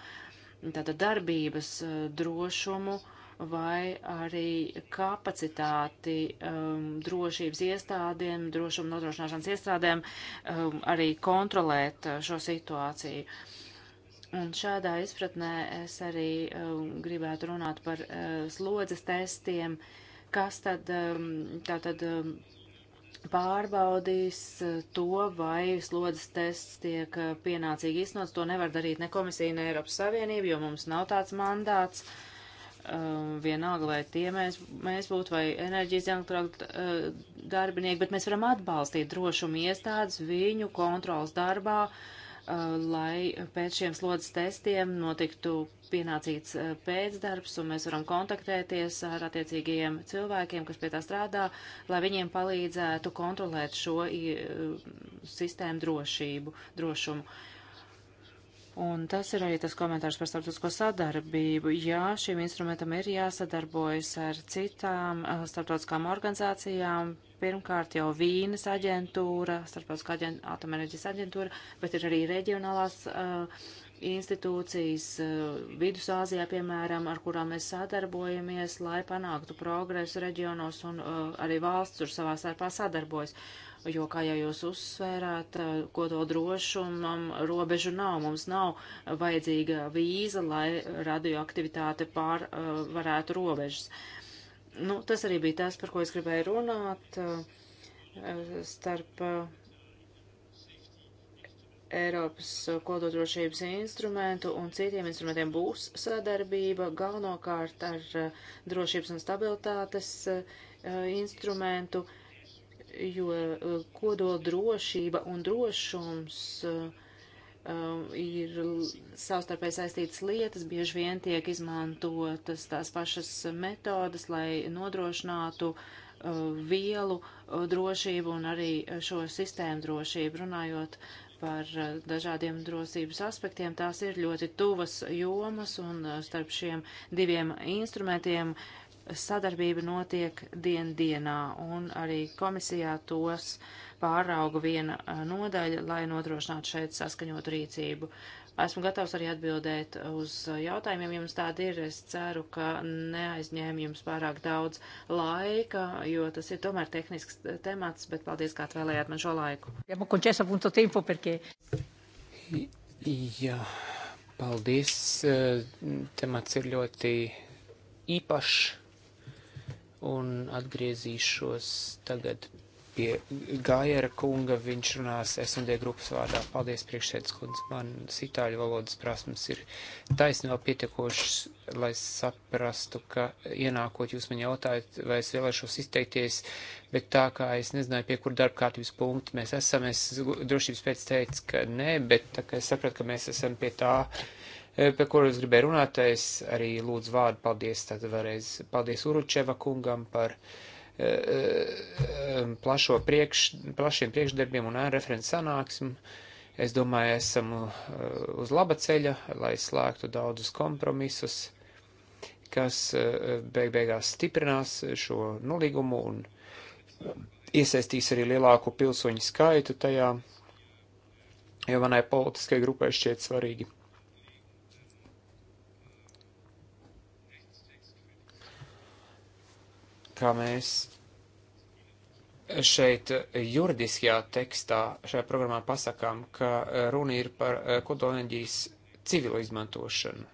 tātad darbības drošumu. Uh, vai arī kapacitāti um, drošības iestādēm, drošuma nodrošināšanas iestādēm um, arī kontrolēt uh, šo situāciju. Un šādā izpratnē es arī um, gribētu runāt par uh, slodzes testiem, kas tad um, tātad. Um, pārbaudīs uh, to, vai slodzes tests tiek uh, pienācīgi iznots. To nevar darīt ne komisija, ne Eiropas Savienība, jo mums nav tāds mandāts. Uh, um, vienalga, vai tie mēs, mēs būtu, vai enerģijas jaunprāta uh, darbinieki, bet mēs varam atbalstīt drošumu iestādes viņu kontrols darbā, uh, lai pēc šiem slodzes testiem notiktu pienācīts uh, pēcdarbs, un mēs varam kontaktēties ar attiecīgajiem cilvēkiem, kas pie tā strādā, lai viņiem palīdzētu kontrolēt šo uh, sistēmu drošību, drošumu. Uh, Un tas ir arī tas komentārs par starptautisko sadarbību. Jā, šim instrumentam ir jāsadarbojas ar citām eh, starptautiskām organizācijām. Pirmkārt jau Vīnes aģentūra, starptautiskā aģent, atomenerģijas aģentūra, bet ir arī reģionālās uh, institūcijas uh, Vidusāzijā, piemēram, ar kurām mēs sadarbojamies, lai panāktu progresu reģionos un uh, arī valsts tur savā starpā sadarbojas. Uh, jo, kā jau jūs uzsvērāt, ko to drošumam robežu nav. Mums nav vajadzīga vīza, lai radioaktivitāte pārvarētu eh, robežas. Nu, tas arī bija tas, par ko es gribēju runāt eh, starp eh, Eiropas kododrošības instrumentu un citiem instrumentiem būs sadarbība galvenokārt ar drošības un stabilitātes instrumentu. Uh, jo eh, kodola drošība un drošums eh, ir savstarpēji saistītas lietas, bieži vien tiek izmantotas tās pašas metodas, lai nodrošinātu eh, vielu drošību un arī šo sistēmu drošību. Runājot par dažādiem drošības aspektiem. Tās ir ļoti tuvas jomas, un starp šiem diviem instrumentiem sadarbība notiek diendienā, un arī komisijā tos pārauga viena nodaļa, lai nodrošinātu šeit saskaņotu rīcību. Esmu gatavs arī atbildēt uz jautājumiem, ja jums tādi ir. Es ceru, ka neaizņēmu jums pārāk daudz laika, jo tas ir tomēr tehnisks temats, bet paldies, kā atvēlējāt man šo laiku. Jā, paldies. Temats ir ļoti īpašs un atgriezīšos tagad pie Gājera kunga, viņš runās SMD grupas vārdā. Paldies, priekšsēdus kundze, manas itāļu valodas prasmes ir taisni vēl pietiekošas, lai saprastu, ka ienākot jūs man jautājat, vai es vēlēšos izteikties, bet tā kā es nezināju, pie kur darbkārtības punktu mēs esam, es drošības pēc teicu, ka nē, bet tā kā es sapratu, ka mēs esam pie tā. Uh, Eh, pie kura es gribēju runāt, es arī lūdzu vārdu paldies, tad vēlreiz paldies Uručeva kungam par eh, eh, plašo priekš, plašiem priekšdarbiem un referents sanāksmu. Es domāju, esam uz laba ceļa, lai slēgtu daudzus kompromisus, kas beig beigās stiprinās šo nolīgumu un iesaistīs arī lielāku pilsoņu skaitu tajā, jo manai politiskai grupai šķiet svarīgi ka mēs šeit juridiskajā tekstā šajā programmā pasakām, ka runa ir par eh, kodolenerģijas civilu izmantošanu.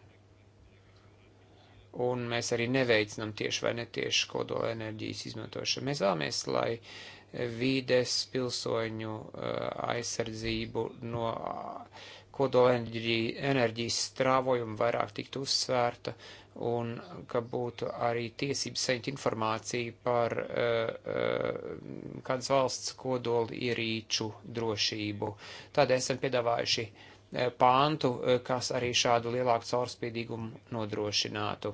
Un mēs arī neveicinam tieši vai netieši kodolenerģijas izmantošanu. Mēs vēlamies, lai vīdes pilsoņu eh, aizsardzību no uh, kodolenerģijas strāvojumu vairāk tiktu uzsvērta un ka būtu arī tiesības saņemt informāciju par uh, uh, kādas valsts kodoli ierīču drošību. Tādēļ esam piedāvājuši uh, pāntu, uh, kas arī šādu lielāku caurspīdīgumu nodrošinātu.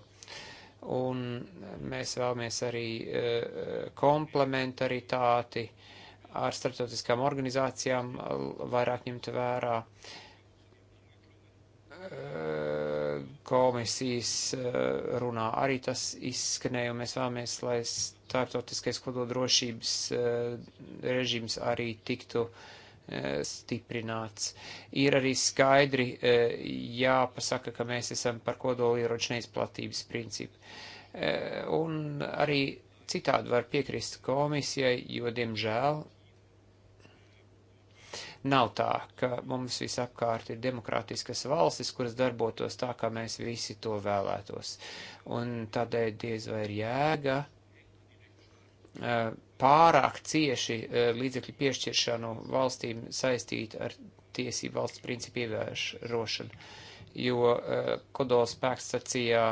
Un mēs vēlamies arī uh, komplementaritāti ar starptautiskām organizācijām vairāk ņemt vērā. Uh, komisijas eh, runā arī tas izskanēja, un mēs vēlamies, lai starptautiskais kododrošības eh, režīms arī tiktu eh, stiprināts. Ir arī skaidri jāpasaka, ka mēs esam par kodolieroču neizplatības principu. Un arī citādi var piekrist komisijai, jo, diemžēl, Nav tā, ka mums visapkārt ir demokrātiskas valstis, kuras darbotos tā, kā mēs visi to vēlētos. Un tādēļ diez vai ir jēga pārāk cieši līdzekļu piešķiršanu valstīm saistīt ar tiesību valsts principu ievēršanu jo uh, kodola spēks sacījā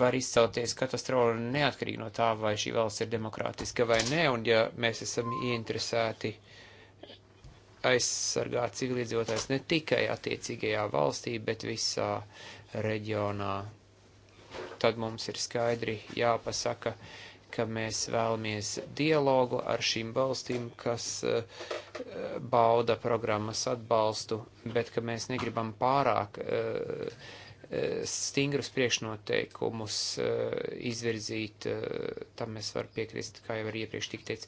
var izcelties katastrofa neatkarīgi no tā, vai šī valsts ir demokrātiska vai nē, un ja mēs esam ieinteresēti aizsargāt civilizotājs ne tikai attiecīgajā valstī, bet visā reģionā. Tad mums ir skaidri jāpasaka, ka mēs vēlamies dialogu ar šīm valstīm, kas eh, bauda programmas atbalstu, bet ka mēs negribam pārāk uh, Eh, stingrus priekšnoteikumus eh, izvirzīt, eh, tam mēs varam piekrist, kā jau arī iepriekš tik teic.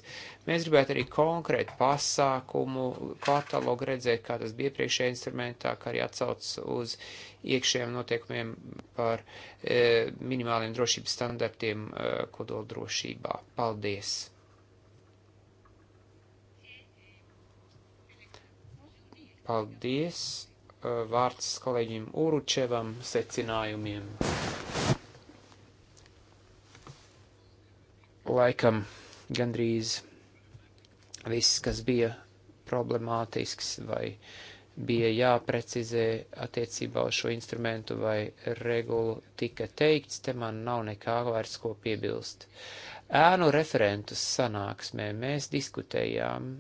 Mēs gribētu arī konkrētu pasākumu katalogu redzēt, kā tas bija iepriekšējā instrumentā, kā arī atsauc uz iekšējiem noteikumiem par minimāliem drošības standartiem kodoldrošībā. Paldies! Paldies! Eh, vārds kolēģim Uručevam secinājumiem. Laikam gandrīz viss, kas bija problemātisks vai bija jāprecizē attiecībā uz šo instrumentu vai regulu, tika teikts, te man nav nekā vairs ko piebilst. Ēnu referentus sanāksmē mēs diskutējām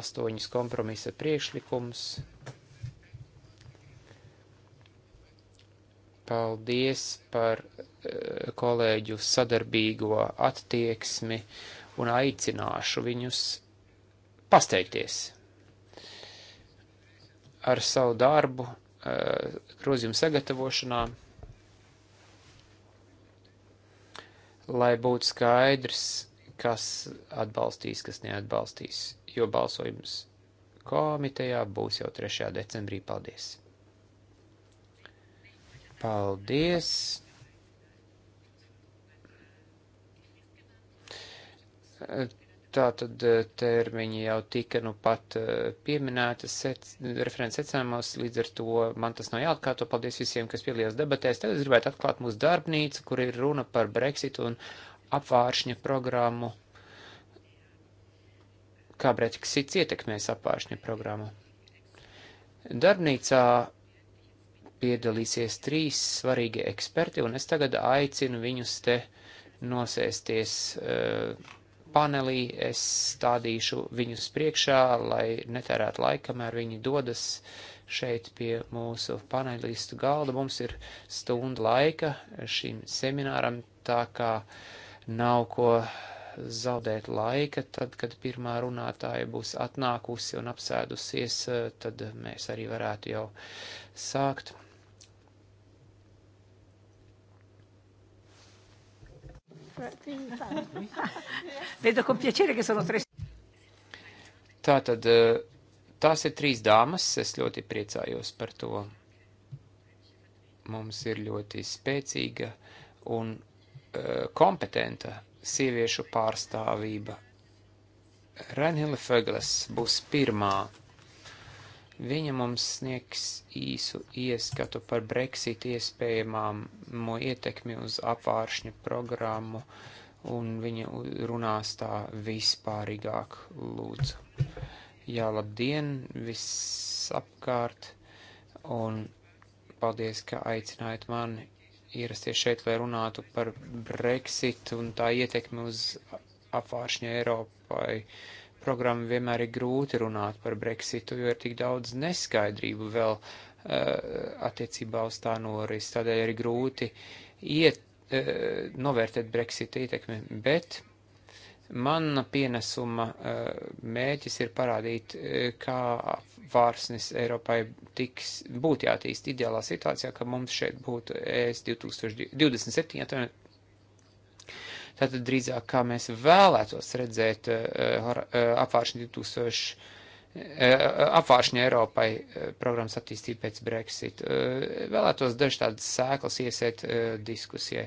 astoņus kompromisa priekšlikumus, Paldies par eh, kolēģu sadarbīgo attieksmi un aicināšu viņus pasteikties ar savu darbu, eh, grozījumu sagatavošanā, lai būtu skaidrs, kas atbalstīs, kas neatbalstīs, jo balsojums komitejā būs jau 3. decembrī. Paldies! Paldies! Tā tad eh, termiņi jau tika nu pat eh, pieminēti sec, referents secinājumos, līdz ar to man tas nav jāatkārto. Paldies visiem, kas piedalījās debatēs. Tad es gribētu atklāt mūsu darbnīcu, kur ir runa par Brexit un apvāršņa programmu. Kā Brexits ietekmēs apvāršņa programmu? Darbnīcā piedalīsies trīs svarīgi eksperti, un es tagad aicinu viņus te nosēsties eh, panelī. Es stādīšu viņus priekšā, lai netērētu laiku, kamēr viņi dodas šeit pie mūsu panelistu galda. Mums ir stunda laika šim semināram, tā kā nav ko zaudēt laika. Tad, kad pirmā runātāja būs atnākusi un apsēdusies, eh, tad mēs arī varētu jau sākt. Vedo con piacere, ka sono tre. Tā tad eh, tās ir trīs dāmas, es ļoti priecājos par to. Mums ir ļoti spēcīga un eh, kompetenta sieviešu pārstāvība. Renhila Feglas būs pirmā Viņa mums sniegs īsu ieskatu par Brexit iespējamāmo ietekmi uz apvāršņu programmu, un viņa runās tā vispārīgāk lūdzu. Jā, labdien, visapkārt, un paldies, ka aicinājāt mani ierasties šeit, lai runātu par Brexit un tā ietekmi uz apvāršņu Eiropai programmu vienmēr ir grūti runāt par Brexitu, jo ir tik daudz neskaidrību vēl uh, attiecībā uz tā noris, tādēļ ir grūti iet, uh, novērtēt Brexita ietekmi, bet mana pienesuma eh, mērķis ir parādīt, kā vārsnis Eiropai tiks, būtu jātīst ideālā situācijā, ka mums šeit būtu e ES 2027, Tātad drīzāk, kā mēs vēlētos redzēt apvāršņu 2000 apvāršņa Eiropai eh, programmas attīstību pēc Brexit. Eh, vēlētos dažas tādas sēklas iesēt eh, diskusijai.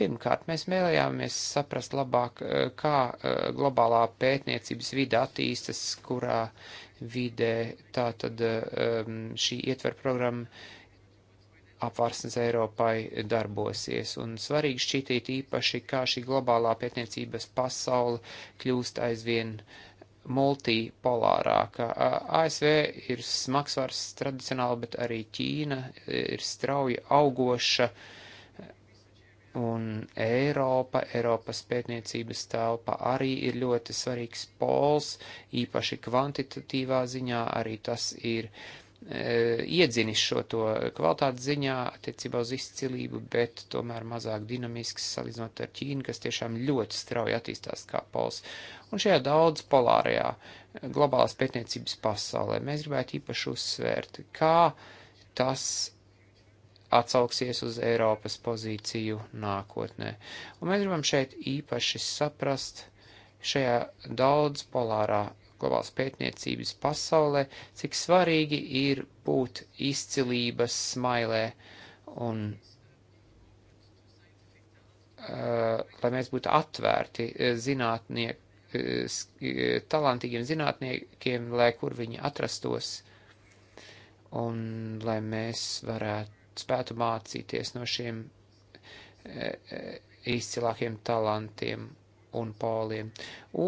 Pirmkārt, mēs vēlējāmies saprast labāk, kā globālā pētniecības vide attīstas, kurā vidē tā tad šī ietver programma apvārsnes Eiropai darbosies. Un svarīgi šķitīt īpaši, kā šī globālā pētniecības pasaule kļūst aizvien multipolārāka. ASV ir smagsvars tradicionāli, bet arī Ķīna ir strauji augoša. Un Eiropa, Eiropas pētniecības telpa arī ir ļoti svarīgs pols, īpaši kvantitatīvā ziņā arī tas ir uh, Eh, iedzinis šo to kvalitātes ziņā attiecībā uz izcilību, bet tomēr mazāk dinamisks salīdzinot ar Ķīnu, kas tiešām ļoti strauji attīstās kā pols. Un šajā daudz polārajā eh, globālās pētniecības pasaulē mēs gribētu īpaši uzsvērt, kā tas atsauksies uz Eiropas pozīciju nākotnē. Un mēs gribam šeit īpaši saprast šajā daudz polārā globālas pētniecības pasaulē, cik svarīgi ir būt izcilības smailē un uh, lai mēs būtu atvērti eh, zinātnieki, uh, eh, talantīgiem zinātniekiem, lai kur viņi atrastos, un lai mēs varētu spētu mācīties no šiem uh, izcilākiem talantiem un Poliju.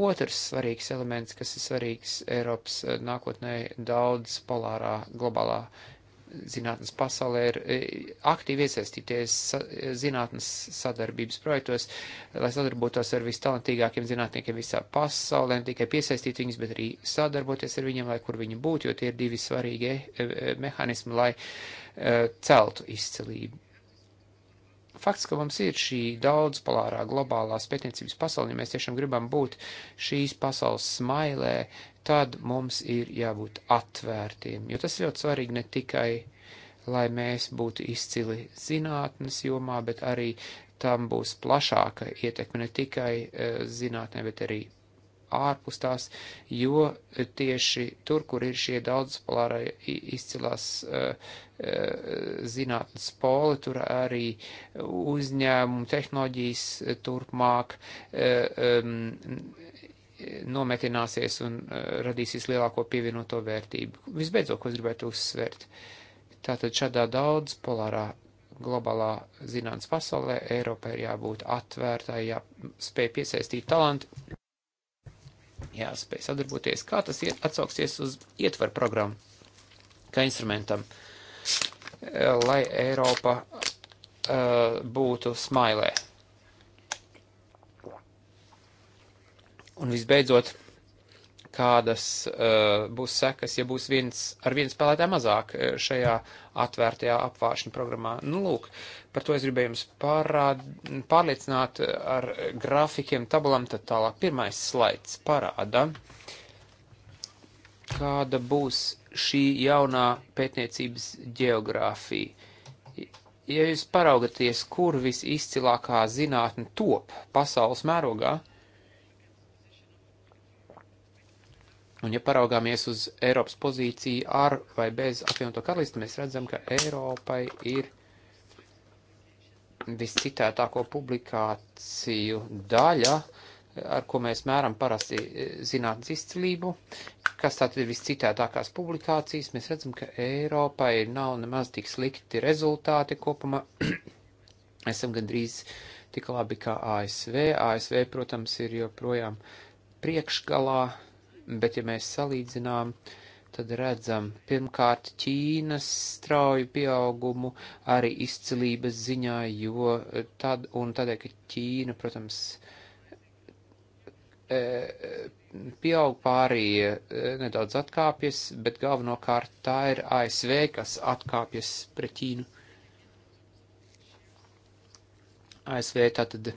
Otrs svarīgs elements, kas ir svarīgs Eiropas eh, nākotnē daudz polārā globālā zinātnes pasaulē ir eh, aktīvi iesaistīties eh, zinātnes sadarbības projektos, lai sadarbotos ar vistalantīgākiem zinātniekiem visā pasaulē, ne tikai piesaistīt viņus, bet arī sadarboties ar viņiem, lai kur viņi būtu, jo tie ir divi svarīgi mehānismi, lai celtu izcelību. Fakts, ka mums ir šī daudzpolārā globālās pētniecības pasaule, ja mēs tiešām gribam būt šīs pasaules smailē, tad mums ir jābūt atvērtiem, jo tas ļoti svarīgi ne tikai, lai mēs būtu izcili zinātnes jomā, bet arī tam būs plašāka ietekme ne tikai uh, zinātnē, bet arī ārpus tās, jo tieši tur, kur ir šie daudzpolārai izcilās e, e, zinātnes poli, tur arī uzņēmumu tehnoloģijas turpmāk e, nometināsies un radīsies lielāko pievienoto vērtību. Visbeidzot, ko es gribētu uzsvērt, tātad šādā daudz polārā globālā zinātnes pasaulē Eiropai ir jābūt atvērtai, jāspēj piesaistīt talanti jāspēj sadarboties, kā tas atsauksies uz ietvaru programmu, kā instrumentam, eh, lai Eiropa uh, būtu smailē. Un visbeidzot, kādas uh, būs sekas, ja būs viens ar viens spēlētāju mazāk eh, šajā atvērtajā apvāršņa programmā. Nu, lūk, par to es gribēju jums pārād, pārliecināt eh, ar grafikiem, tabulam, tad tālāk. Pirmais slaids parāda, kāda būs šī jaunā pētniecības geogrāfija. Ja jūs paraugaties, kur visizcilākā zinātne top pasaules mērogā, uh, Un nu, ja paraugāmies uz Eiropas pozīciju ar vai bez apvienoto karalistu, mēs redzam, ka Eiropai ir viscitētāko publikāciju daļa, ar ko mēs mēram parasti e, zinātnes izcilību, kas tātad ir viscitētākās publikācijas, mēs redzam, ka Eiropai nav nemaz tik slikti rezultāti kopumā. Esam gandrīz tik labi kā ASV. ASV, protams, ir joprojām priekšgalā bet ja mēs salīdzinām, tad redzam pirmkārt Ķīnas strauju pieaugumu arī izcilības ziņā, jo tad, un tādēļ, ka Ķīna, protams, e, pieaug pārējie nedaudz atkāpjas, bet galvenokārt tā ir ASV, kas atkāpjas pret Ķīnu. ASV tātad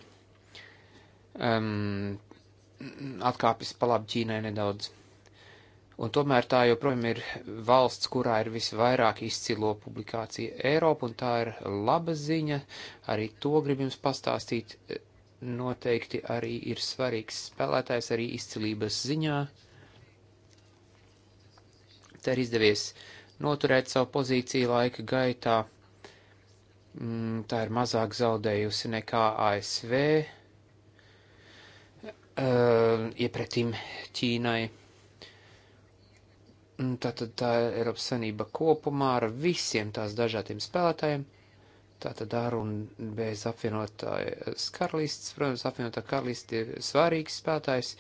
um, atkāpis pa labi Ķīnai nedaudz. Un tomēr tā joprojām ir valsts, kurā ir visvairāk izcilo publikācija Eiropa, un tā ir laba ziņa. Arī to grib jums pastāstīt. Noteikti arī ir svarīgs spēlētājs arī izcilības ziņā. Te ir izdevies noturēt savu pozīciju laika gaitā. Mm, tā ir mazāk zaudējusi nekā ASV Ehm, je pretim Ķīnai. Mm, Tātad tā ir Eiropas Sanība kopumā ar visiem tās dažādiem spēlētājiem. Tātad ar un bez apvienotājas karalists, protams, apvienotā karalists ir svarīgs spēlētājs,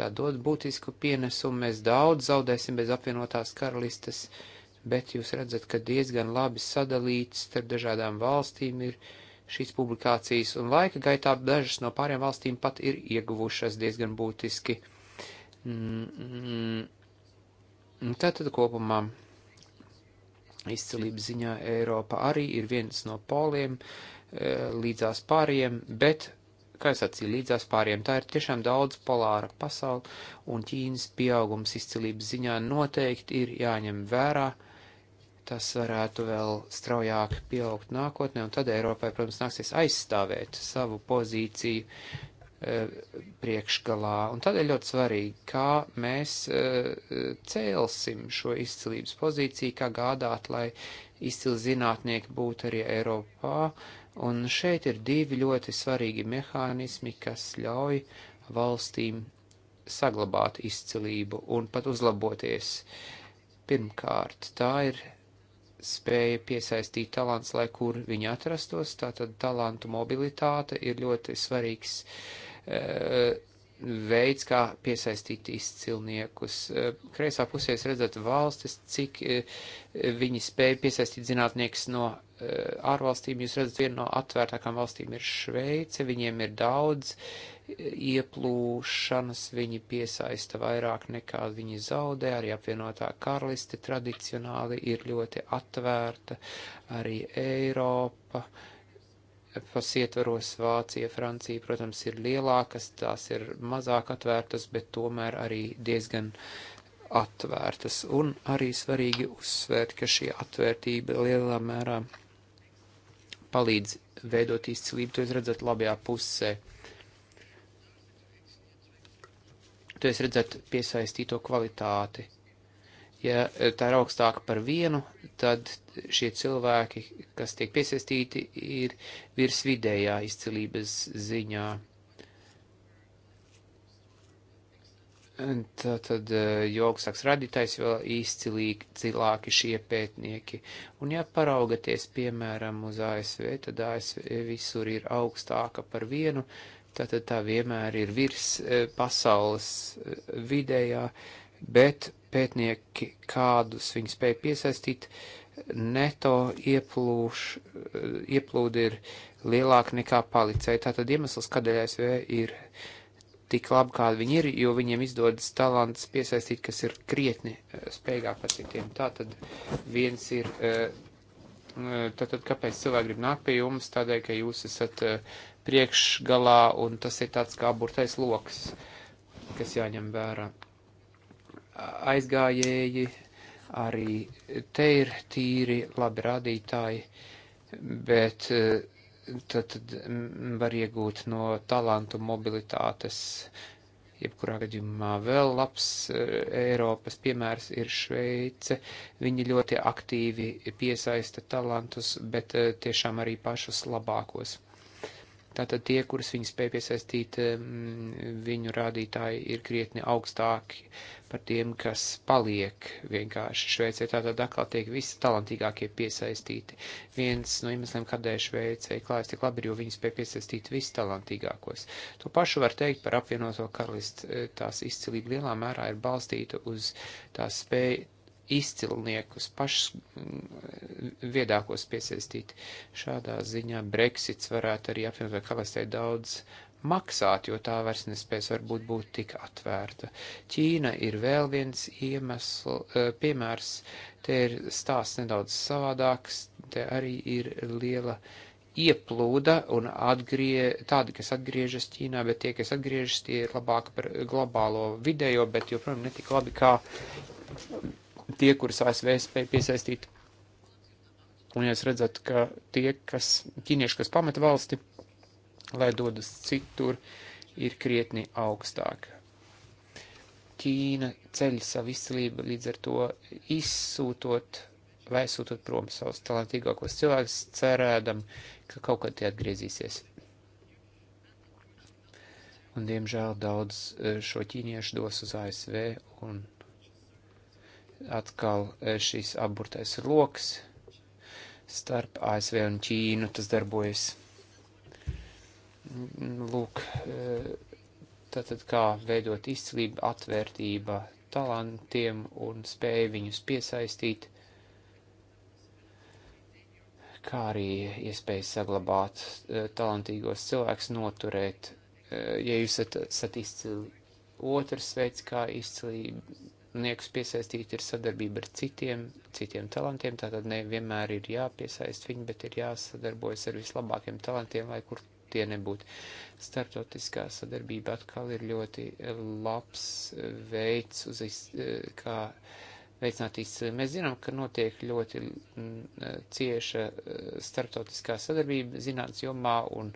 tā dod būtisku pienesumu, mēs daudz zaudēsim bez apvienotās karalistes, bet jūs redzat, ka diezgan labi sadalīts starp dažādām valstīm ir uh, šīs publikācijas, un laika gaitā dažas no pārējām valstīm pat ir ieguvušas diezgan būtiski. Tātad mm, mm. kopumā izcilības ziņā Eiropa arī ir viens no poliem eh, līdzās pāriem, bet, kā es atsīju, līdzās pāriem tā ir tiešām daudz polāra pasauli, un Ķīnas pieaugums izcilības ziņā noteikti ir jāņem vērā tas varētu vēl straujāk pieaugt nākotnē, un tad Eiropai, protams, nāksies aizstāvēt savu pozīciju e, priekšgalā. Un tādēļ ļoti svarīgi, kā mēs e, cēlsim šo izcilības pozīciju, kā gādāt, lai izcili zinātnieki būtu arī Eiropā. Un šeit ir divi ļoti svarīgi mehānismi, kas ļauj valstīm saglabāt izcilību un pat uzlaboties. Pirmkārt, tā ir spēja piesaistīt talants, lai kur viņi atrastos, tātad talantu mobilitāte ir ļoti svarīgs uh, veids, kā piesaistīt izcilniekus. Eh, kreisā pusē jūs redzat valstis, cik eh, viņi spēja piesaistīt zinātniekus no eh, ārvalstīm. Jūs redzat, viena no atvērtākām valstīm ir Šveice, viņiem ir daudz ieplūšanas, viņi piesaista vairāk nekā viņi zaudē, arī apvienotā karaliste tradicionāli ir ļoti atvērta, arī Eiropa. Uh, FOS ietveros Vācija, Francija, protams, ir lielākas, tās ir mazāk atvērtas, bet tomēr arī diezgan atvērtas. Un arī svarīgi uzsvērt, ka šī atvērtība lielā mērā palīdz veidot izcilību. To jūs redzat labajā pusē. To jūs redzat piesaistīto kvalitāti. Ja eh, tā ir augstāka par vienu, tad šie cilvēki, kas tiek piesaistīti, ir virs vidējā izcilības ziņā. Tātad, eh, jo augstāks radītājs, jo izcilāki šie pētnieki. Un ja paraugaties, piemēram, uz ASV, tad ASV visur ir augstāka par vienu, tātad tā vienmēr ir virs eh, pasaules vidējā, bet pētnieki, kādus viņi spēja piesaistīt, neto ieplūš, ieplūdi ir lielāka nekā palicēja. Tātad iemesls, kādēļ ASV ir tik labi, kādi viņi ir, jo viņiem izdodas talants piesaistīt, kas ir krietni e, spējīgāk par citiem. Tātad viens ir, e, e, tātad kāpēc cilvēki grib nākt pie jums, tādēļ, ka jūs esat priekšgalā un tas ir tāds kā burtais loks, kas jāņem vērā aizgājēji, arī te ir tīri labi rādītāji, bet eh, tad, tad mm, var iegūt no talantu mobilitātes. Jebkurā gadījumā vēl labs eh, Eiropas piemērs ir Šveice. Viņi ļoti aktīvi piesaista talantus, bet eh, tiešām arī pašus labākos. Tātad tie, kurus viņi spēja piesaistīt, viņu rādītāji ir krietni augstāki par tiem, kas paliek vienkārši Šveicē. Tātad atkal tiek visi talantīgākie piesaistīti. Viens no iemesliem, kādēļ Šveicē klājas tik labi, ir, jo viņi spēja piesaistīt visi talantīgākos. To pašu var teikt par apvienoto karalistu. Tās izcilība lielā mērā ir balstīta uz tās spēju izcilniekus, pašus mm, viedākos piesaistīt. Šādā ziņā Brexits varētu arī apvienotā kalastē daudz maksāt, jo tā vairs nespēs varbūt būt tik atvērta. Ķīna ir vēl viens iemesl, eh, piemērs, te ir stāsts nedaudz savādāks, te arī ir liela ieplūda un atgrie, tādi, kas atgriežas Ķīnā, bet tie, kas atgriežas, tie ir labāk par globālo vidējo, bet joprojām netik labi kā tie, kurus ASV spēja piesaistīt. Un jūs redzat, ka tie, kas ķīnieši, kas pameta valsti, lai dodas citur, ir krietni augstāk. Ķīna ceļ savu izcilību līdz ar to izsūtot vai sūtot prom savus talantīgākos cilvēkus, cerēdam, ka kaut kad tie atgriezīsies. Un, diemžēl, daudz eh, šo ķīniešu dos uz ASV un atkal e, šīs apburtais loks starp ASV un Ķīnu tas darbojas. Lūk, e, tātad kā veidot izcilību, atvērtība talantiem un spēju viņus piesaistīt, kā arī iespējas saglabāt e, talantīgos cilvēkus, noturēt, ja jūs esat, esat izcili. Otrs veids, kā izcilība Niekus piesaistīt ir sadarbība ar citiem, citiem talantiem, tātad nevienmēr ir jāpiesaist viņi, bet ir jāsadarbojas ar vislabākiem talantiem, lai kur tie nebūtu. Startautiskā sadarbība atkal ir ļoti eh, labs eh, veids, uz, iz, eh, kā uh, veicināt izcēlību. Mēs zinām, ka notiek ļoti mm, eh, cieša eh, starptautiskā sadarbība zinātnes jomā, un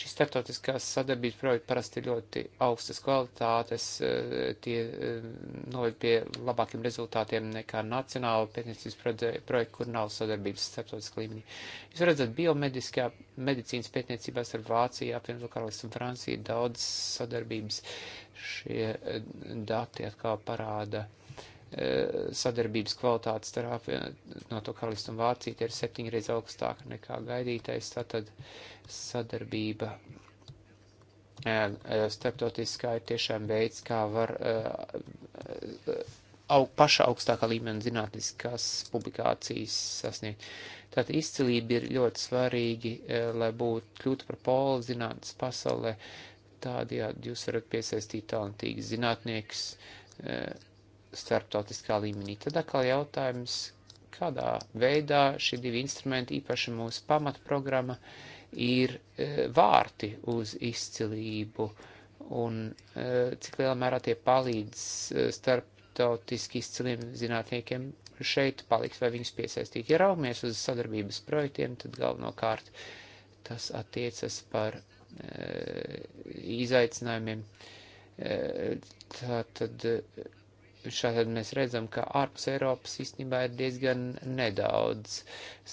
šī starptautiskā sadarbības projekta parasti ir ļoti augstas kvalitātes, eh, tie noved pie labākiem rezultātiem nekā nacionāla pētniecības projekta, kur nav sadarbības starptautiskā līmenī. Jūs redzat, biomediskā medicīnas pētniecībās ar Vāciju, apvienoto karalistu un Franciju ir daudz sadarbības. Šie dati atkal parāda Eh, sadarbības kvalitāte starp eh, no to karalistu un Vāciju ir septiņreiz augstāka nekā gaidītais, tātad sadarbība eh, starptautiskā ir tiešām veids, kā var au, paša augstākā līmeņa zinātniskās publikācijas sasniegt. Tātad izcilība ir ļoti svarīgi, lai būtu kļūtu par polu zinātnes pasaulē, tādējādi jūs varat piesaistīt talantīgus zinātniekus, starptautiskā līmenī. Tad atkal jautājums, kādā veidā šie divi instrumenti, īpaši mūsu pamatprogramma, ir e, vārti uz izcilību un e, cik lielā mērā tie palīdz e, starptautiski izciliem zinātniekiem šeit palikt vai viņus piesaistīt. Ja raugamies uz sadarbības projektiem, tad galvenokārt tas attiecas par izaicinājumiem. Tātad Šādi mēs redzam, ka ārpus Eiropas īstenībā ir diezgan nedaudz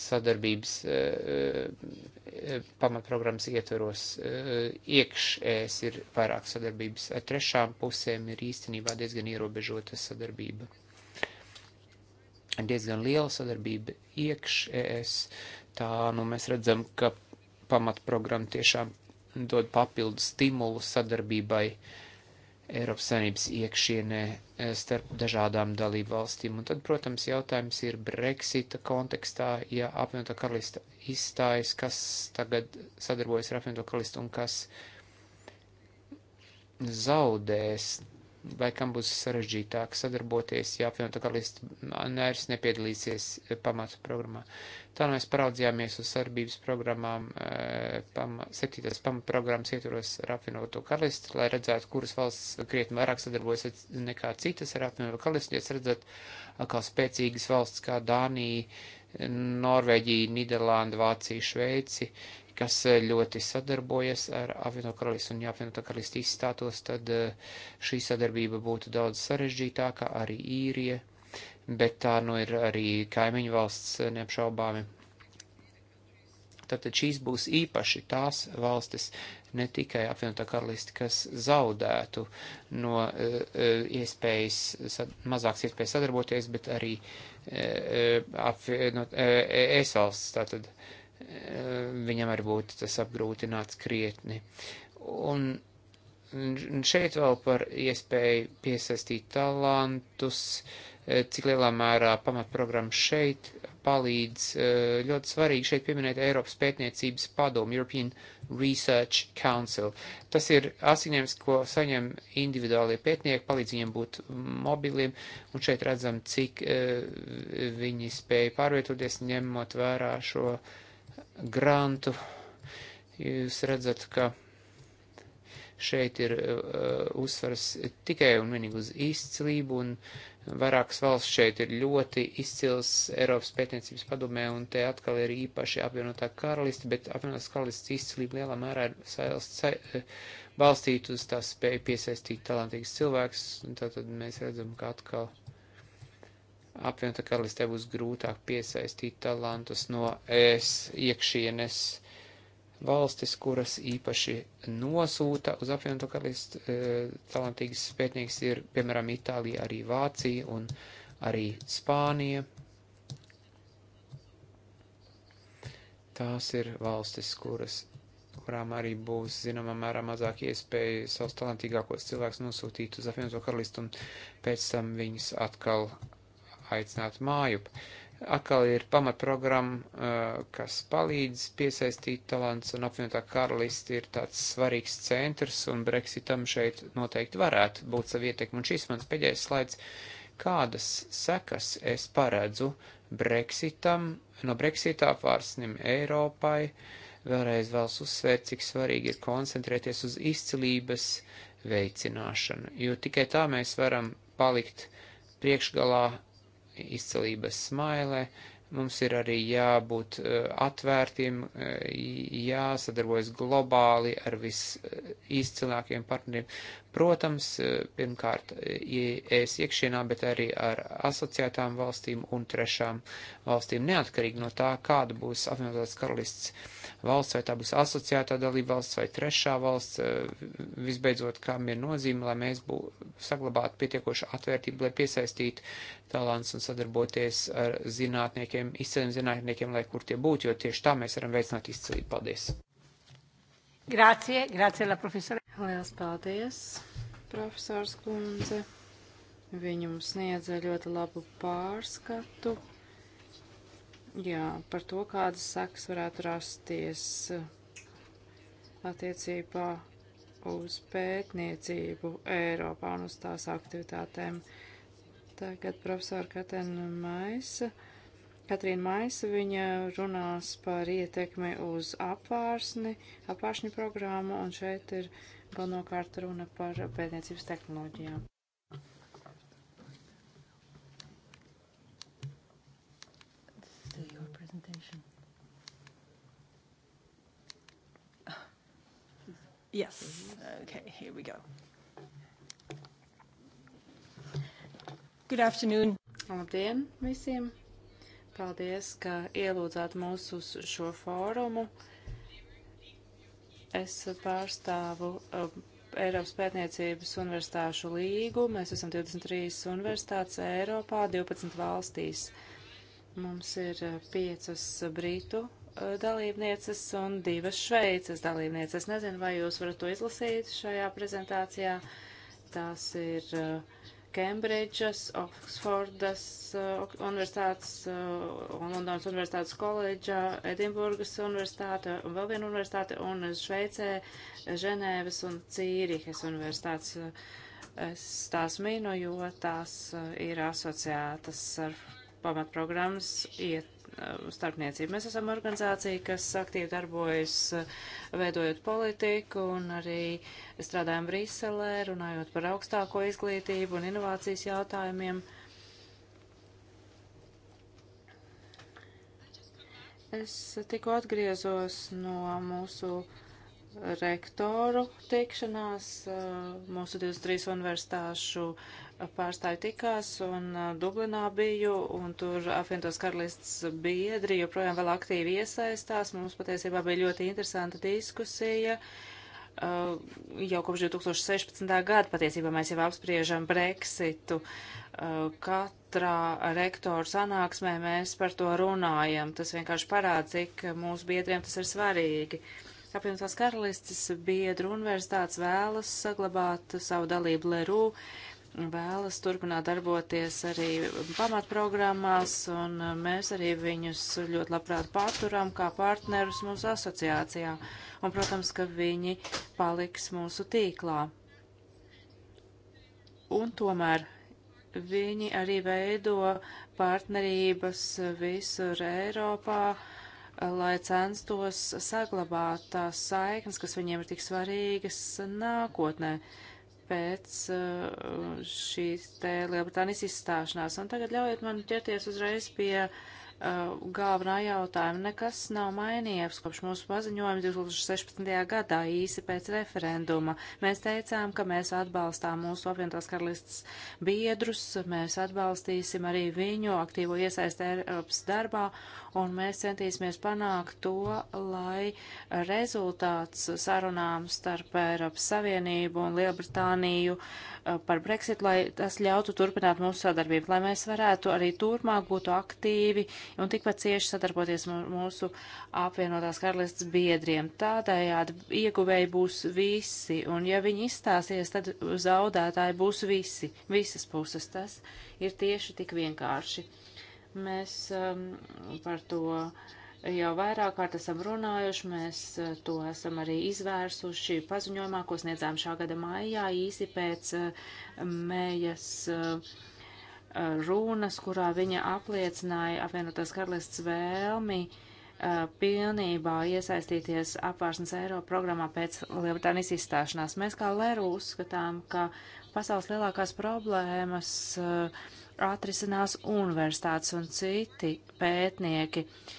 sadarbības e, pamatprogrammas ietveros. E, eh, Iekšēs ir vairāk sadarbības, ar trešām pusēm ir īstenībā diezgan ierobežota sadarbība. Diezgan liela sadarbība iekšēs. Tā nu mēs redzam, ka pamatprogramma tiešām dod papildu stimulu sadarbībai uh, Eiropas Savienības iekšienē e, starp dažādām dalību valstīm. Un tad, protams, jautājums ir Brexita kontekstā, ja apvienotā karalista izstājas, kas tagad sadarbojas ar apvienoto karalistu un kas zaudēs vai kam būs sarežģītāk sadarboties, ja apvienotā karalista nairs nepiedalīsies eh, pamatu programmā. Tā nu mēs paraudzījāmies uz sarbības programmām, eh, pama, septītās pamatu programmas ietvaros ar apvienoto karalistu, lai redzētu, kuras valsts krietni vairāk sadarbojas nekā citas ar apvienoto karalistu. Jūs redzat, kā spēcīgas valsts kā Dānija, Norvēģija, Nīderlanda, Vācija, Šveici, kas eh, ļoti sadarbojas ar Avino karalistu un ja apvienotā karalista izstātos, tad eh, šī sadarbība būtu daudz sarežģītāka, arī īrija, bet tā nu ir arī kaimiņu valsts eh, neapšaubāmi. Tātad šīs būs īpaši tās valstis, ne tikai apvienotā karalisti, kas zaudētu no uh, iespējas, sad, mazāks iespējas sadarboties, bet arī uh, apvienot uh, ES valsts. Tātad uh, viņam varbūt tas apgrūtināts krietni. Un šeit vēl par iespēju piesaistīt talantus, cik lielā mērā pamatprogramma šeit palīdz. Ļoti svarīgi šeit pieminēt Eiropas pētniecības padomu, European Research Council. Tas ir asiņēms, ko saņem individuālie pētnieki, palīdz viņiem būt mobiliem, un šeit redzam, cik eh, viņi spēja pārvietoties, ņemot vērā šo uh, grantu. Jūs redzat, ka šeit ir uh, uzsvars tikai un vienīgi uz izcilību, un vairākas valsts šeit ir ļoti izcils Eiropas pētniecības padomē, un te atkal ir īpaši apvienotā karalista, bet apvienotās karalistas izcilība lielā mērā ir sailst, sa, balstīt uz tā spēju piesaistīt talantīgus cilvēkus, un tātad mēs redzam, ka atkal uh, apvienotā karalistē būs grūtāk piesaistīt talantus no ES iekšienes valstis, kuras īpaši nosūta uz apvienoto karalistu e, talantīgas pētnieks ir, piemēram, Itālija, arī Vācija un arī Spānija. Tās ir valstis, kuras, kurām arī būs, zināmā mērā, mazāk iespēja savus talantīgākos cilvēkus nosūtīt uz apvienoto karalistu un pēc tam viņus atkal aicināt mājup. Atkal ir pamatprogramma, eh, kas palīdz piesaistīt talants, un apvienotā karalisti ir tāds svarīgs centrs, un Brexitam šeit noteikti varētu būt savu ietekmi. Un šis mans pēdējais slaids, kādas sekas es paredzu Brexitam, no Brexitā pārsnim Eiropai, vēlreiz vēlas uzsvērt, cik svarīgi ir koncentrēties uz izcilības veicināšanu, jo tikai tā mēs varam palikt priekšgalā izcelības smailē. Mums ir arī jābūt eh, atvērtiem, eh, jāsadarbojas globāli ar visizcilākajiem eh, partneriem. Protams, eh, pirmkārt, es iekšienā, bet arī ar asociētām valstīm un trešām valstīm, neatkarīgi no tā, kāda būs apvienotās karalists valsts, vai tā būs asociētā dalība valsts vai trešā valsts, eh, visbeidzot, kam ir nozīme, lai mēs saglabātu pietiekošu atvērtību, lai piesaistītu talants un sadarboties ar zinātniekiem, izcēliem zinātniekiem, lai kur tie būtu, jo tieši tā mēs varam veicināt izcēlību. Paldies! Grazie, grazie la profesora. Liels paldies, profesors Kundze. Viņa mums sniedza ļoti labu pārskatu jā, par to, kādas sekas varētu rasties attiecībā uz pētniecību Eiropā un uz tās aktivitātēm. Tagad profesora Katrīna Maisa. Katrīna Maisa, viņa runās par ietekmi uz apvārsni, apvāršņu programmu, un šeit ir uh, Galvenokārt runa par pētniecības tehnoloģijām. Yes. Okay, here we go. Good afternoon. Labdien visiem! Paldies, ka ielūdzāt mūs uz šo fórumu. Uh, Es pārstāvu um, Eiropas pētniecības universitāšu līgu. Mēs esam 23 universitātes Eiropā, 12 valstīs. Mums ir uh, piecas Britu uh, dalībnieces un divas Šveices dalībnieces. Nezinu, vai jūs varat to izlasīt šajā prezentācijā. Tās ir uh, Kembridžas, Oksfordas uh, eh, universitātes uh, un Londonas universitātes koledžā, Edinburgas universitāte un vēl viena universitāte un Šveicē, Ženēvas un Cīrihes universitātes. Es tās minu, jo tās eh, ir asociētas ar pamatprogrammas iet Um, starpniecību. Mēs esam organizācija, kas aktīvi darbojas uh, veidojot politiku un arī strādājam Briselē, runājot par augstāko izglītību un inovācijas jautājumiem. Es tikko atgriezos no mūsu rektoru tikšanās, uh, mūsu 23 universitāšu uh, pārstāvi tikās un Dublinā biju, un tur apvienotās karalists biedri joprojām vēl aktīvi iesaistās. Mums patiesībā bija ļoti interesanta diskusija. Jau kopš 2016. gada patiesībā mēs jau apspriežam Brexitu. Katrā rektoru sanāksmē mēs par to runājam. Tas vienkārši parāda, cik mūsu biedriem tas ir svarīgi. Apvienotās karalistes biedru universitātes vēlas saglabāt savu dalību Lerū vēlas turpināt darboties arī pamatprogrammās, un mēs arī viņus ļoti labprāt pārturam kā partnerus mūsu asociācijā. Un, protams, ka viņi paliks mūsu tīklā. Un tomēr viņi arī veido partnerības visur Eiropā, lai censtos saglabāt tās saiknes, kas viņiem ir tik svarīgas nākotnē. Uh, pēc uh, šīs te Lielbritānijas izstāšanās. Un tagad ļaujiet man ķerties uzreiz pie uh, Uh, galvenā jautājuma. Nekas nav mainījies kopš mūsu paziņojuma 2016. gadā īsi pēc referenduma. Mēs teicām, ka mēs atbalstām mūsu apvienotās karalistas biedrus, mēs atbalstīsim arī viņu aktīvo iesaisti Eiropas darbā, un mēs centīsimies panākt to, lai rezultāts sarunām starp Eiropas Savienību un Lielbritāniju uh, Eh, par Brexit, lai tas ļautu turpināt mūsu sadarbību, lai mēs varētu arī turpmāk būtu aktīvi un tikpat cieši sadarboties mūsu apvienotās karalists biedriem. Tādējādi ieguvēji būs visi, un ja viņi izstāsies, tad zaudētāji būs visi, visas puses. Tas ir tieši tik vienkārši. Mēs um, par to uh, jau vairāk kārt esam runājuši, mēs e, to esam arī izvērsuši paziņojumā, ko sniedzām šā gada maijā īsi pēc e, mējas e, runas, kurā viņa apliecināja apvienotās karalists vēlmi pilnībā iesaistīties apvārsnes Eiro programmā pēc Lielbritānijas izstāšanās. Mēs kā Leru uzskatām, ka pasaules lielākās problēmas atrisinās universitātes un citi pētnieki. Uh,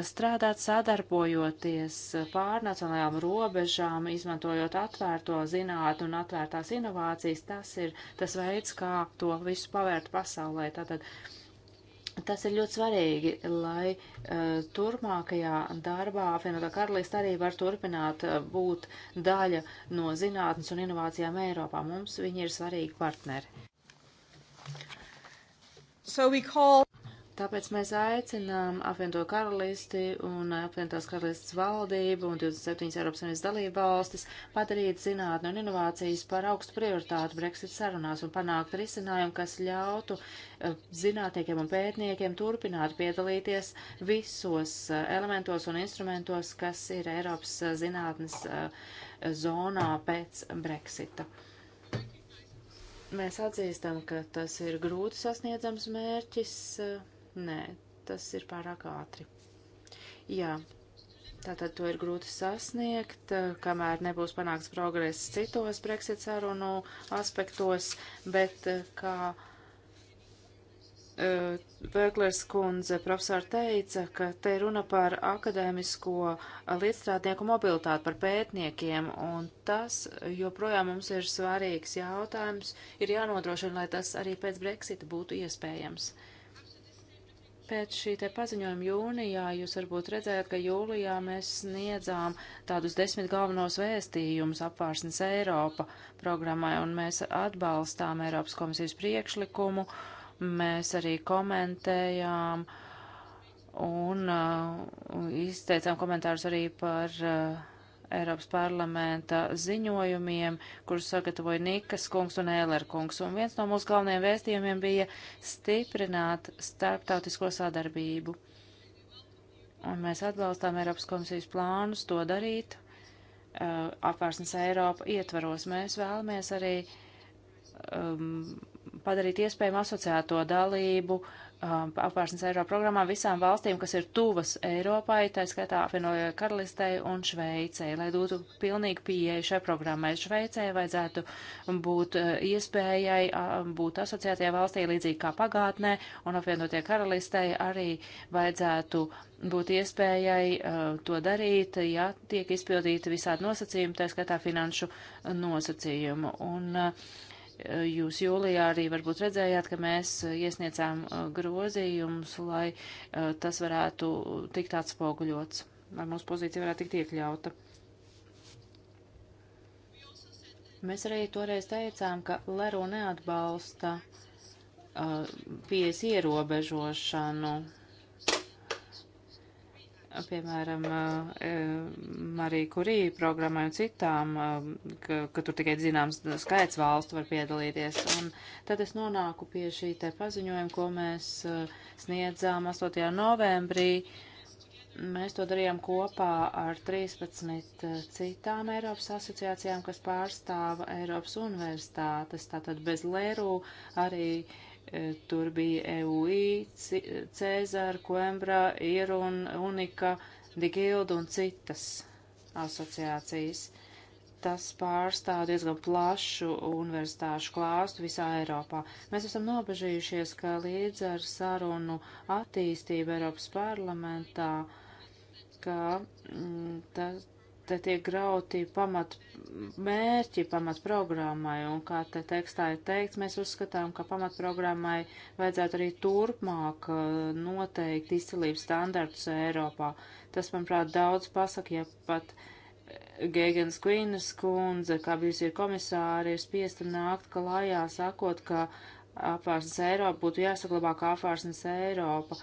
strādāt sadarbojoties pārnacionālajām robežām, izmantojot atvērto zinātnu un atvērtās inovācijas. Tas ir tas veids, kā to visu pavērt pasaulē. Tātad tas ir ļoti svarīgi, lai uh, turpmākajā darbā apvienotā karalista arī var turpināt uh, būt daļa no zinātnes un inovācijām Eiropā. Mums viņi ir svarīgi partneri. So we call Tāpēc mēs aicinām apvienoto karalisti un apvienotās karalistas valdību un 27 Eiropas Savienības dalību valstis padarīt zinātni un inovācijas par augstu prioritātu Brexit sarunās un panākt risinājumu, kas ļautu eh, zinātniekiem un pētniekiem turpināt piedalīties visos eh, elementos un instrumentos, kas ir Eiropas eh, zinātnes zonā pēc Brexita mēs atzīstam, ka tas ir grūti sasniedzams mērķis, Nē, tas ir pārāk ātri. Jā, tātad to ir grūti sasniegt, kamēr nebūs panāks progress citos Brexit sarunu aspektos, bet kā Bērklers e, kundze profesori teica, ka te runa par akadēmisko līdzstrādnieku mobilitāti, par pētniekiem, un tas joprojām mums ir svarīgs jautājums, ir jānodrošina, lai tas arī pēc Brexita būtu iespējams. Uh, Pēc šī te paziņojuma jūnijā jūs varbūt redzējāt, ka jūlijā mēs sniedzām tādus desmit galvenos vēstījumus apvārsnes Eiropa programmai, un mēs atbalstām Eiropas komisijas priekšlikumu, mēs arī komentējām un uh, izteicām komentārus arī par uh, Eiropas parlamenta ziņojumiem, kurus sagatavoja Nikas kungs un Ēler kungs. Un viens no mūsu galvenajiem vēstījumiem bija stiprināt starptautisko sadarbību. Un mēs atbalstām Eiropas komisijas plānus to darīt. Uh, Apvērsnes Eiropa ietvaros mēs vēlamies arī um, padarīt iespējamu asociēto dalību uh, um, apvārsnes Eiro programmā visām valstīm, kas ir tuvas Eiropai, tā skaitā apvienoja karalistei un Šveicei, lai dotu pilnīgi pieeju šai programmai. Šveicei vajadzētu būt uh, iespējai uh, būt asociētajā valstī līdzīgi kā pagātnē, un apvienotie karalistei arī vajadzētu būt iespējai uh, to darīt, ja tiek izpildīti visādi nosacījumi, tā skaitā finanšu uh, nosacījumu. Un, uh, Jūs jūlijā arī varbūt redzējāt, ka mēs uh, iesniedzām uh, grozījumus, lai uh, tas varētu tikt atspoguļots, lai mūsu pozīcija varētu tikt iekļauta. Mēs arī toreiz teicām, ka Lero neatbalsta pieejas ierobežošanu piemēram, eh, Marija Kurija programmai un citām, eh, ka, ka tur tikai zināms skaits valstu var piedalīties. Un tad es nonāku pie šī te paziņojuma, ko mēs eh, sniedzām 8. novembrī. Mēs to darījām kopā ar 13 citām Eiropas asociācijām, kas pārstāva Eiropas universitātes, tātad bez lērū arī uh, E, tur bija EUI, Cēzara, Koembra, Irun, Unika, Digilda un citas asociācijas. Tas pārstāv diezgan plašu universitāšu klāstu visā Eiropā. Mēs esam nobežījušies, ka līdz ar sarunu attīstību Eiropas parlamentā, ka mm, tas, te tiek grauti pamat mērķi pamatprogrammai, un kā te tekstā ir teikts, mēs uzskatām, ka pamatprogrammai vajadzētu arī turpmāk uh, noteikt izcilības standartus Eiropā. Tas, manuprāt, daudz pasaka, ja pat Gēgens Kvīnas kundze, kā bijusi ir komisāri, ir spiesta nākt klājā, sakot, ka apvārsnes Eiropa būtu jāsaglabā kā apvārsnes Eiropa,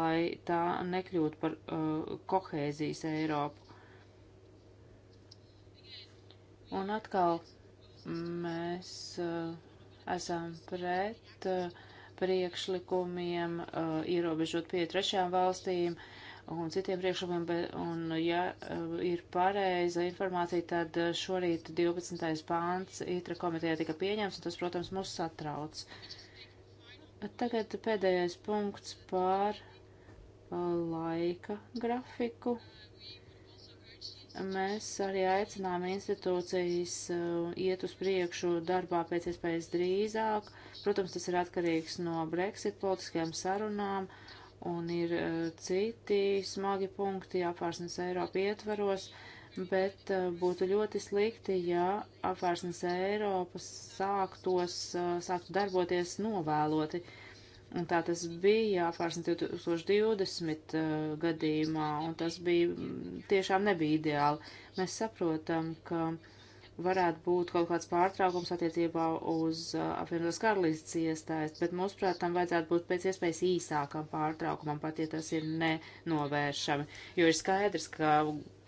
lai tā nekļūtu par uh, kohēzijas Eiropu Un atkal mēs eh, esam pret eh, priekšlikumiem eh, ierobežot pie trešām valstīm un citiem priekšlikumiem, bet, un ja ir pareiza informācija, tad šorīt 12. pāns ITRA komitejā tika pieņemts, un tas, protams, mūs satrauc. Tagad pēdējais punkts par laika grafiku. Mēs arī aicinām institūcijas uh, iet uz priekšu darbā pēc iespējas drīzāk. Protams, tas ir atkarīgs no Brexit politiskajām sarunām un ir uh, citi smagi punkti apvārsnes Eiropa ietvaros, bet uh, būtu ļoti slikti, ja apvārsnes Eiropas sāktos, sāktu darboties novēloti. Uh, Un tā tas bija apvārsnes 2020 uh, gadījumā, un tas bija mm, tiešām nebija ideāli. Mēs saprotam, ka varētu būt kaut kāds pārtraukums attiecībā uz uh, apvienotās karalīstas iestājas, bet mūsuprāt tam vajadzētu būt pēc iespējas īsākam pārtraukumam, pat ja tas ir nenovēršami. Jo ir skaidrs, ka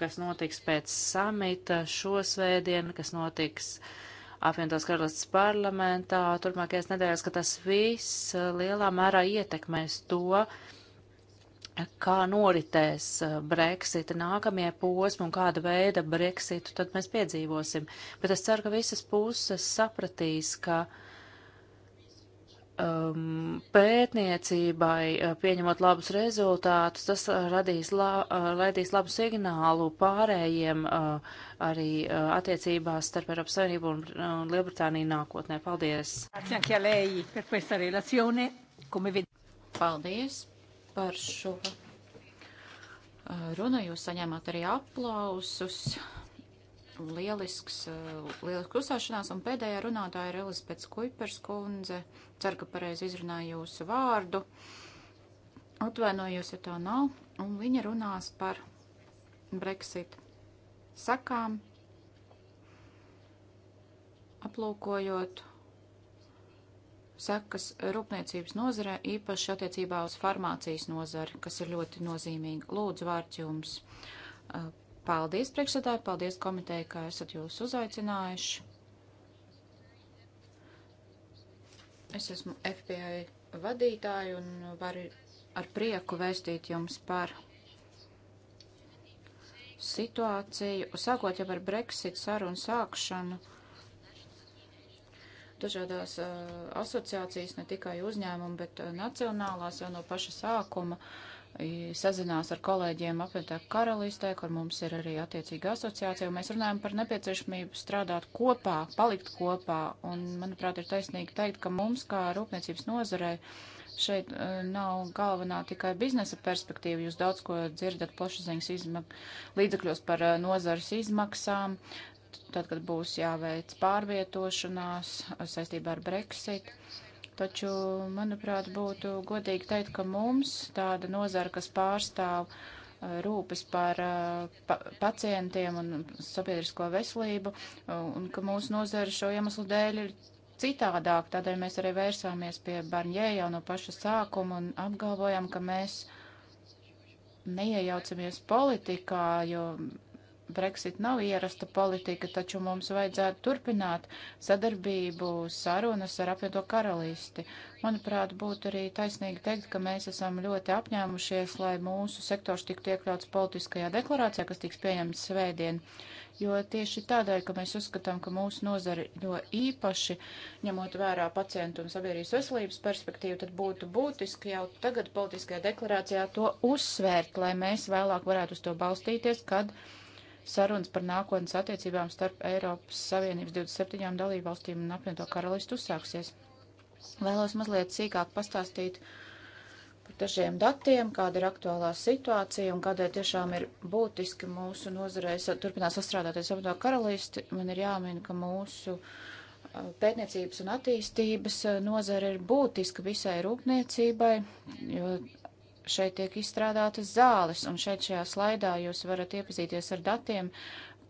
kas notiks pēc samita šo svētdienu, kas notiks. Uh, apvienotās karalists parlamentā turpmākajās nedēļās, ka tas viss uh, lielā mērā ietekmēs to, kā noritēs uh, Brexita nākamie posmi un kāda veida Brexitu tad mēs piedzīvosim. Bet es ceru, ka visas puses sapratīs, ka uh, um, pētniecībai, uh, pieņemot labus rezultātus, tas uh, radīs la, uh, radīs labu signālu pārējiem uh, arī uh, attiecībās starp Eiropas Savienību un uh, Lielbritāniju nākotnē. Paldies! Paldies par šo runu. Jūs saņēmāt arī aplausus lielisks, eh, lielisks uzstāšanās, un pēdējā runātāja ir Elizabets Kuipers kundze. Ceru, ka pareizi izrunāju jūsu vārdu. Atvainojos, ja tā nav, un viņa runās par Brexit sakām, aplūkojot sekas rūpniecības nozarē, īpaši attiecībā uz farmācijas nozari, kas ir ļoti nozīmīga. Lūdzu, vārds jums eh, Paldies, priekšsēdāji, paldies komiteja, ka esat jūs uzaicinājuši. Es esmu FBI vadītāja un varu ar prieku vēstīt jums par situāciju, sākot jau ar Brexit sarunu sākšanu. Dažādās uh, asociācijas, ne tikai uzņēmumi, bet uh, nacionālās jau no paša sākuma uh, sazinās ar kolēģiem apvienotā karalistē, kur mums ir arī attiecīga asociācija, un mēs runājam par nepieciešamību strādāt kopā, palikt kopā, un, manuprāt, ir taisnīgi teikt, ka mums, kā rūpniecības nozarei, šeit e, nav galvenā tikai biznesa perspektīva. Jūs daudz ko dzirdat plašsaziņas izmak... līdzekļos par e, nozares izmaksām, tad, kad būs jāveic pārvietošanās e, saistībā ar Brexit. Taču, manuprāt, būtu godīgi teikt, ka mums tāda nozara, kas pārstāv uh, rūpes par uh, pa pacientiem un sabiedrisko veselību, uh, un ka mūsu nozara šo iemeslu dēļ ir citādāk. Tādēļ mēs arī vērsāmies pie Barņē jau no paša sākuma un apgalvojam, ka mēs neiejaucamies politikā, jo Brexit nav ierasta politika, taču mums vajadzētu turpināt sadarbību sarunas ar apvienoto karalisti. Manuprāt, būtu arī taisnīgi teikt, ka mēs esam ļoti apņēmušies, lai mūsu sektors tiktu iekļauts politiskajā deklarācijā, kas tiks pieņemts svētdien. Jo tieši tādēļ, ka mēs uzskatām, ka mūsu nozari jo īpaši, ņemot vērā pacientu un sabiedrības veselības perspektīvu, tad būtu būtiski jau tagad politiskajā deklarācijā to uzsvērt, lai mēs vēlāk varētu uz to balstīties, kad sarunas par nākotnes attiecībām starp Eiropas Savienības 27 dalībvalstīm un apvienoto karalistu uzsāksies. Vēlos mazliet sīkāk pastāstīt par dažiem datiem, kāda ir aktuālā situācija un kādēļ tiešām ir būtiski mūsu nozarei turpināt sastrādāties apvienoto karalisti. Man ir jāmin, ka mūsu pētniecības un attīstības nozara ir būtiska visai rūpniecībai, jo šeit tiek izstrādātas zāles, un šeit šajā slaidā jūs varat iepazīties ar datiem,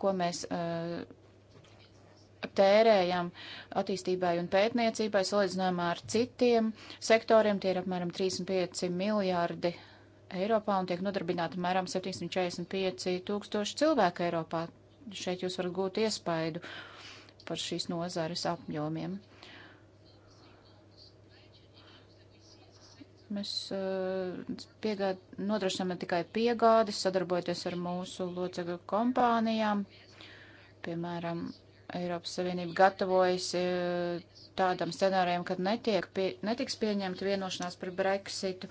ko mēs uh, tērējam attīstībai un pētniecībai, salīdzinājumā ar citiem sektoriem. Tie ir apmēram 35 miljārdi Eiropā un tiek nodarbināti apmēram 745 tūkstoši cilvēku Eiropā. Šeit jūs varat gūt iespaidu par šīs nozares apjomiem. mēs eh, piegād, nodrošinām ne tikai piegādes, sadarbojoties ar mūsu locekļu kompānijām. Piemēram, Eiropas Savienība gatavojas eh, tādam scenārijam, kad netiek, pie, netiks pieņemta vienošanās par Brexitu.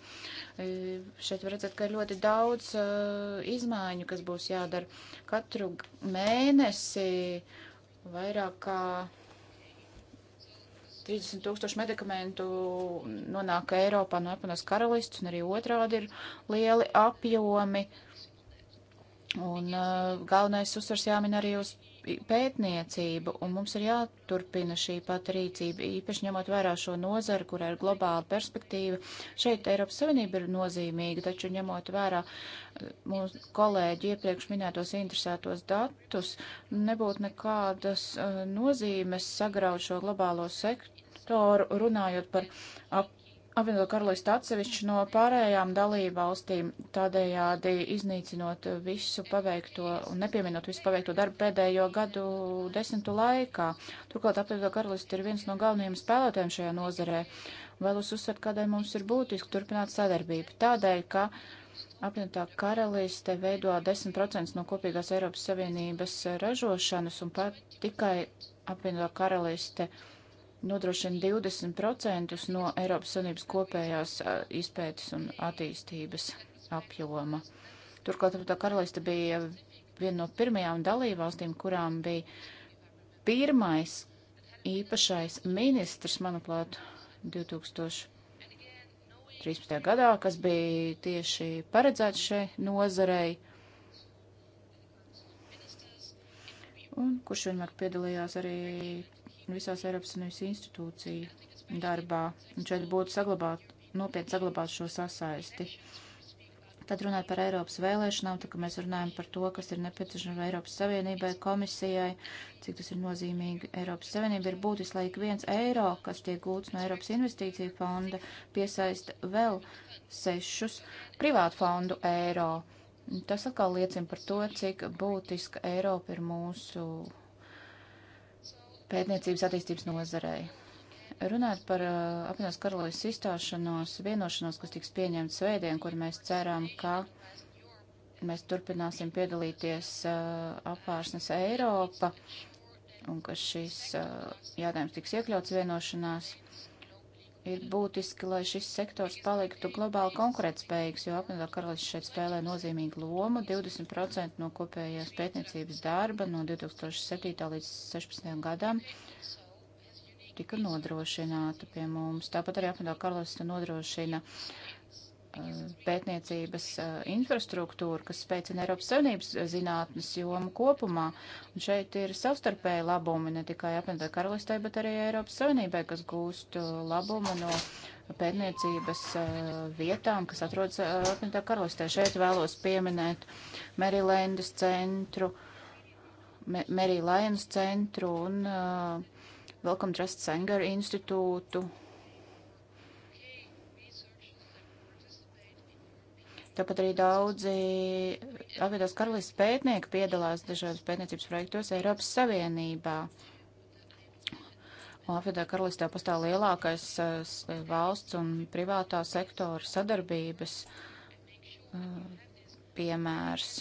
Eh, šeit var redzēt, ka ir ļoti daudz izmaiņu, kas būs jādara katru mēnesi vairāk kā 30 tūkstoši medikamentu nonāk Eiropā no apvienotās karalists, un arī otrādi ir lieli apjomi. Un uh, galvenais uzsvars jāmin arī uz pētniecību, un mums ir jāturpina šī pat rīcība, īpaši ņemot vērā šo nozaru, kurā ir globāla perspektīva. Šeit Eiropas Savienība ir nozīmīga, taču ņemot vērā uh, mūsu kolēģi iepriekš minētos interesētos datus, nebūtu nekādas uh, nozīmes sagraut šo globālo sektoru sektoru, runājot par ap, apvienoto karalistu atsevišķu no pārējām dalību valstīm, tādējādi iznīcinot visu paveikto un nepieminot visu paveikto darbu pēdējo gadu desmitu laikā. Turklāt apvienoto karalistu ir viens no galvenajiem spēlētājiem šajā nozarē. Vēlos uzsvert, kādēļ mums ir būtiski turpināt sadarbību. Tādēļ, ka apvienotā karaliste veido 10% no kopīgās Eiropas Savienības ražošanas un pat tikai apvienotā karaliste. Uh, nodrošina 20% no Eiropas Savienības kopējās izpētes un attīstības apjoma. Turklāt tā karalista bija viena no pirmajām dalībvalstīm, kurām bija pirmais īpašais ministrs, manuprāt, 2013. gadā, kas bija tieši paredzēts šai nozarei. un kurš vienmēr piedalījās arī visās Eiropas Savienības institūciju darbā. Un šeit būtu saglabāt, nopietni saglabāt šo sasaisti. Tad runāt par Eiropas vēlēšanām, tā ka mēs runājam par to, kas ir nepieciešams Eiropas Savienībai, komisijai, cik tas ir nozīmīgi. Eiropas Savienība ir būtiski, lai ik viens eiro, kas tiek gūts no Eiropas investīcija fonda, piesaista vēl sešus privātu fondu eiro. Tas atkal liecina par to, cik būtiska Eiropa ir mūsu pētniecības attīstības nozarei. Runāt par uh, apvienotās karalīs izstāšanos vienošanos, kas tiks pieņemts svētdien, kur mēs ceram, ka mēs turpināsim piedalīties uh, apvārsnes Eiropa un ka šis uh, jādājums tiks iekļauts vienošanās. Uh, ir būtiski, lai šis sektors paliktu globāli konkurētspējīgs, jo apvienotā karalists šeit spēlē nozīmīgu lomu. 20% no kopējās pētniecības darba no 2007. līdz 2016. gadam tika nodrošināta pie mums. Tāpat arī apvienotā karalists nodrošina uh, Um, pētniecības uh, infrastruktūru, kas spēcina Eiropas Savienības uh, zinātnes jomu kopumā. Un šeit ir savstarpēji labumi ne tikai apvienotā karalistē, bet arī Eiropas Savienībai, kas gūst uh, labumu no pētniecības vietām, kas atrodas apvienotā karalistē. Šeit vēlos pieminēt Marylandas centru, Mary Lyons centru un uh, Welcome Trust Sanger institūtu Tāpat arī daudzi apvienotās karalīs pētnieki piedalās dažādos pētniecības projektos Eiropas Savienībā. Latvijā karalistē pastāv lielākais uh, valsts un privātā sektora sadarbības uh, piemērs.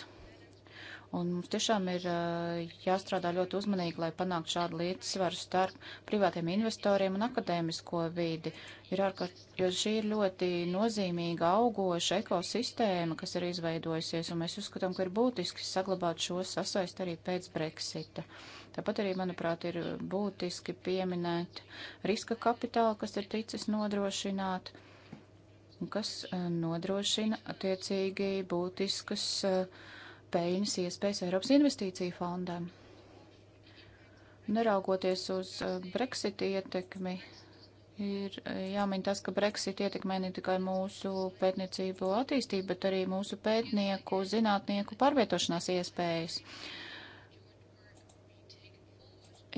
Un mums tiešām ir eh, jāstrādā ļoti uzmanīgi, lai panāktu šādu līdzsvaru starp privātiem investoriem un akadēmisko vidi. Ir ārkārt, jo šī ir ļoti nozīmīga augoša ekosistēma, kas ir izveidojusies, un mēs uzskatām, ka ir būtiski saglabāt šo sasaist arī pēc Brexita. Tāpat arī, manuprāt, ir būtiski pieminēt riska kapitālu, kas ir ticis nodrošināt un kas eh, nodrošina attiecīgi būtiskas uh, peļņas iespējas Eiropas investīciju fondam. Neraugoties uz uh, Brexit ietekmi, ir uh, jāmin tas, ka Brexit ietekmē ne tikai mūsu pētniecību attīstību, bet arī mūsu pētnieku, zinātnieku pārvietošanās iespējas. Uh,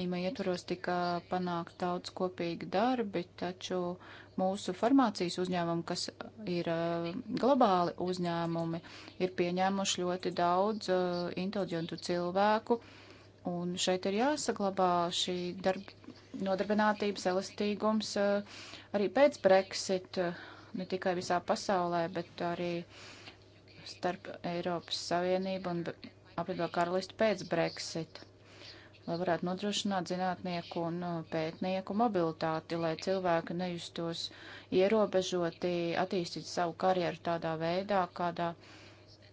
IMA ietvaros tika panākt daudz kopīgi darbi, taču mūsu farmācijas uzņēmumi, kas ir eh, globāli uzņēmumi, ir pieņēmuši ļoti daudz eh, inteliģentu cilvēku, un šeit ir jāsaglabā šī darba, nodarbinātības elastīgums eh, arī pēc Brexit, ne tikai visā pasaulē, bet arī starp Eiropas Savienību un apvienoto karalistu pēc Brexit lai varētu nodrošināt zinātnieku un uh, pētnieku mobilitāti, lai cilvēki nejustos ierobežoti, attīstīt savu karjeru tādā veidā, kādā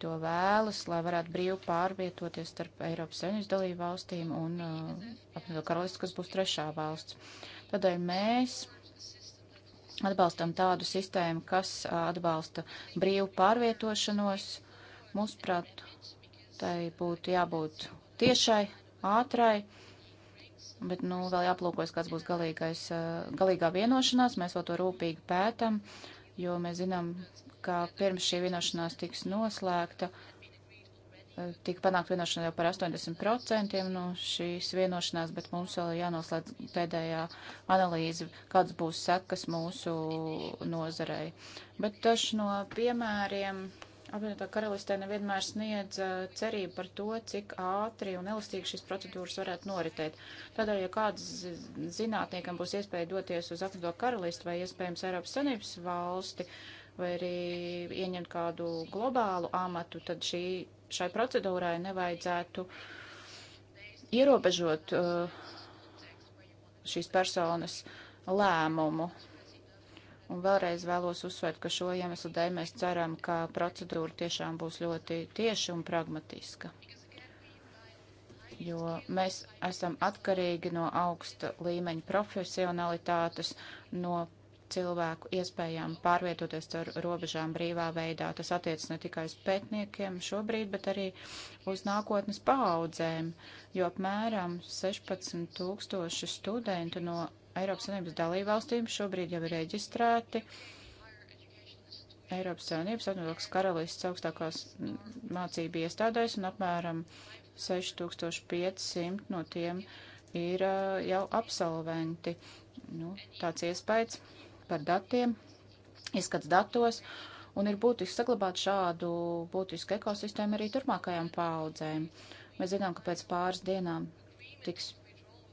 to vēlas, lai varētu brīvi pārvietoties starp Eiropas Savienības dalību valstīm un uh, apvienotā karalists, kas būs trešā valsts. Tādēļ mēs atbalstam tādu sistēmu, kas uh, atbalsta brīvu pārvietošanos. Mūsuprāt, tai būtu jābūt tiešai ātrai, bet, nu, vēl jāplūkojas, kāds būs galīgais, eh, galīgā vienošanās. Mēs vēl to rūpīgi pētam, jo mēs zinām, ka pirms šī vienošanās tiks noslēgta, eh, tika panākt vienošanās jau par 80% no šīs vienošanās, bet mums vēl jānoslēdz pēdējā analīze, kāds būs sekas mūsu nozarei. Bet taču no piemēriem apvienotā karalistē nevienmēr sniedz cerību par to, cik ātri un elastīgi šīs procedūras varētu noritēt. Tādēļ, ja kāds zinātniekam būs iespēja doties uz apvienoto karalistu vai iespējams Eiropas Sanības valsti vai arī ieņemt kādu globālu amatu, tad šī, šai procedūrai nevajadzētu ierobežot uh, šīs personas lēmumu Un vēlreiz vēlos uzsvērt, ka šo iemeslu dēļ mēs ceram, ka procedūra tiešām būs ļoti tieši un pragmatiska. Jo mēs esam atkarīgi no augsta līmeņa profesionalitātes, no cilvēku iespējām pārvietoties ar robežām brīvā veidā. Tas attiecas ne tikai uz pētniekiem šobrīd, bet arī uz nākotnes paaudzēm, jo apmēram 16 tūkstoši studentu no Eiropas Savienības dalībvalstīm šobrīd jau ir reģistrēti Eiropas Savienības apvienotās karalists augstākās mācību iestādēs un apmēram 6500 no tiem ir jau absolventi. Nu, tāds iespējas par datiem, izskats datos, un ir būtiski saglabāt šādu būtisku ekosistēmu arī turpmākajām paudzēm. Mēs zinām, ka pēc pāris dienām tiks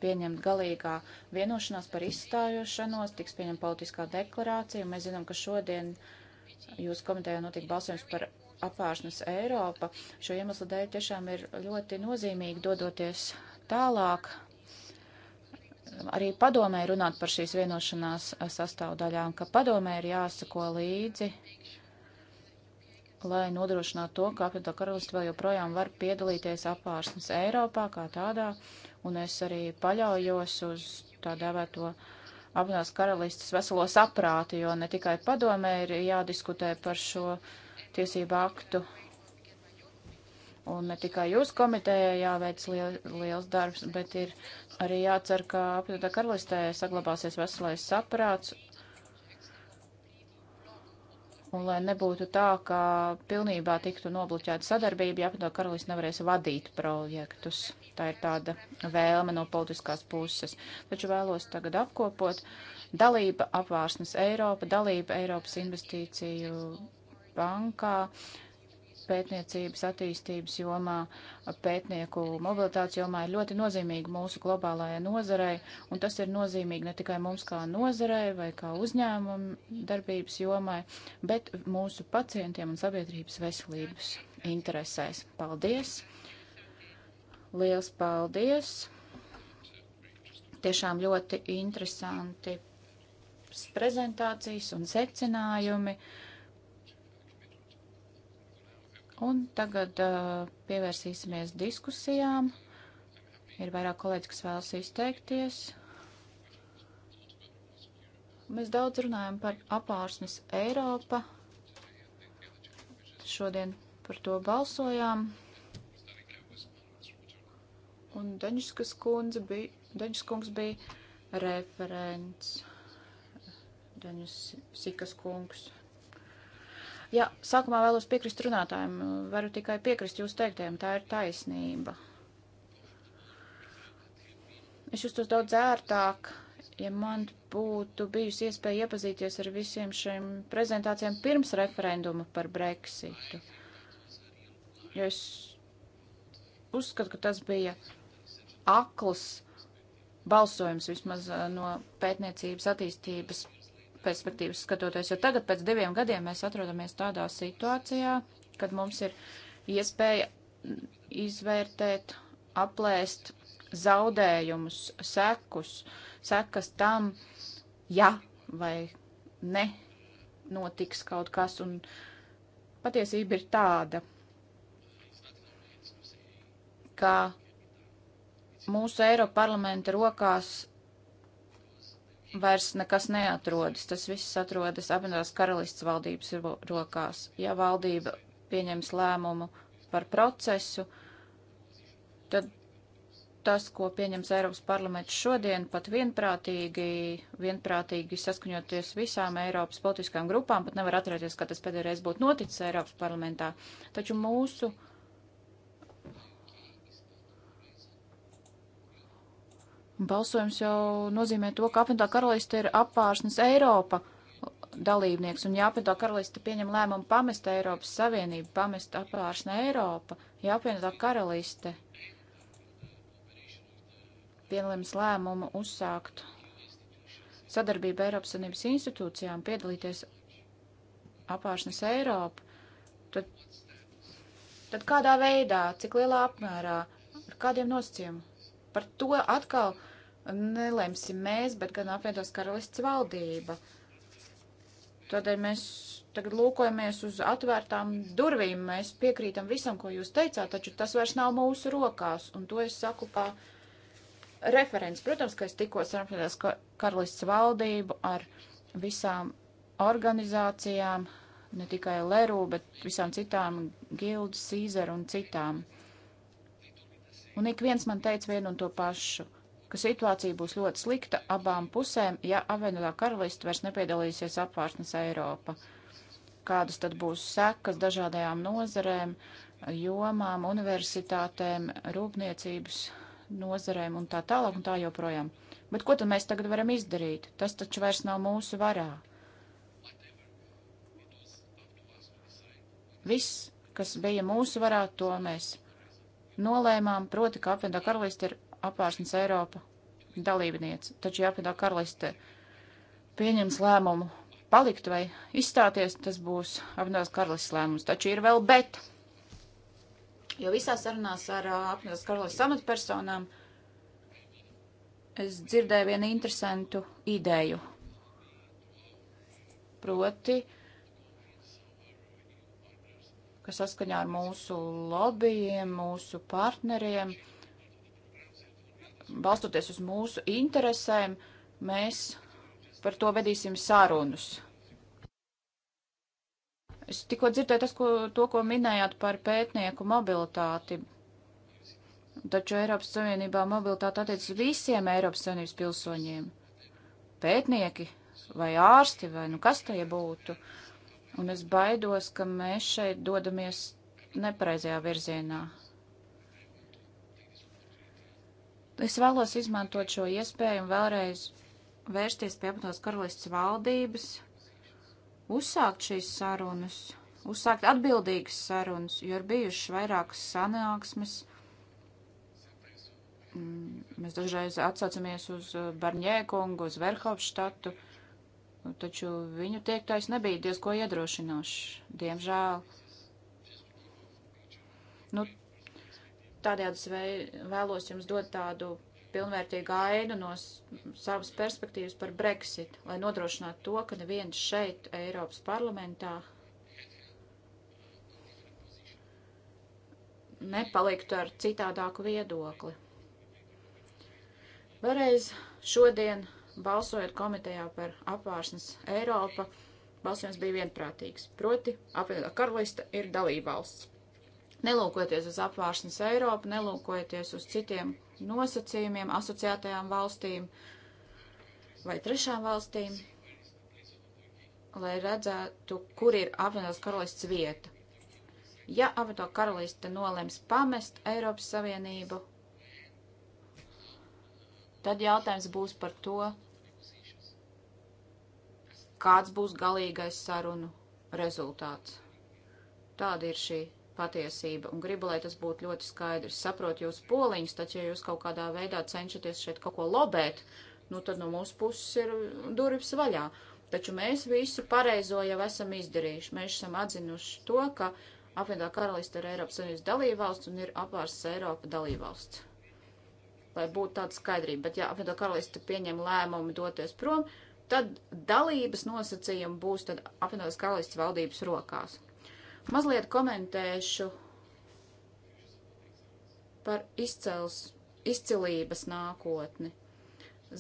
pieņemt galīgā vienošanās par izstājošanos, tiks pieņemta politiskā deklarācija. Mēs zinām, ka šodien jūs komitējā notika balsojums par apvāršanas Eiropa. Šo iemeslu dēļ tiešām ir ļoti nozīmīgi dodoties tālāk. Arī padomē runāt par šīs vienošanās sastāvdaļām, ka padomē ir jāsako līdzi lai nodrošinātu to, ka apvienotā karalista vēl joprojām var piedalīties apvārsnes Eiropā kā tādā, uh, un es arī paļaujos uz tā dēvēto apvienotās karalistas veselo saprāti, jo ne tikai padomē ir jādiskutē par šo tiesību aktu, un ne tikai jūs komitējā jāveic liel, liels darbs, bet ir arī jācer, ka apvienotā karalistē saglabāsies veselais saprāts Un lai nebūtu tā, ka pilnībā tiktu nobloķēta sadarbība, ja apvienotā karalists nevarēs vadīt projektus. Tā ir tāda vēlme no politiskās puses. Taču vēlos tagad apkopot dalība apvārsnes Eiropa, dalība Eiropas investīciju bankā, pētniecības attīstības jomā, pētnieku mobilitātes jomā ir ļoti nozīmīgi mūsu globālajai nozarei, un tas ir nozīmīgi ne tikai mums kā nozarei vai kā uzņēmumu darbības jomai, bet mūsu pacientiem un sabiedrības veselības interesēs. Paldies! Liels paldies! Tiešām ļoti interesanti prezentācijas un secinājumi. Un tagad uh, pievērsīsimies diskusijām. Ir vairāk kolēģi, kas vēlas izteikties. Mēs daudz runājam par apārsnes Eiropa. Šodien par to balsojām un Daņiskas kundze bija, Daņiskungs bija referents. Daņisikas kungs. Jā, sākumā vēlos piekrist runātājiem. Varu tikai piekrist jūs teiktējiem, tā ir taisnība. Es justos daudz ērtāk, ja man būtu bijusi iespēja iepazīties ar visiem šiem prezentācijām pirms referenduma par Brexitu. Jo es uzskatu, ka tas bija aklus balsojums vismaz eh, no pētniecības attīstības perspektīvas skatoties, jo tagad pēc diviem gadiem mēs atrodamies tādā situācijā, kad mums ir iespēja izvērtēt, aplēst zaudējumus, sekus, sekas tam, ja vai ne notiks kaut kas, un patiesība ir tāda, ka mūsu Eiropa parlamenta rokās vairs nekas neatrodas. Tas viss atrodas apvienotās karalists valdības rokās. Ja valdība pieņems lēmumu par procesu, tad tas, ko pieņems Eiropas parlaments šodien, pat vienprātīgi, vienprātīgi saskaņoties visām Eiropas politiskām grupām, pat nevar atcerēties, ka tas pēdējais būtu noticis Eiropas parlamentā. Taču mūsu uh, Balsojums jau nozīmē to, ka apvienotā karaliste ir apvārsnes Eiropa dalībnieks, un ja apvienotā karaliste pieņem lēmumu pamest Eiropas Savienību, pamest apvārsne Eiropa, ja apvienotā karaliste pielēms lēmumu uzsākt sadarbību Eiropas Savienības institūcijām, piedalīties apvāršanas Eiropu, tad, tad kādā veidā, cik lielā apmērā, ar kādiem nosacījumiem? Par to atkal nelemsim mēs, bet gan apvietos karalists valdība. Tādēļ mēs tagad lūkojamies uz atvērtām durvīm. Mēs piekrītam visam, ko jūs teicāt, taču tas vairs nav mūsu rokās. Un to es saku pa referents. Protams, ka es tikko sarunājos karalists valdību ar visām organizācijām, ne tikai Leru, bet visām citām, Gildu, Cīzaru un citām. Un ik viens man teica vienu un to pašu ka situācija būs ļoti slikta abām pusēm, ja apvienotā karalista vairs nepiedalīsies apvārsnes Eiropa. Kādas tad būs sekas dažādajām nozarēm, jomām, universitātēm, rūpniecības nozarēm un tā tālāk un tā joprojām. Bet ko tad mēs tagad varam izdarīt? Tas taču vairs nav mūsu varā. Viss, kas bija mūsu varā, to mēs nolēmām, proti, ka apvienotā karalista ir apvārsnes Eiropa dalībniece. Taču, ja apvienotā karaliste pieņems lēmumu palikt vai izstāties, tas būs apvienotās karalistes lēmums. Taču ir vēl bet. Jo visās sarunās ar apvienotās karalistes amatpersonām es dzirdēju vienu interesantu ideju. Proti, ka saskaņā ar mūsu lobbyiem, mūsu partneriem, uh, balstoties uz mūsu interesēm, mēs par to vedīsim sarunas. Es tikko dzirdēju tas, ko, to, ko minējāt par pētnieku mobilitāti. Taču Eiropas Savienībā mobilitāte attiecas visiem Eiropas Savienības pilsoņiem. Pētnieki vai ārsti vai nu kas tie būtu. Un es baidos, ka mēs šeit dodamies nepareizajā virzienā. Es vēlos izmantot šo iespēju un vēlreiz vērsties pie apmetās karalists valdības, uzsākt šīs sarunas, uzsākt atbildīgas sarunas, jo ir bijušas vairākas sanāksmes. Mm, mēs dažreiz atsaucamies uz uh, Barņēkungu, uz Verhofštatu, taču viņu tiektais nebija diezko iedrošinošs, diemžēl. Nu, Tādējādi es vēlos jums dot tādu pilnvērtīgu ainu no savas perspektīvas par Brexit, lai nodrošinātu to, ka neviens šeit, Eiropas parlamentā, nepaliktu ar citādāku viedokli. Vēlreiz šodien, balsojot komitejā par apvārsnes Eiropa, balsojums bija vienprātīgs, proti apvienotā karalista ir dalībvalsts. Nelūkojoties uz apvāršanas Eiropu, nelūkojoties uz citiem nosacījumiem, asociētajām valstīm vai trešām valstīm, lai redzētu, kur ir apvienotās karalists vieta. Ja apvienotā karaliste nolems pamest Eiropas Savienību, tad jautājums būs par to, kāds būs galīgais sarunu rezultāts. Tāda ir šī patiesība, un gribu, lai tas būtu ļoti skaidrs. Saprotu jūs poliņus, taču, ja jūs kaut kādā veidā cenšaties šeit kaut ko lobēt, nu tad no mūsu puses ir durvis vaļā. Taču mēs visu pareizo jau esam izdarījuši. Mēs esam atzinuši to, ka apvienotā karalista ir Eiropas Savienības dalībvalsts un ir apvārsts Eiropa dalībvalsts. Lai būtu tāda skaidrība, bet ja apvienotā karalista pieņem lēmumu doties prom, tad dalības nosacījumi būs tad apvienotās karalistas valdības rokās. Mazliet komentēšu par izcels, izcilības nākotni.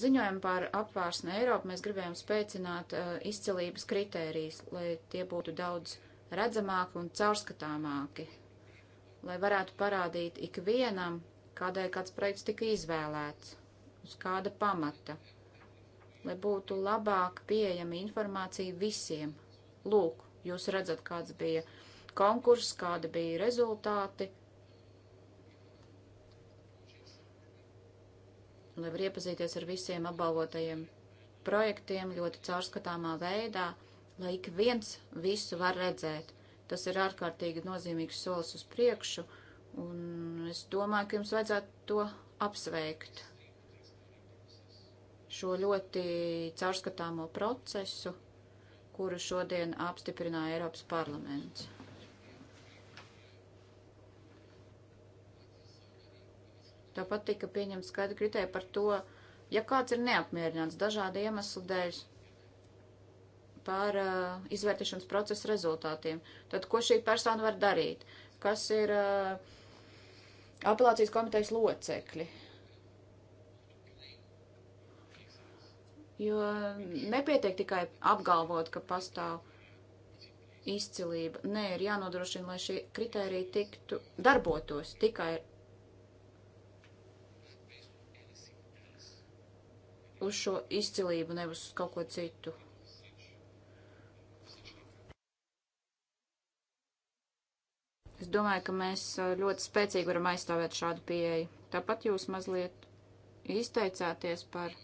Ziņojumu par apvārsni Eiropu mēs gribējām spēcināt uh, izcilības kritērijas, lai tie būtu daudz redzamāki un caurskatāmāki, lai varētu parādīt ikvienam, kādēļ kāds projekts tika izvēlēts, uz kāda pamata, lai būtu labāk pieejama informācija visiem. Lūk, jūs redzat, kāds bija uh, konkurss, kādi bija rezultāti, lai var iepazīties ar visiem apbalvotajiem projektiem ļoti caurskatāmā veidā, lai ik viens visu var redzēt. Tas ir ārkārtīgi nozīmīgs solis uz priekšu, un es domāju, ka jums vajadzētu to apsveikt. Šo ļoti caurskatāmo procesu, kuru šodien apstiprināja Eiropas parlaments. Tāpat tika pieņemta skaidra kritēja par to, ja kāds ir neapmierināts dažādu iemeslu dēļ par uh, izvērtēšanas procesa rezultātiem, tad ko šī persona var darīt? Kas ir uh, apelācijas komitejas locekļi? Jo nepietiek tikai apgalvot, ka pastāv izcilība. Nē, ir jānodrošina, lai šie kritēriji tiktu darbotos tikai uz šo izcilību, nevis uz kaut ko citu. Es domāju, ka mēs ļoti spēcīgi varam aizstāvēt šādu pieeju. Tāpat jūs mazliet izteicāties par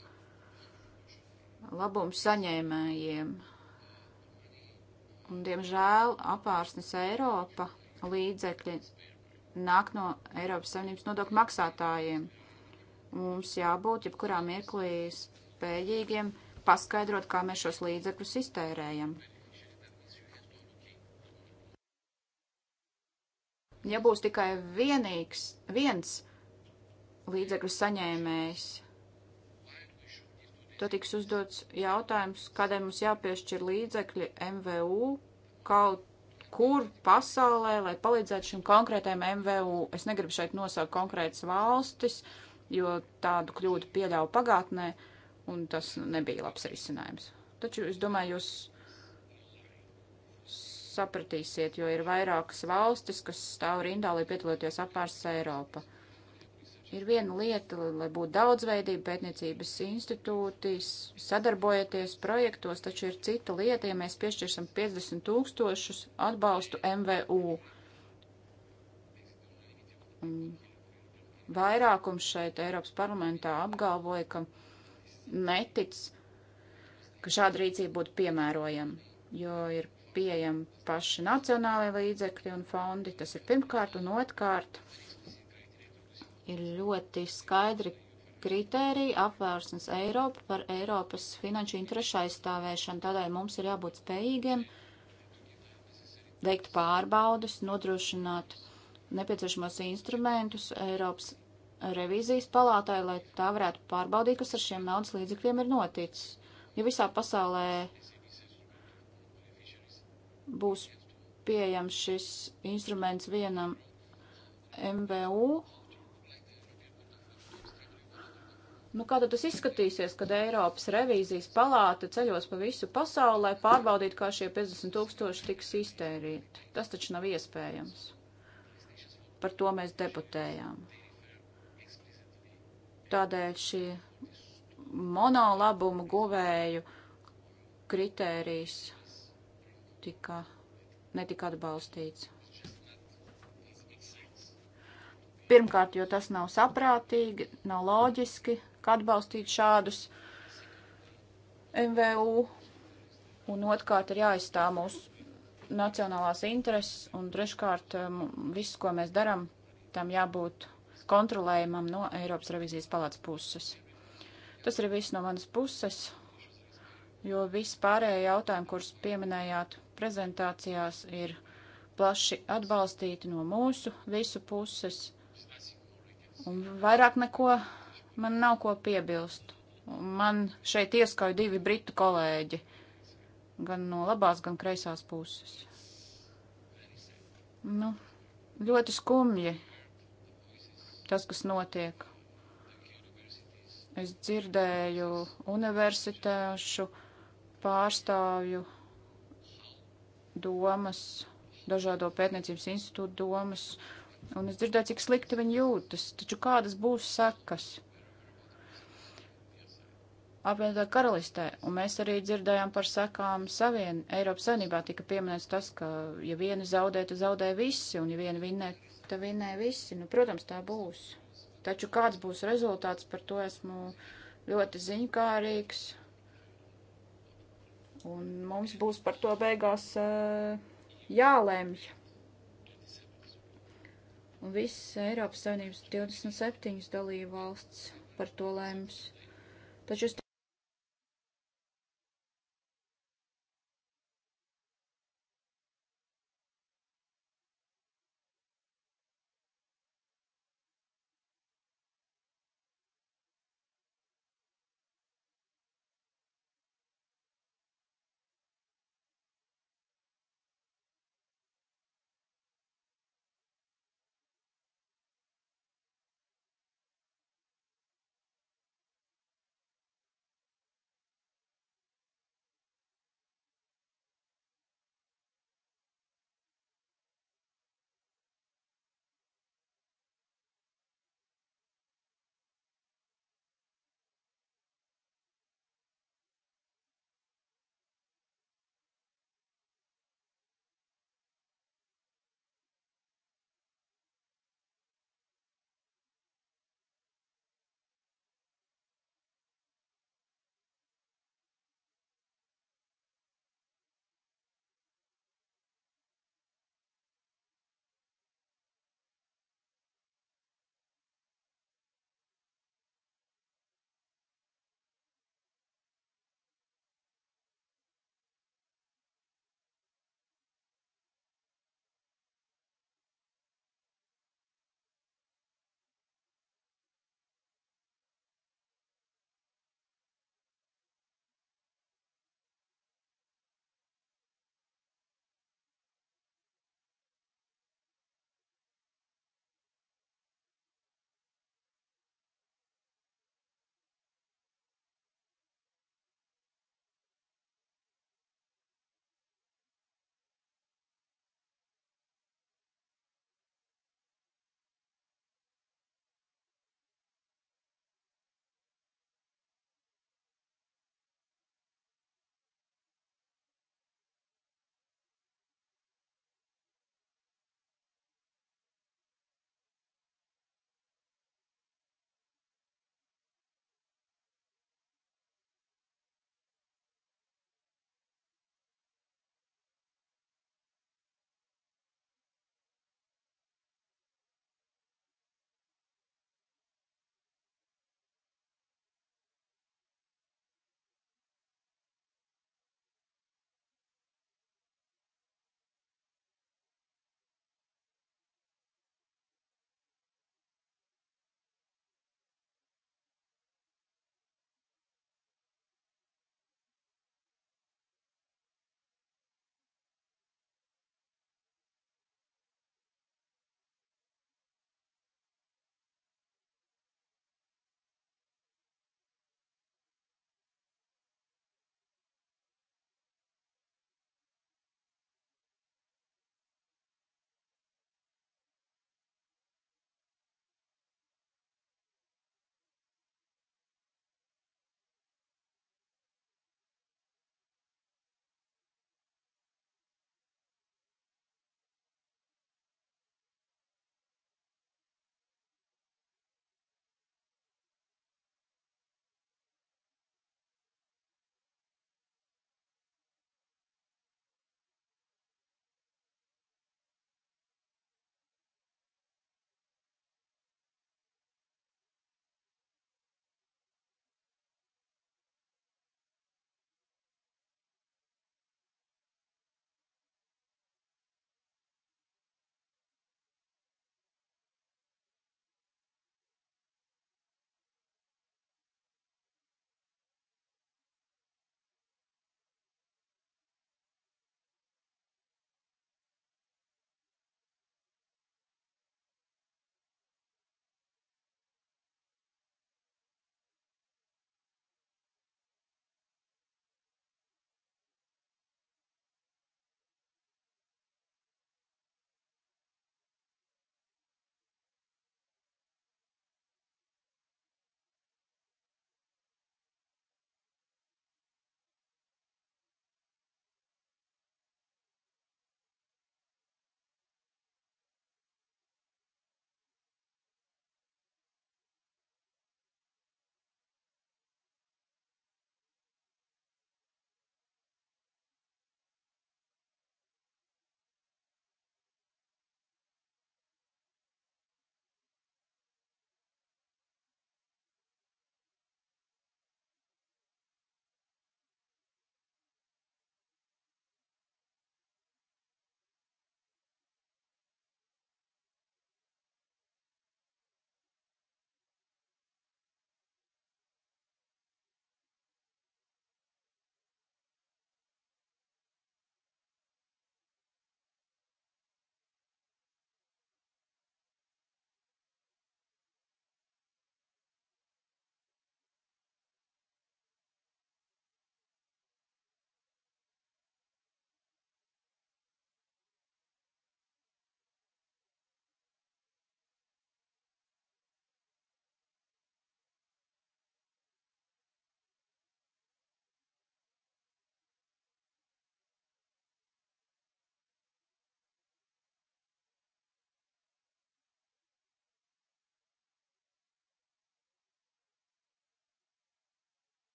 labumu saņēmējiem. Un, diemžēl, apārsnes Eiropa līdzekļi nāk no Eiropas Savienības nodokļu maksātājiem mums jābūt jebkurā mirklī spējīgiem paskaidrot, kā mēs šos līdzekļus iztērējam. Ja būs tikai vienīgs, viens līdzekļu saņēmējs, tad tiks uzdots jautājums, kādēļ mums jāpiešķir līdzekļi MVU kaut kur pasaulē, lai palīdzētu šim konkrētajam MVU. Es negribu šeit nosaukt konkrētas valstis, uh, jo tādu kļūdu pieļāva pagātnē, un tas nebija labs risinājums. Taču es domāju, jūs sapratīsiet, jo ir vairākas valstis, kas stāv rindā, lai piedalīties apārs Eiropa. Ir viena lieta, lai būtu daudzveidība, pētniecības institūtīs, sadarbojieties projektos, taču ir cita lieta, ja mēs piešķirsim 50 tūkstošus atbalstu MVU. Un vairākums šeit Eiropas parlamentā apgalvoja, ka netic, ka šāda rīcība būtu piemērojama, jo ir pieejami paši nacionālajie līdzekļi un fondi. Tas ir pirmkārt un otrkārt ir ļoti skaidri kritēriji apvērsnes Eiropu par Eiropas finanšu interešu aizstāvēšanu. Tādēļ mums ir jābūt spējīgiem veikt pārbaudas, nodrošināt nepieciešamos instrumentus Eiropas revīzijas palātai, lai tā varētu pārbaudīt, kas ar šiem naudas līdzekļiem ir noticis. Ja visā pasaulē būs pieejams šis instruments vienam MVU, nu kā tad tas izskatīsies, kad Eiropas revīzijas palāta ceļos pa visu pasauli, lai pārbaudītu, kā šie 50 tūkstoši tiks iztērīti? Tas taču nav iespējams par to mēs debatējām. Tādēļ šī monolabumu guvēju kritērijs tika, netika atbalstīts. Pirmkārt, jo tas nav saprātīgi, nav loģiski, kā atbalstīt šādus MVU, un otrkārt ir jāizstāv mūsu nacionālās intereses, un treškārt eh, viss, ko mēs darām, tam jābūt kontrolējumam no Eiropas revizijas palātas puses. Tas ir viss no manas puses, jo visi pārējie jautājumi, kurus pieminējāt prezentācijās, ir plaši atbalstīti no mūsu visu puses, un vairāk neko man nav ko piebilst. Un man šeit ieskauj divi britu kolēģi gan no labās, gan kreisās puses. Nu, ļoti skumji tas, kas notiek. Es dzirdēju universitāšu pārstāvju domas, dažādo pētniecības institūtu domas, un es dzirdēju, cik slikti viņi jūtas, taču kādas būs sekas? apvienotā karalistē, un mēs arī dzirdējām par sakām savien, Eiropas savienībā tika pieminēts tas, ka ja viena zaudē, tad zaudē visi, un ja viena vinnē, tad vinnē visi. Nu, protams, tā būs. Taču kāds būs rezultāts, par to esmu ļoti ziņkārīgs. Un mums būs par to beigās uh, jālemj. Un viss Eiropas Savienības 27 dalību valsts par to lems. Taču es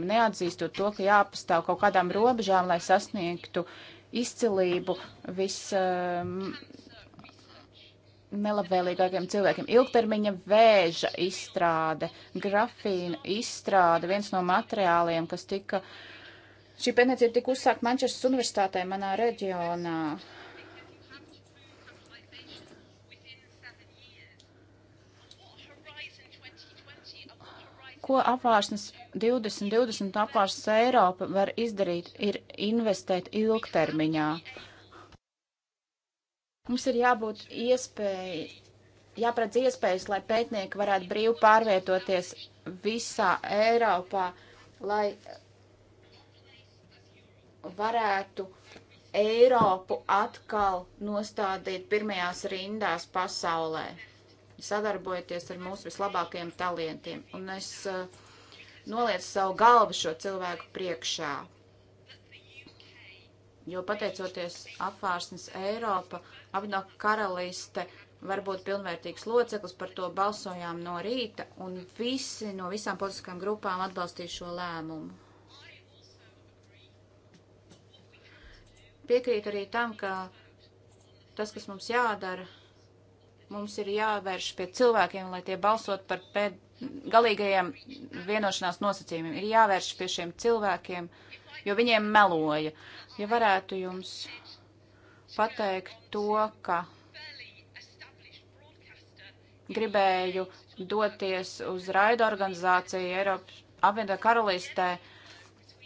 neatzīstot to, ka jāpastāv kaut kādām robežām, lai sasniegtu izcilību vis um, nelabvēlīgākiem cilvēkiem. Ilgtermiņa vēža izstrāde, grafīna izstrāde, viens no materiāliem, kas tika, šī pētniecība tika uzsākt Manchesteras universitātē manā reģionā. Uh, Ko apvārsnes 2020 apvārsnes Eiropa var izdarīt, ir investēt ilgtermiņā. Mums ir jābūt iespēja, jāpredz iespējas, lai pētnieki varētu brīvi pārvietoties visā Eiropā, lai varētu Eiropu atkal nostādīt pirmajās rindās pasaulē sadarbojieties ar mūsu vislabākajiem talantiem. Un es eh, nolieku savu galvu šo cilvēku priekšā. Jo pateicoties apvārsnes Eiropa, apvienot karaliste var būt pilnvērtīgs loceklis, par to balsojām no rīta, un visi no visām politiskām grupām atbalstīja šo lēmumu. Piekrītu arī tam, ka tas, kas mums jādara, Mums ir jāvērš pie cilvēkiem, lai tie balsot par pēd, galīgajiem vienošanās nosacījumiem. Ir jāvērš pie šiem cilvēkiem, jo viņiem meloja. Ja varētu jums pateikt to, ka gribēju doties uz raidu organizāciju Eiropas apvienotā karalistē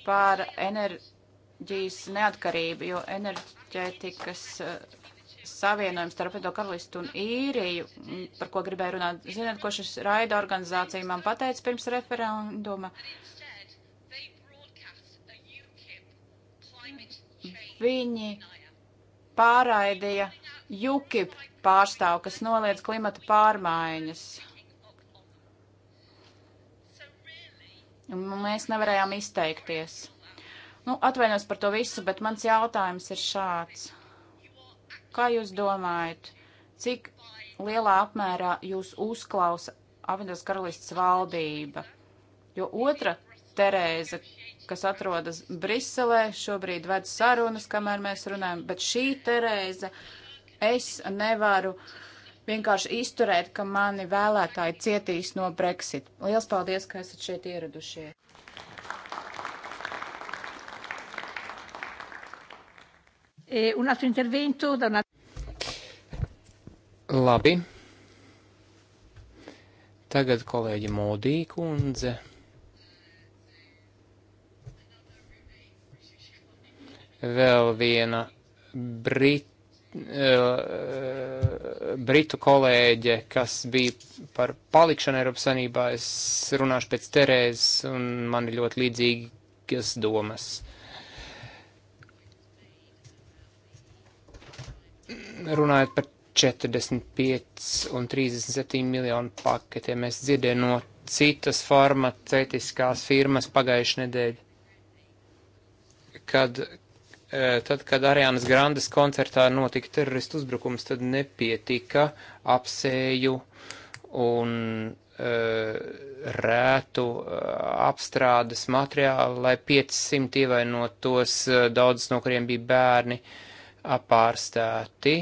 par enerģijas neatkarību, jo enerģētikas uh, savienojumu starp Pēdo karalistu un īriju, par ko gribēju runāt. Ziniet, ko šis raida organizācija man pateica pirms referenduma? Viņi pārraidīja UKIP pārstāvu, kas noliedz klimata pārmaiņas. Un mēs nevarējām izteikties. Nu, atvainos par to visu, bet mans jautājums ir šāds. Kā jūs domājat, cik lielā apmērā jūs uzklausa Avinas karalists valdība? Jo otra Terēza, kas atrodas Briselē, šobrīd ved sarunas, kamēr mēs runājam, bet šī Terēza, es nevaru vienkārši izturēt, ka mani vēlētāji cietīs no Brexit. Liels paldies, ka esat šeit ieradušies! E un altro intervento da una... Labi. Tagad kolēģi Modī kundze. Vēl viena Brit, uh, Britu kolēģe, kas bija par palikšanu Eiropas Sanībā. Es runāšu pēc Terēzes un man ir ļoti līdzīgas domas. Uh, runājot par 45 un 37 miljonu paketiem, mēs dzirdējām no citas farmaceitiskās firmas pagājušajā nedēļā, kad, e, tad, kad Arianas Grandes koncertā notika teroristu uzbrukums, tad nepietika apsēju un e, rētu e, apstrādes materiāli, lai 500 ievainotos, daudz no kuriem bija bērni, apārstēti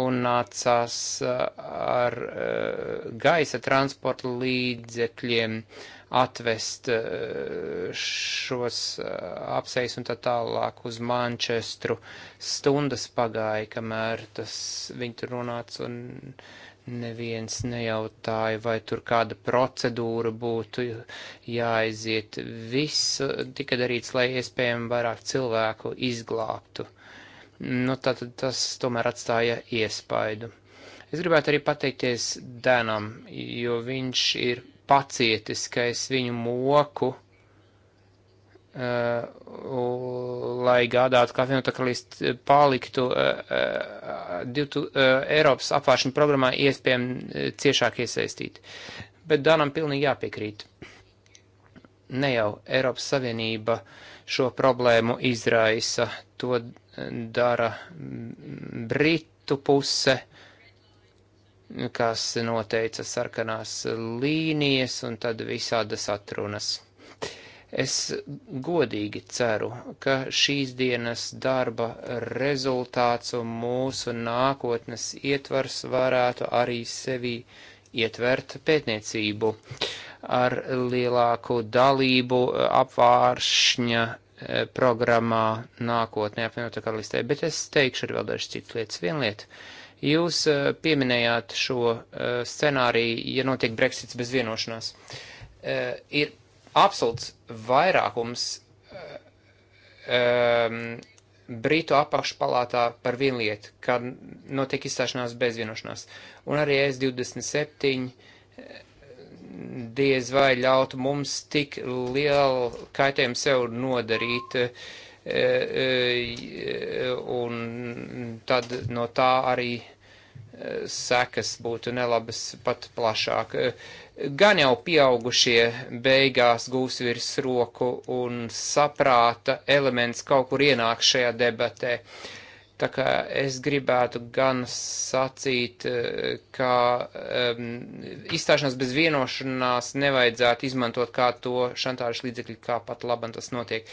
un nācās uh, ar uh, gaisa transporta līdzekļiem atvest uh, šos apseis un tā tālāk uz Manchestru. Stundas pagāja, kamēr tas viņi tur runāts un neviens nejautāja, vai tur kāda procedūra būtu jāaiziet. Viss tika darīts, lai iespējami vairāk cilvēku izglābtu. Uh, Nu, tātad tas tomēr atstāja iespaidu. Es gribētu arī pateikties Dēnam, jo viņš ir pacietis, ka es viņu moku, uh, lai gādātu, kā vienotā karalīste eh, paliktu uh, uh, divtu, uh, Eiropas apvāršana programmā iespējami uh, ciešāk iesaistīt. Bet Danam pilnīgi jāpiekrīt. Ne jau Eiropas Savienība uh, šo problēmu izraisa. To dara Britu puse, kas noteica sarkanās līnijas un tad visādas atrunas. Es godīgi ceru, ka šīs dienas darba rezultāts un mūsu nākotnes ietvars varētu arī sevi ietvert pētniecību. Uh, ar lielāku dalību eh, apvāršņa eh, programmā nākotnē apvienotā karalistē. Bet es teikšu arī vēl dažas citas lietas. Viena lieta. Jūs eh, pieminējāt šo scenāriju, ja notiek Brexits bez vienošanās. Ir absolūts vairākums Britu apakšpalātā par vienu lietu, kad notiek izstāšanās bez vienošanās. Un arī S27 diez vai ļautu mums tik lielu kaitējumu sev nodarīt, e, e, un tad no tā arī e, sekas būtu nelabas pat plašāk. Gan jau pieaugušie beigās gūs virs roku un saprāta elements kaut kur ienāk šajā debatē. Uh, Tā kā es gribētu gan sacīt, eh, ka um, izstāšanās bez vienošanās nevajadzētu izmantot kā to šantāžu līdzekļu, kā pat labam tas notiek.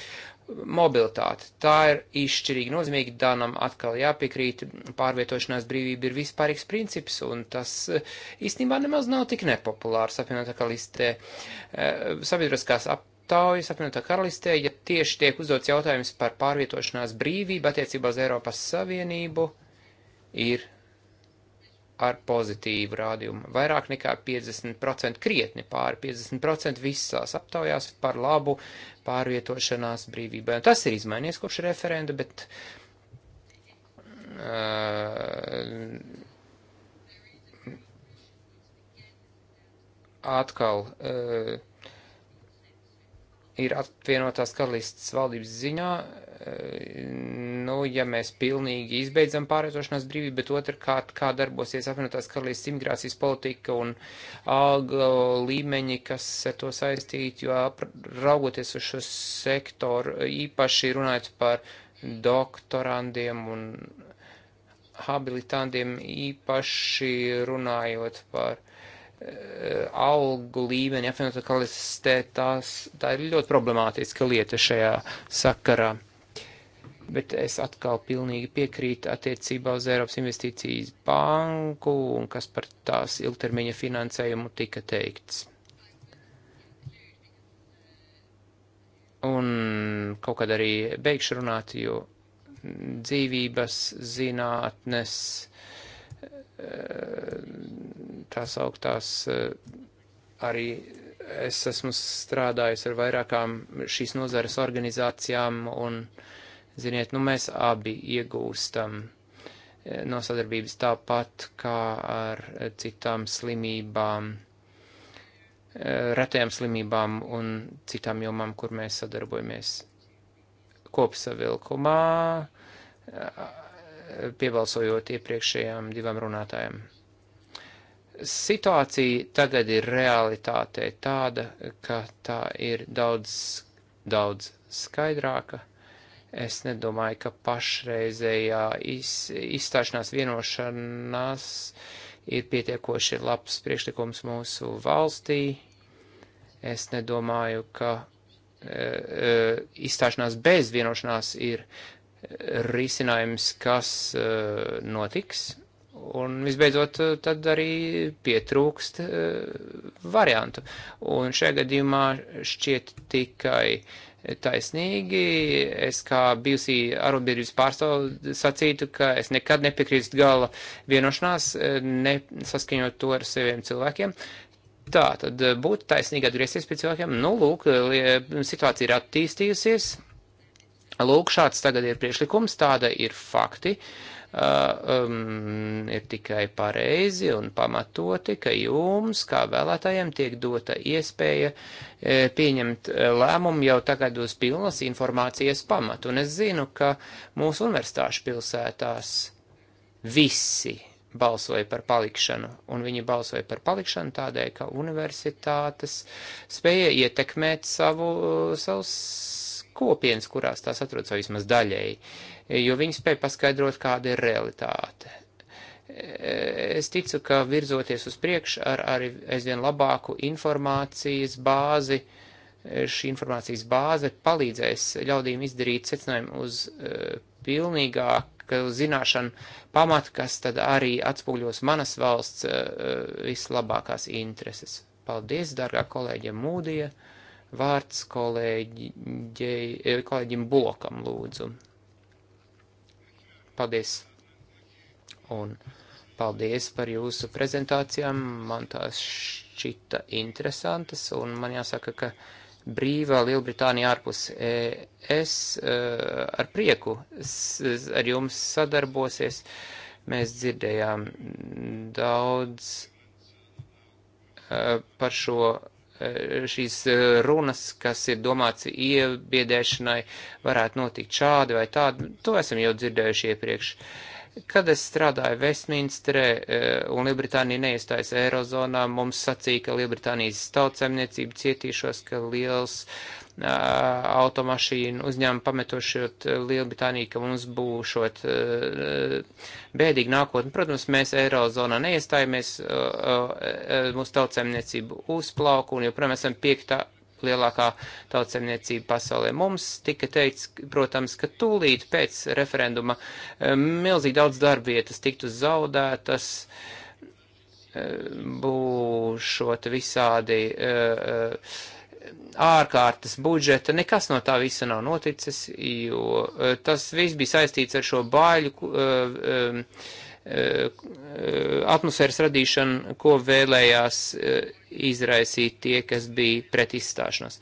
Mobilitāte. Tā ir izšķirīgi nozīmīga. Danam atkal jāpiekrīt. Pārvietošanās brīvība ir vispārīgs princips, un tas eh, īstenībā nemaz nav tik nepopulārs apvienotā kalistē. Eh, sabiedriskās ap aptaujas apvienotā karalistē, ja tieši tiek uzdots jautājums par pārvietošanās brīvību attiecībā uz Eiropas Savienību, ir ar pozitīvu rādījumu. Vairāk nekā 50%, krietni pāri 50% visās aptaujās par labu pārvietošanās brīvībai. Un tas ir izmainījies kopš referenda, bet. Uh, atkal uh, ir apvienotās karalistas valdības ziņā, eh, nu, ja mēs pilnīgi izbeidzam pārvietošanās brīvību, bet otrkārt, kā darbosies apvienotās karalistas imigrācijas politika un alga līmeņi, kas ar to saistīti, jo raugoties uz šo sektoru, īpaši runājot par doktorandiem un habilitantiem, īpaši runājot par uh, algu līmeni apvienotā kalistē, tās, tā ir ļoti problemātiska lieta šajā sakarā. Bet es atkal pilnīgi piekrītu attiecībā uz Eiropas investīcijas banku un kas par tās ilgtermiņa finansējumu tika teikts. Un kaut kad arī beigšu runāt, jo dzīvības zinātnes Eh, tās augtās eh, arī es esmu strādājis ar vairākām šīs nozares organizācijām un, ziniet, nu mēs abi iegūstam eh, no sadarbības tāpat kā ar citām slimībām, retajām slimībām un citām jomām, kur mēs sadarbojamies kopsavilkumā piebalsojot iepriekšējām divām runātājām. Situācija tagad ir realitātē tāda, ka tā ir daudz, daudz skaidrāka. Es nedomāju, ka pašreizējā iz, izstāšanās vienošanās ir pietiekoši labs priekšlikums mūsu valstī. Es nedomāju, ka e, e, izstāšanās bez vienošanās ir risinājums, kas eh, notiks, un visbeidzot eh, tad arī pietrūkst eh, variantu. Un šajā gadījumā šķiet tikai taisnīgi, es kā bijusī arotbiedrības pārstāvu sacītu, ka es nekad nepiekrīstu gala vienošanās, nesaskaņot to ar saviem cilvēkiem. Tā tad būtu taisnīgi atgriezties pie cilvēkiem. Nu, lūk, situācija ir attīstījusies, Lūk, šāds tagad ir priekšlikums, tāda ir fakti. Uh, um, ir tikai pareizi un pamatoti, ka jums, kā vēlētājiem, tiek dota iespēja uh, pieņemt uh, lēmumu jau tagad uz pilnas informācijas pamatu. Un es zinu, ka mūsu universitāšu pilsētās visi balsoja par palikšanu, un viņi balsoja par palikšanu tādēļ, ka universitātes spēja ietekmēt savu, e, savus kopienas, kurās tās atrodas, vai vismaz daļēji, jo viņi spēja paskaidrot, kāda ir realitāte. Es ticu, ka virzoties uz priekšu ar arī aizvien labāku informācijas bāzi, šī informācijas bāze palīdzēs ļaudīm izdarīt secinājumu uz uh, pilnīgāku zināšanu pamatu, kas tad arī atspūļos manas valsts uh, vislabākās intereses. Paldies, dārgā kolēģe Mūdija! Vārds kolēģi, eh, kolēģim Bulokam lūdzu. Paldies. Un paldies par jūsu prezentācijām. Man tās šķita interesantas un man jāsaka, ka brīvā Lielbritānija ārpus ES eh, ar prieku ar jums sadarbosies. Mēs dzirdējām daudz eh, par šo Eh, šīs eh, runas, kas ir domāts iebiedēšanai, varētu notikt šādi vai tādi. To esam jau dzirdējuši iepriekš. Uh, Kad es strādāju Vestminsterē e, un Lielbritānija neiestājas Eirozonā, mums sacīja, ka Lielbritānijas tautsemniecība cietīšos, ka liels uh, automašīnu uzņēmumu pametošot Lielbritāniju, ka mums būšot uh, e, bēdīgi nākotni. Protams, mēs Eirozonā neiestājamies, uh, mūsu tautsemniecību uzplauku un joprojām esam piektā lielākā tautsemniecība pasaulē. Mums tika teikts, protams, ka tūlīt pēc referenduma eh, milzīgi daudz darbvietas tiktu zaudētas, eh, būšot visādi eh, ārkārtas budžeta, nekas no tā visa nav noticis, jo tas viss bija saistīts ar šo bāļu Eh, eh, atmosfēras radīšanu, ko vēlējās eh, izraisīt tie, kas bija pret izstāšanos.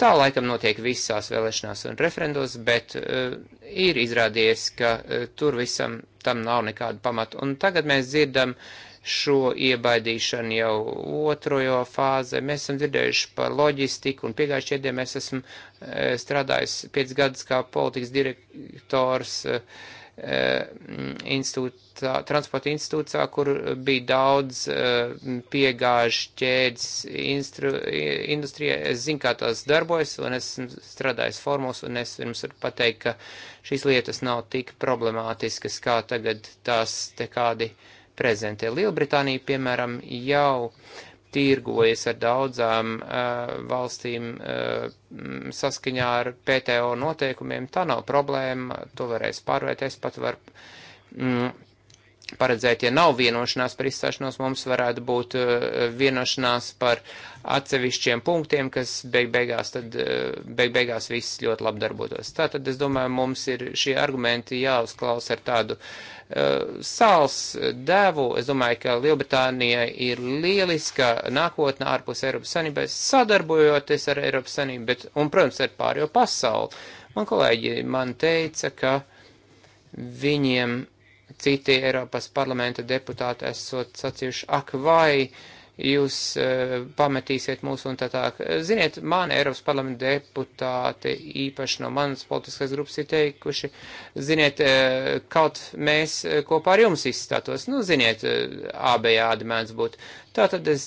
Tā laikam notiek visās vēlēšanās un referendos, bet uh, ir izrādies, ka uh, tur visam tam nav nekāda pamata. Un tagad mēs dzirdam šo iebaidīšanu jau otrojo fāze. Mēs esam dzirdējuši par loģistiku un piegājuši iediem. Es esmu uh, strādājis 5 gadus kā politikas direktors. Uh, Eh, institūtā, transporta institūtā, kur bija daudz eh, piegāžu ķēdes instru, industrijai. Es zinu, kā tās darbojas, un es strādāju formos, un es jums varu pateikt, ka šīs lietas nav tik problemātiskas, kā tagad tās te kādi prezentē. Lielbritānija, piemēram, jau uh, tirgojas ar daudzām uh, valstīm uh, saskaņā ar PTO noteikumiem. Tā nav problēma, to varēs pārvērt. Es pat varu mm, paredzēt, ja nav vienošanās par izstāšanos, mums varētu būt eh, vienošanās par atsevišķiem punktiem, kas beig beigās, tad, eh, beig beigās viss ļoti labi darbotos. Tātad, es domāju, mums ir šie argumenti jāuzklaus ar tādu uh, sāls devu. Es domāju, ka Lielbritānijai ir lieliska nākotne ārpus Eiropas Sanības, sadarbojoties ar Eiropas Sanību, bet, un, protams, ar pārējo pasauli. Man kolēģi man teica, ka viņiem citi Eiropas parlamenta deputāti esot sacījuši, ak vai jūs uh, pametīsiet mūs un tā tā. Ziniet, man Eiropas parlamenta deputāti īpaši no manas politiskās grupas ir teikuši, ziniet, uh, kaut mēs eh, kopā ar jums izstātos, nu, ziniet, uh, abejādi mēdz būt. Tātad es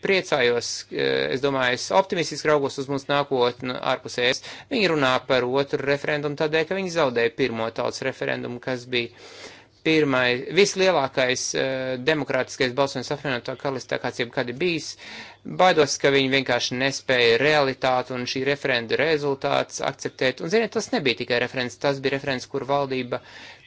priecājos, es domāju, es optimistiski raugos uz mūsu nākotni ārpusēs. Viņi runā par otru referendumu tādēļ, ka viņi zaudēja pirmo tautas referendumu, kas bija pirmais, vislielākais uh, demokrātiskais balsojums apvienotā karalistē, kāds jebkad ir bijis. Baidos, ka viņi vienkārši nespēja realitāti un šī referenda rezultāts akceptēt. Un, ziniet, tas nebija tikai referents, tas bija referents, kur valdība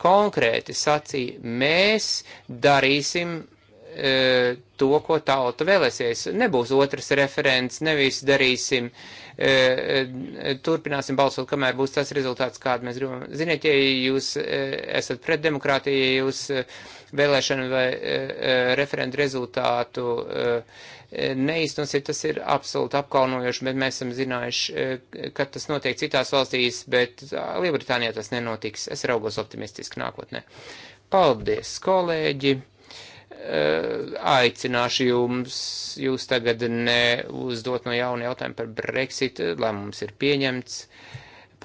konkrēti sacīja, mēs darīsim uh, to, ko tauta vēlēsies. Nebūs otrs referents, nevis darīsim uh, E, e, turpināsim balsot, kamēr būs tas rezultāts, kādu mēs gribam. Ziniet, ja jūs e, esat pret demokrātiju, ja jūs vēlēšanu vai referendu rezultātu neiztenosiet, tas ir absolūti apkaunojoši, bet mēs esam zinājuši, ka tas notiek citās valstīs, bet Lielbritānijā tas nenotiks. Es raugos optimistiski nākotnē. Paldies, kolēģi! Eh, aicināšu jums, jūs tagad neuzdot no jauna jautājumu par Brexit, eh, lēmums ir pieņemts,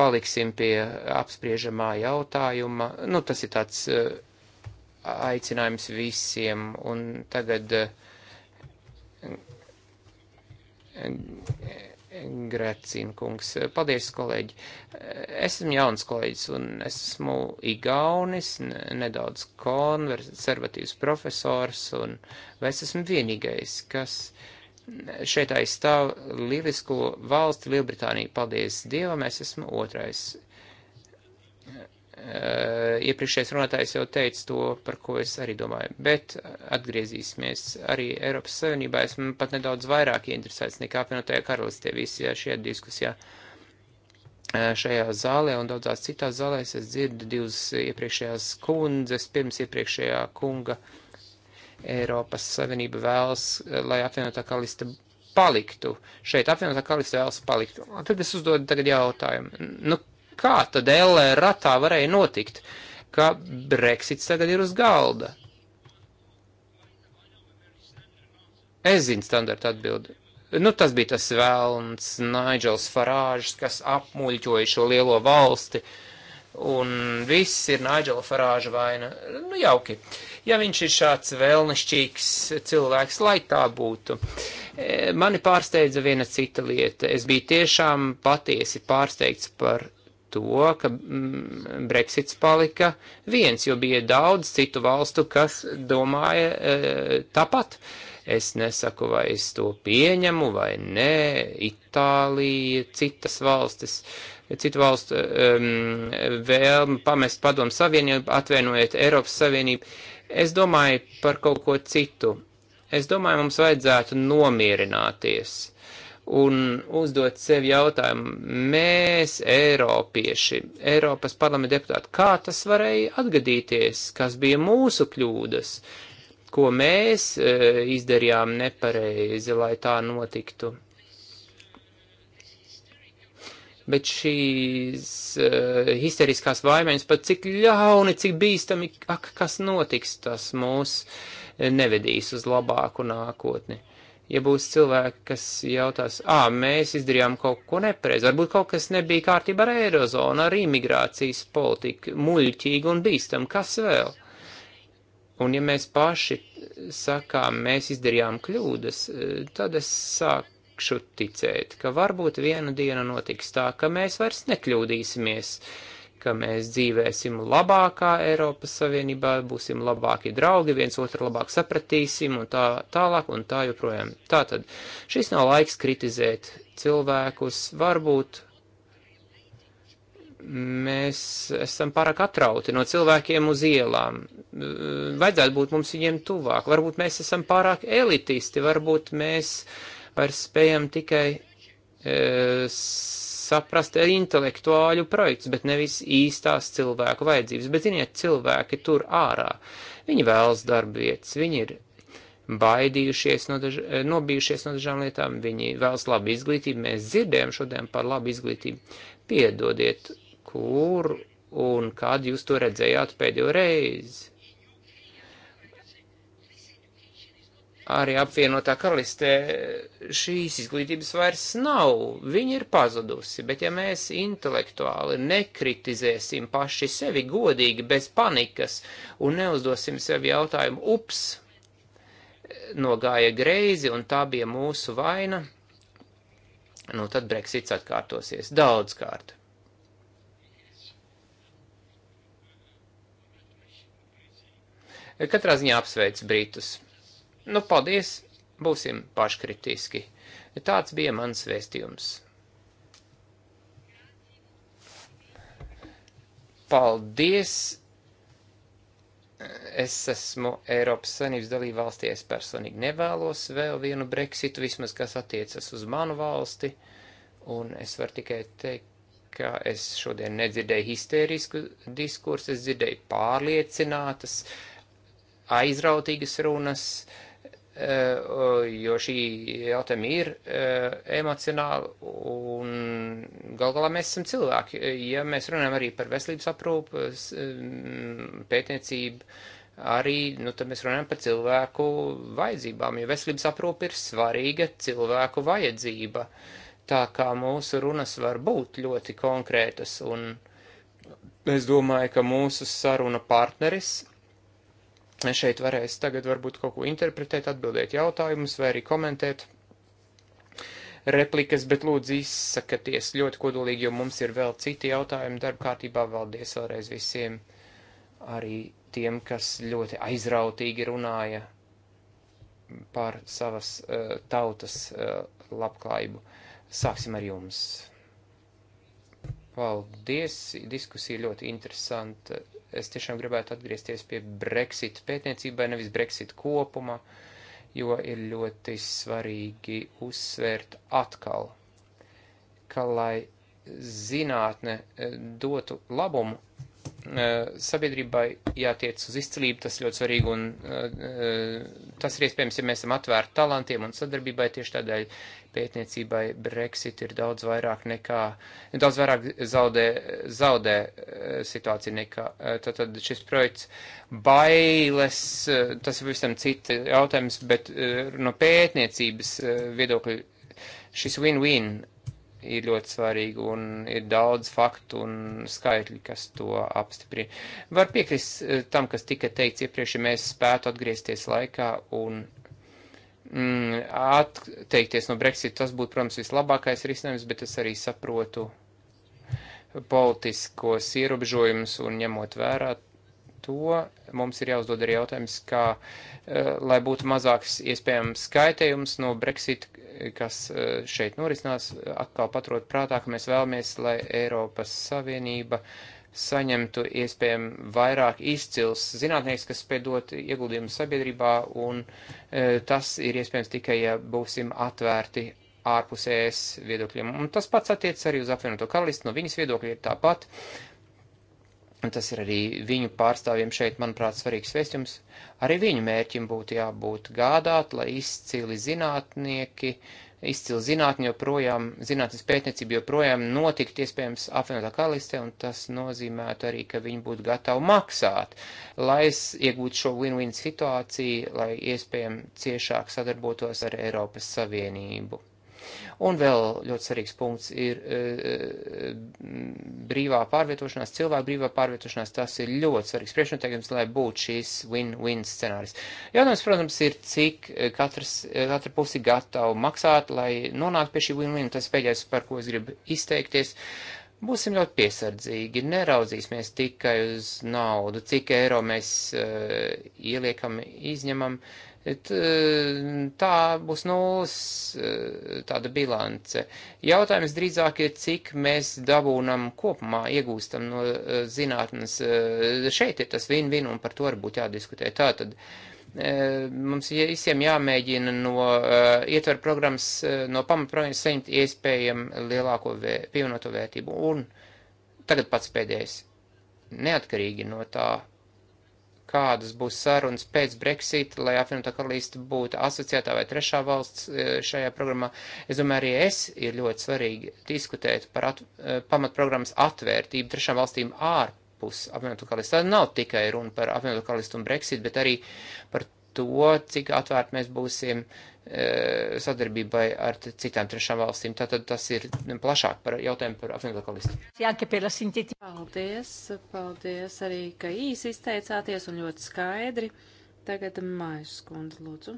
paliksim pie apspriežamā jautājuma. Nu, tas ir tāds eh, aicinājums visiem, un tagad Grecina kungs. Paldies, kolēģi. Esmu jauns kolēģis un esmu igaunis, nedaudz konservatīvs profesors un vai es esmu vienīgais, kas šeit aizstāv lielisko valsti Lielbritāniju. Paldies Dievam, es esmu otrais Eh, iepriekšējais runātājs jau teica to, par ko es arī domāju, bet atgriezīsimies arī Eiropas Savienībā. Esmu pat nedaudz vairāk interesēts nekā apvienotajā karalistē visajā šajā diskusijā. Eh, šajā zālē un daudzās citās zālēs es dzirdu divas iepriekšējās kundzes, pirms iepriekšējā kunga Eiropas Savienība vēlas, eh, lai apvienotā karaliste paliktu. Šeit apvienotā karaliste vēlas palikt. Tad es uzdodu tagad jautājumu. Nu, Kā tad LR ratā varēja notikt, ka Brexits tagad ir uz galda? Es zinu standarta atbildi. Nu, tas bija tas vēlns Naidžels Farāžs, kas apmuļķoja šo lielo valsti, un viss ir Naidžela Farāža vaina. Nu, jauki. Ja viņš ir šāds vēlnišķīgs cilvēks, lai tā būtu. E, mani pārsteidza viena cita lieta. Es biju tiešām patiesi pārsteigts par to, ka mm, Brexits palika viens, jo bija daudz citu valstu, kas domāja e, tāpat. Es nesaku, vai es to pieņemu vai nē, Itālija, citas valstis, citu valstu um, e, vēlme pamest padomu savienību, atvainojiet Eiropas Savienību. Es domāju par kaut ko citu. Es domāju, mums vajadzētu nomierināties. Uh, un uzdot sev jautājumu, mēs, Eiropieši, Eiropas parlamenta deputāti, kā tas varēja atgadīties, kas bija mūsu kļūdas, ko mēs e, izdarījām nepareizi, lai tā notiktu. Bet šīs uh, e, histeriskās vaimēņas, pat cik ļauni, cik bīstami, ak, kas notiks, tas mūs nevedīs uz labāku nākotni ja būs cilvēki, kas jautās, ā, mēs izdarījām kaut ko nepareizi, varbūt kaut kas nebija kārtībā ar eirozonu, ar imigrācijas politiku, muļķīgi un bīstam, kas vēl? Un ja mēs paši sakām, mēs izdarījām kļūdas, tad es sākšu ticēt, ka varbūt viena diena notiks tā, ka mēs vairs nekļūdīsimies. Uh, ka mēs dzīvēsim labākā Eiropas Savienībā, būsim labāki draugi, viens otru labāk sapratīsim un tā tālāk un tā joprojām. Tātad šis nav laiks kritizēt cilvēkus, varbūt mēs esam pārāk atrauti no cilvēkiem uz ielām. Vajadzētu būt mums viņiem tuvāk, varbūt mēs esam pārāk elitisti, varbūt mēs vairs spējam tikai. E, saprast intelektuāļu projekts, bet nevis īstās cilvēku vajadzības. Bet ziniet, cilvēki tur ārā, viņi vēlas darbvietas, viņi ir baidījušies, no daž, nobijušies no dažām lietām, viņi vēlas labu izglītību, mēs dzirdējam šodien par labu izglītību. Piedodiet, kur un kad jūs to redzējāt pēdējo reizi? arī apvienotā karalistē šīs izglītības vairs nav, viņa ir pazudusi, bet ja mēs intelektuāli nekritizēsim paši sevi godīgi, bez panikas un neuzdosim sev jautājumu, ups, nogāja greizi un tā bija mūsu vaina, nu tad Brexits atkārtosies daudzkārt. Katrā ziņā apsveic Brītus Nu, paldies, būsim paškritiski. Tāds bija mans vēstījums. Paldies! Es esmu Eiropas Savienības dalība valstī, es personīgi nevēlos vēl vienu Brexitu, vismaz kas attiecas uz manu valsti, un es varu tikai teikt, ka es šodien nedzirdēju histērisku diskursu, es dzirdēju pārliecinātas, aizrautīgas runas, uh, Eh, jo šī jautājuma ir eh, emocionāli, un gal galā mēs esam cilvēki. Ja mēs runājam arī par veselības aprūpu, mm, pētniecību, arī, nu, tad mēs runājam par cilvēku vajadzībām, jo veselības aprūpa ir svarīga cilvēku vajadzība. Tā kā mūsu runas var būt ļoti konkrētas, un es domāju, ka mūsu saruna partneris šeit varēs tagad varbūt kaut ko interpretēt, atbildēt jautājumus vai arī komentēt replikas, bet lūdzu izsakaties ļoti kodolīgi, jo mums ir vēl citi jautājumi darba kārtībā. Valdies vēlreiz visiem, arī tiem, kas ļoti aizrautīgi runāja par savas uh, tautas uh, labklājību. Sāksim ar jums. Paldies, diskusija ļoti interesanta es tiešām gribētu atgriezties pie Brexit pētniecībai, nevis Brexit kopuma, jo ir ļoti svarīgi uzsvērt atkal, ka lai zinātne eh, dotu labumu, sabiedrībai jātiec uz izcilību, tas ļoti svarīgi, un tas ir iespējams, ja mēs esam atvērti talantiem un sadarbībai, tieši tādēļ pētniecībai Brexit ir daudz vairāk nekā, daudz vairāk zaudē, zaudē situācija nekā, tad, tad šis projekts bailes, tas ir visam cita jautājums, bet no pētniecības viedokļa šis win-win ir ļoti svarīga un ir daudz faktu un skaitļi, kas to apstiprina. Var piekrist eh, tam, kas tika teikts iepriekš, ja mēs spētu atgriezties laikā un mm, atteikties no Brexit, tas būtu, protams, vislabākais risinājums, bet es arī saprotu politiskos ierobežojumus un ņemot vērā to mums ir jāuzdod arī jautājums, kā, eh, lai būtu mazāks iespējams skaitējums no Brexit, kas eh, šeit norisinās, atkal paturot prātā, ka mēs vēlamies, lai Eiropas Savienība saņemtu iespējami vairāk izcils zinātnieks, kas spēj dot ieguldījumu sabiedrībā, un eh, tas ir iespējams tikai, ja būsim atvērti ārpusējas e viedokļiem. Un tas pats attiecas arī uz apvienoto karalisti, no viņas viedokļa ir tāpat. Uh, un tas ir arī viņu pārstāvjiem šeit, manuprāt, svarīgs vēstījums, arī viņu mērķim būtu jābūt gādāt, lai izcili zinātnieki, izcili zinātni joprojām, zinātnes pētniecība joprojām notikt iespējams apvienotā kalistē, un tas nozīmētu arī, ka viņi būtu gatavi maksāt, lai iegūtu šo win-win situāciju, lai iespējami ciešāk sadarbotos ar Eiropas Savienību. Un vēl ļoti svarīgs punkts ir e, e, brīvā pārvietošanās, cilvēku brīvā pārvietošanās. Tas ir ļoti svarīgs priekšnoteikums, lai būtu šīs win-win scenāris. Jautājums, protams, ir, cik e, katrs, katra pusi gatava maksāt, lai nonāktu pie šī win-win. Tas pēdējais, par ko es gribu izteikties. Būsim ļoti piesardzīgi, neraudzīsimies tikai uz naudu, cik eiro mēs uh, ieliekam, izņemam. Uh, Et, e, tā būs nulles e, tāda bilance. Jautājums drīzāk ir, cik mēs dabūnam kopumā, iegūstam no e, zinātnes. Šeit ir tas vien-vien un par to varbūt jādiskutē. Tātad mums visiem jāmēģina no ietver programmas, no pamatprogrammas saņemt iespējam lielāko vē, pievienoto vērtību. Un tagad pats pēdējais. Neatkarīgi no tā, kādas būs sarunas pēc Brexit, lai apvienotā karalīste būtu asociētā vai trešā valsts e, šajā programmā. Es domāju, arī es ir ļoti svarīgi diskutēt par at, e, pamatprogrammas atvērtību trešām valstīm ārpus apvienotā karalīste. Tā nav tikai runa par apvienotā karalīstu un Brexit, bet arī par to, cik atvērti mēs būsim e, sadarbībai ar citām trešām valstīm. Tātad tas ir nu, plašāk par jautājumu par apvienoto karalisti. Paldies, paldies arī, ka īsi izteicāties un ļoti skaidri. Tagad mājas skundze, lūdzu.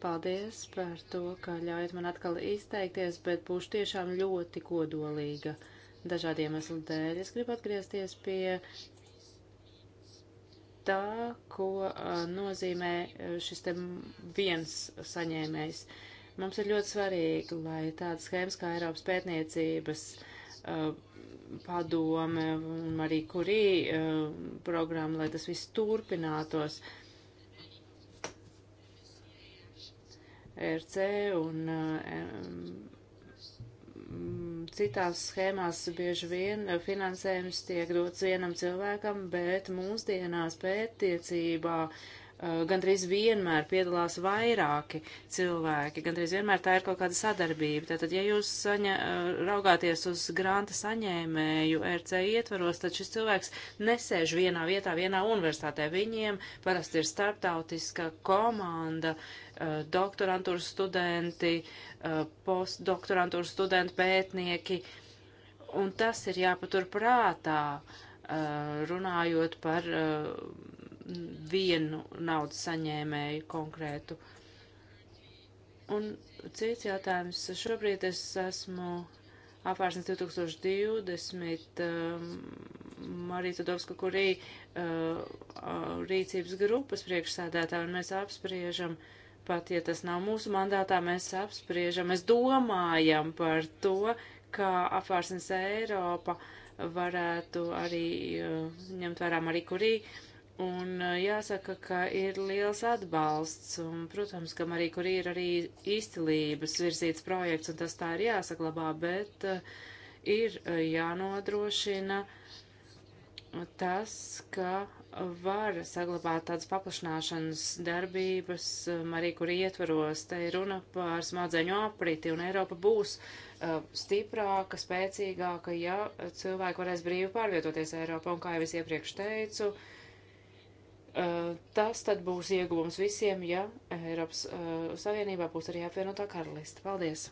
Paldies par to, ka ļaujat man atkal izteikties, bet būšu tiešām ļoti kodolīga dažādiem eslu dēļ. Es gribu atgriezties pie tā, ko uh, nozīmē šis te viens saņēmējs. Mums ir ļoti svarīgi, lai tādas schēmas kā Eiropas pētniecības uh, padome un arī kurī uh, programma, lai tas viss turpinātos. RC un Mm, citās schēmās bieži vien eh, finansējums tiek dots vienam cilvēkam, bet mūsdienās pētniecībā Eh, gandrīz vienmēr piedalās vairāki cilvēki, gandrīz vienmēr tā ir kaut kāda sadarbība. Tātad, ja jūs saņa, eh, raugāties uz granta saņēmēju RC ietvaros, tad šis cilvēks nesēž vienā vietā, vienā universitātē. Viņiem parasti ir starptautiska komanda, eh, doktorantūras studenti, postdoktorantūras studenti, pētnieki, un tas ir jāpatur prātā, runājot par vienu naudas saņēmēju konkrētu. Un cits jautājums. Šobrīd es esmu apvērsnes 2020 um, Marija Tudovska, kur arī uh, uh, rīcības grupas priekšsēdētāji, un mēs apspriežam, pat ja tas nav mūsu mandātā, mēs apspriežam, mēs domājam par to, kā apvērsnes Eiropa varētu arī uh, ņemt vērā Mariju Kurī Un eh, jāsaka, ka ir liels atbalsts, un, protams, kam arī, kur ir arī izcilības virzīts projekts, un tas tā ir jāsaglabā, bet uh, ir eh, jānodrošina tas, ka var saglabāt tādas paplašināšanas darbības, arī kur ietvaros, te ir runa par smadzeņu apriti, un Eiropa būs uh, stiprāka, spēcīgāka, ja cilvēki varēs brīvi pārvietoties Eiropā, un kā jau es iepriekš teicu, uh, Eh, tas tad būs ieguvums visiem, ja Eiropas uh, Savienībā būs arī apvienotā karaliste. Paldies!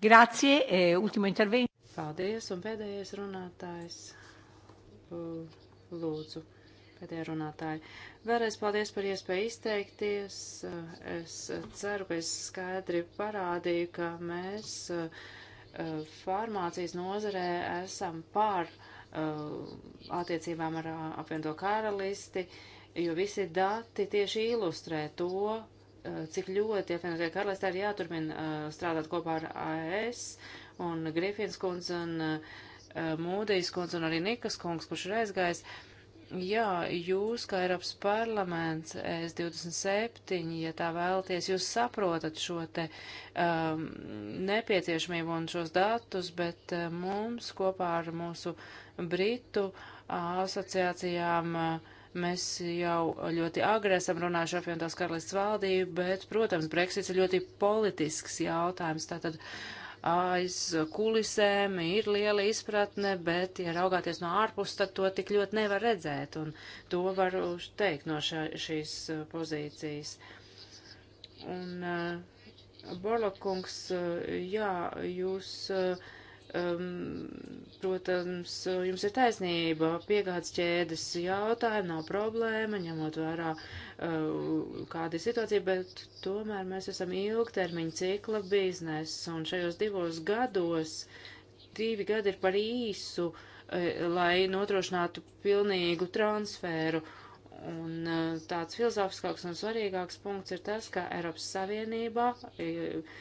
Grazie, e, ultimo intervento. Paldies, un pēdējais runātājs. Lūdzu, pēdējā runātāja. Vēlreiz paldies par iespēju izteikties. Es ceru, ka es skaidri parādīju, ka mēs farmācijas nozarē esam pār uh, Uh, attiecībām ar uh, apvienoto karalisti, jo visi dati tieši ilustrē to, uh, cik ļoti apvienotie karalistē ir jāturpina strādāt kopā ar AS e un Grifins kundze un Mūdijas kundze un arī Nikas kungs, kurš ir aizgājis. Uh, Jā, jūs, kā Eiropas parlaments, S27, ja tā vēlaties, jūs saprotat šo te um, nepieciešamību un šos datus, bet uh, mums kopā ar mūsu Britu uh, asociācijām uh, mēs jau ļoti agri esam runājuši apvienotās karalists valdību, bet, protams, Brexits ir ļoti politisks jautājums. Tātad, uh, aiz kulisēm ir liela izpratne, bet, ja raugāties no ārpus, tad to tik ļoti nevar redzēt, un to var teikt no šā, šīs uh, pozīcijas. Un, uh, Borlokungs, uh, jā, jūs um, protams, jums ir taisnība, piegādes ķēdes jautājumi nav problēma, ņemot vērā, uh, kāda ir situācija, bet tomēr mēs esam ilgtermiņa cikla biznes, un šajos divos gados divi gadi ir par īsu, uh, lai notrošinātu pilnīgu transferu. Un uh, tāds filozofiskāks un svarīgāks punkts ir tas, ka Eiropas Savienībā uh,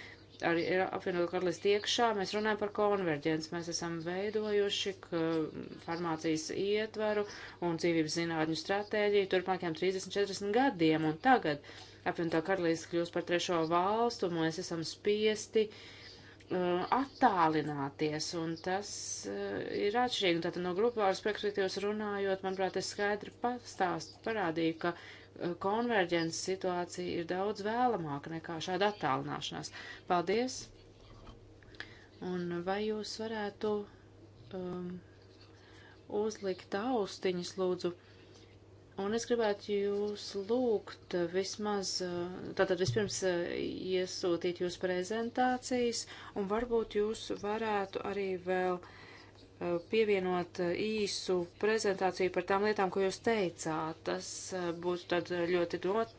arī apvienotu karalisti iekšā, mēs runājam par konverģents. Mēs esam veidojuši farmācijas ietveru un dzīvības zinātņu stratēģiju turpmākajiem 30-40 gadiem. Un tagad apvienotā karalisti kļūst par trešo valstu, un mēs esam spiesti uh, attālināties, un tas uh, ir atšķirīgi. Tātad no grupāras perspektīvas runājot, manuprāt, es skaidri pastāst, parādīju, ka konverģences situācija ir daudz vēlamāka nekā šāda attālināšanās. Paldies! Un vai jūs varētu um, uzlikt austiņas, lūdzu? Un es gribētu jūs lūgt vismaz, uh, tātad vispirms uh, iesūtīt jūsu prezentācijas, un varbūt jūs varētu arī vēl uh, Eh, pievienot eh, īsu prezentāciju par tām lietām, ko jūs teicāt. Tas eh, būtu tad ļoti not,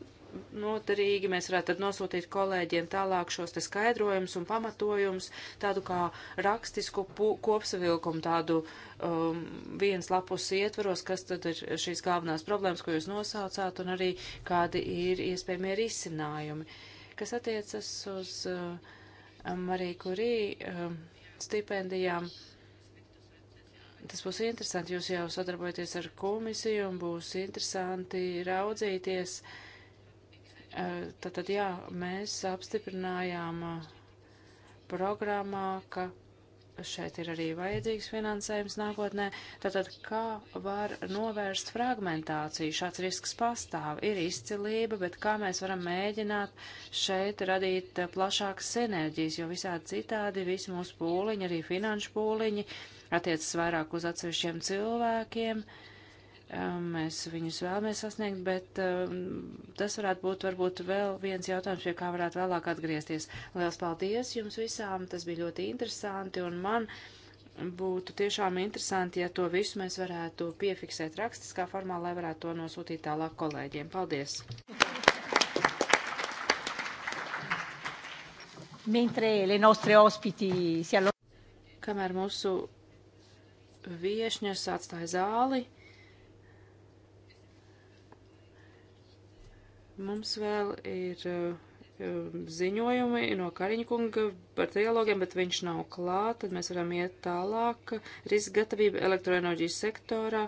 noderīgi. Mēs varētu tad nosūtīt kolēģiem tālāk šos te skaidrojumus un pamatojumus, tādu kā rakstisku kopsavilkumu, tādu um, viens lapus ietvaros, kas tad ir šīs galvenās problēmas, ko jūs nosaucāt, un arī kādi ir iespējamie risinājumi. Kas attiecas uz uh, Mariju Kurī uh, stipendijām. Uh, Tas būs interesanti. Jūs jau sadarbojaties ar komisiju un būs interesanti raudzīties. Tātad, eh, jā, mēs apstiprinājām eh, programmā, ka šeit ir arī vajadzīgs finansējums nākotnē. Tātad, kā var novērst fragmentāciju? Šāds risks pastāv, ir izcilība, bet kā mēs varam mēģināt šeit radīt eh, plašākas sinerģijas, jo visādi citādi visi mūsu pūliņi, arī finanšu pūliņi, attiecas vairāk uz atsevišķiem cilvēkiem. Mēs viņus vēlamies sasniegt, bet tas varētu būt varbūt vēl viens jautājums, pie kā varētu vēlāk atgriezties. Lielas paldies jums visām, tas bija ļoti interesanti un man būtu tiešām interesanti, ja to visu mēs varētu piefiksēt rakstiskā formā, lai varētu to nosūtīt tālāk kolēģiem. Paldies! Mentre le nostre ospiti si allo... Kamēr mūsu viešņas atstāja zāli. Mums vēl ir eh, ziņojumi no Kariņa kunga par trialogiem, bet viņš nav klāt, tad mēs varam iet tālāk. Riska gatavība elektroenerģijas sektorā.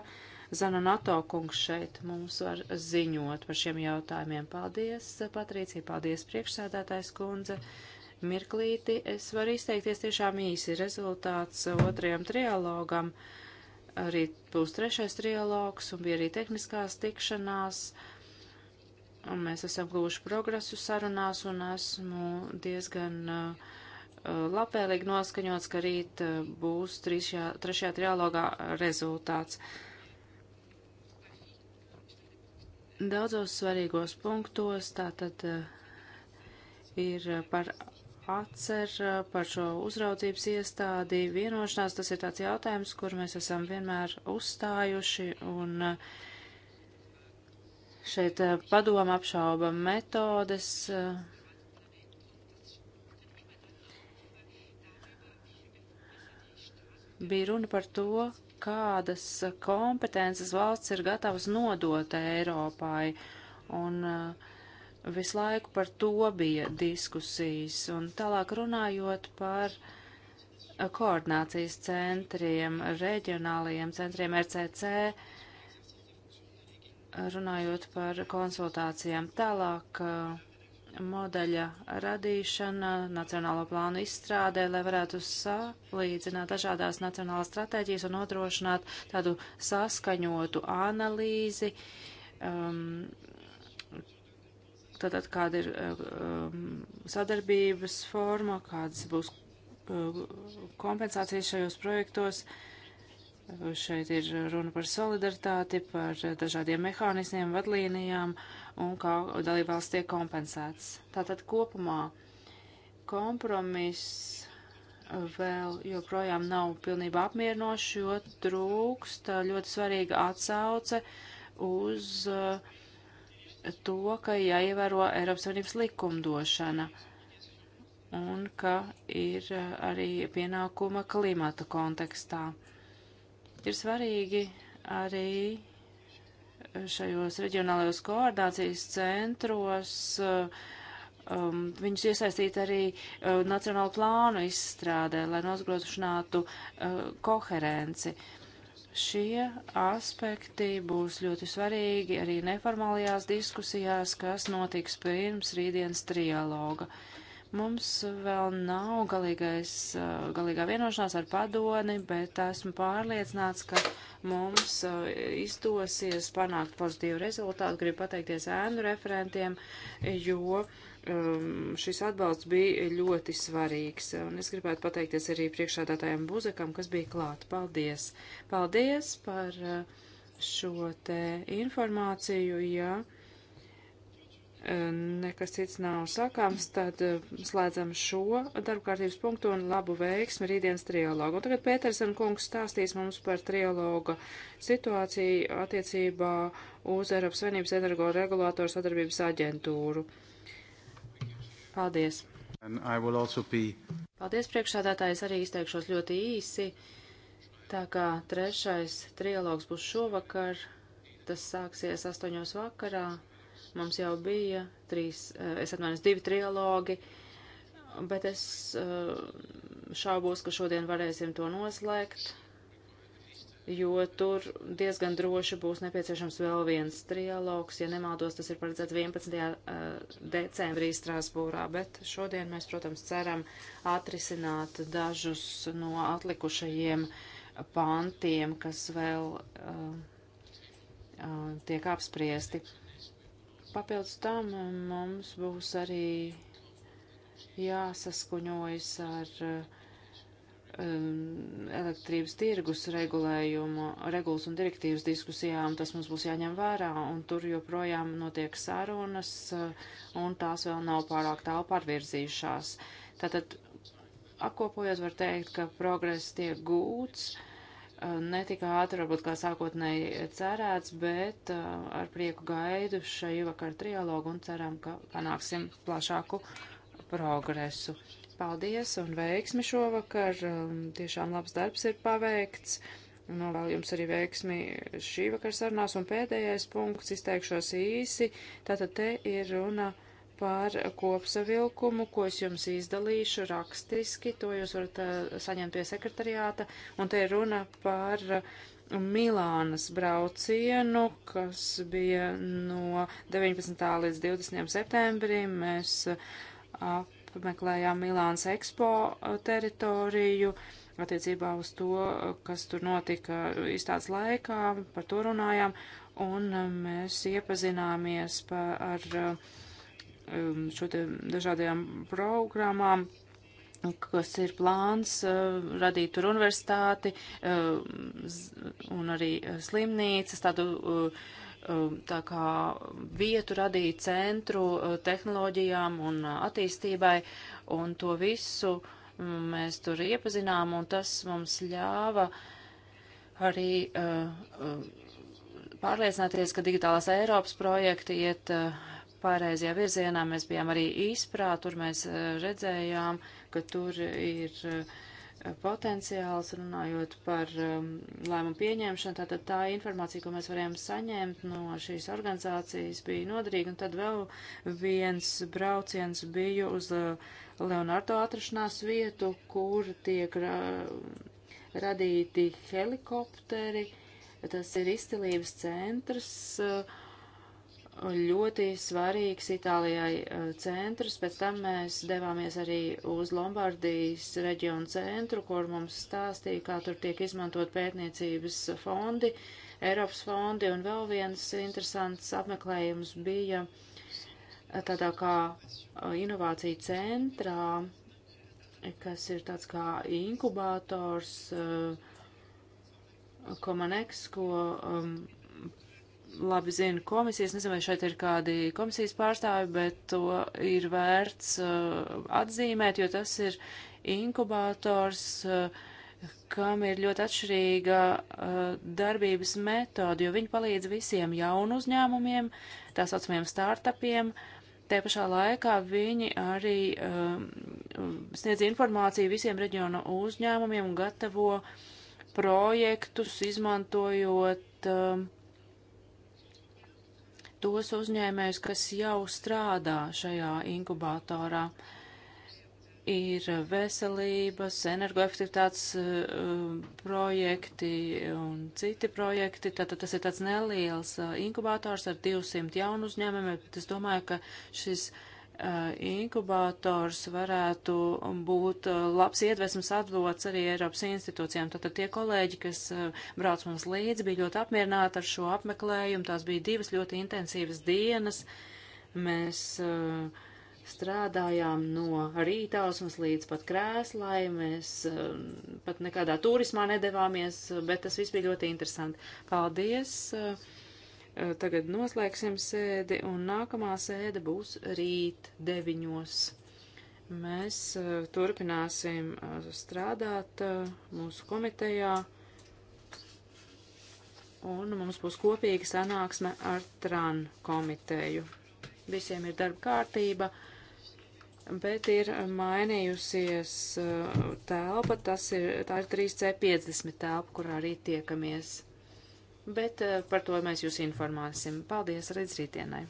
Zana NATO kungs šeit mums var ziņot par šiem jautājumiem. Paldies, Patricija, paldies, priekšsēdētājs kundze. Uh, mirklīti. Es varu izteikties tiešām īsi rezultāts otrajam trialogam. Arī būs trešais trialogs un bija arī tehniskās tikšanās. Un mēs esam guvuši progresu sarunās un esmu diezgan uh, uh labvēlīgi noskaņots, ka rīt uh, būs trešajā, trešajā trialogā rezultāts. Daudzos svarīgos punktos tātad uh, ir uh, par atcer par šo uzraudzības iestādi vienošanās. Tas ir tāds jautājums, kur mēs esam vienmēr uzstājuši un šeit padoma apšauba metodes. Bija runa par to, kādas kompetences valsts ir gatavas nodot Eiropai. Un uh, Visu laiku par to bija diskusijas, un tālāk runājot par eh, koordinācijas centriem, reģionālajiem centriem RCC, runājot par konsultācijām tālāk eh, modeļa radīšana, nacionālo plānu izstrādē, lai varētu salīdzināt dažādās nacionālās stratēģijas un nodrošināt tādu saskaņotu analīzi um, tātad kāda ir eh, um, sadarbības forma, kādas būs um, kompensācijas šajos projektos. Šeit ir runa par solidaritāti, par dažādiem mehānismiem, vadlīnijām un kā dalībvalsts tiek kompensēts. Tātad kopumā kompromiss vēl joprojām nav pilnībā apmierinošs, jo trūkst ļoti svarīga atsauce uz uh, to, ka jāievēro Eiropas Savienības likumdošana un ka ir arī pienākuma klimata kontekstā. Ir svarīgi arī šajos reģionālajos koordinācijas centros uh, um, viņus iesaistīt arī uh, nacionālu plānu izstrādē, lai nozgrozušinātu uh, koherenci. Uh, Šie aspekti būs ļoti svarīgi arī neformālajās diskusijās, kas notiks pirms rītdienas trialoga. Mums vēl nav galīgais, galīgā vienošanās ar padoni, bet esmu pārliecināts, ka mums izdosies panākt pozitīvu rezultātu. Gribu pateikties ēnu referentiem, jo uh, Um, šis atbalsts bija ļoti svarīgs. Un es gribētu pateikties arī priekšādātājiem Buzekam, kas bija klāt. Paldies! Paldies par uh, šo te informāciju, ja uh, nekas cits nav sakāms, tad uh, slēdzam šo darbkārtības punktu un labu veiksmi rītdienas trialogu. Un tagad Pētersen kungs stāstīs mums par trialoga situāciju attiecībā uz Eiropas Savienības energo regulātoru sadarbības aģentūru. Paldies! Be... Paldies, priekšsādātājs, arī izteikšos ļoti īsi. Tā kā trešais trialogs būs šovakar, tas sāksies astoņos vakarā. Mums jau bija trīs, eh, es atvainojos, divi trialogi, bet es eh, šaubos, ka šodien varēsim to noslēgt jo tur diezgan droši būs nepieciešams vēl viens trialogs. Ja nemaldos, tas ir paredzēts 11. Eh, decembrī Strāsbūrā, bet šodien mēs, protams, ceram atrisināt dažus no atlikušajiem pantiem, kas vēl uh, uh, tiek apspriesti. Papildus tam mums būs arī jāsaskuņojas ar uh, um, elektrības tirgus regulējumu, regulas un direktīvas diskusijām, tas mums būs jāņem vērā, un tur joprojām notiek sarunas, uh, un tās vēl nav pārāk tālu pārvirzījušās. Tātad, apkopojot, var teikt, ka progress tiek gūts, uh, ne tik ātri, varbūt kā sākotnēji cerēts, bet uh, ar prieku gaidu šai vakar trialogu un ceram, ka panāksim plašāku progresu. Paldies un veiksmi šovakar. Um, tiešām labs darbs ir paveikts. Novēlu jums arī veiksmi šī vakar sarunās. Un pēdējais punkts izteikšos īsi. Tātad te ir runa par kopsavilkumu, ko es jums izdalīšu rakstiski. To jūs varat uh, saņemt pie sekretariāta. Un te ir runa par uh, Milānas braucienu, kas bija no 19. līdz 20. septembrim. Mēs ap uh, apmeklējām Milāns Expo uh, teritoriju, attiecībā uz to, uh, kas tur notika izstādes laikā, par to runājām, un uh, mēs iepazināmies par, ar um, šo te dažādajām programmām, kas ir plāns uh, radīt tur universitāti uh, un arī slimnīcas, tādu uh, Um, tā kā vietu radīja centru uh, tehnoloģijām un uh, attīstībai, un to visu mm, mēs tur iepazinām, un tas mums ļāva arī uh, um, pārliecināties, ka digitālās Eiropas projekti iet pareizajā virzienā. Mēs bijām arī īsprā, tur mēs redzējām, ka tur ir uh, potenciāls, runājot par um, lēmumu pieņemšanu. Tātad tā informācija, ko mēs varējām saņemt no šīs organizācijas, bija noderīga. Un tad vēl viens brauciens bija uz uh, Leonardo atrašanās vietu, kur tiek ra uh, radīti helikopteri. Tas ir izcilības centrs. Uh, ļoti svarīgs Itālijai eh, centrs, pēc tam mēs devāmies arī uz Lombardijas reģionu centru, kur mums stāstīja, kā tur tiek izmantot pētniecības fondi, Eiropas fondi, un vēl viens interesants apmeklējums bija eh, tādā kā eh, inovācija centrā, kas ir tāds kā inkubators, Komanex, ko um, labi zinu komisijas, nezinu, vai šeit ir kādi komisijas pārstāvi, bet to ir vērts uh, atzīmēt, jo tas ir inkubators, uh, kam ir ļoti atšķirīga uh, darbības metode, jo viņi palīdz visiem jaunu uzņēmumiem, tā saucamiem startupiem. Te pašā laikā viņi arī um, sniedz informāciju visiem reģionu uzņēmumiem un gatavo projektus, izmantojot um, uh, tos uzņēmējus, kas jau strādā šajā inkubatorā. Ir veselības, energoefektivitātes eh, projekti un citi projekti. Tātad tas ir tāds neliels eh, inkubators ar 200 jaunu uzņēmumiem, bet es domāju, ka šis uh, Eh, inkubators varētu būt eh, labs iedvesmas atdots arī Eiropas institūcijām. Tātad tie kolēģi, kas eh, brauc mums līdzi, bija ļoti apmierināti ar šo apmeklējumu. Tās bija divas ļoti intensīvas dienas. Mēs uh, strādājām no rītausmas līdz pat krēslai. Mēs uh, pat nekādā turismā nedavāmies, bet tas viss bija ļoti interesanti. Paldies! Uh, Eh, tagad noslēgsim sēdi, un nākamā sēde būs rīt deviņos. Mēs eh, turpināsim eh, strādāt mūsu komitejā, un mums būs kopīga sanāksme ar TRAN komiteju. Visiem ir darba kārtība bet ir mainījusies telpa. Tas ir, tā ir 3C50 telpa, kurā arī tiekamies bet eh, par to mēs jūs informāsim. Paldies, redz rītdienai!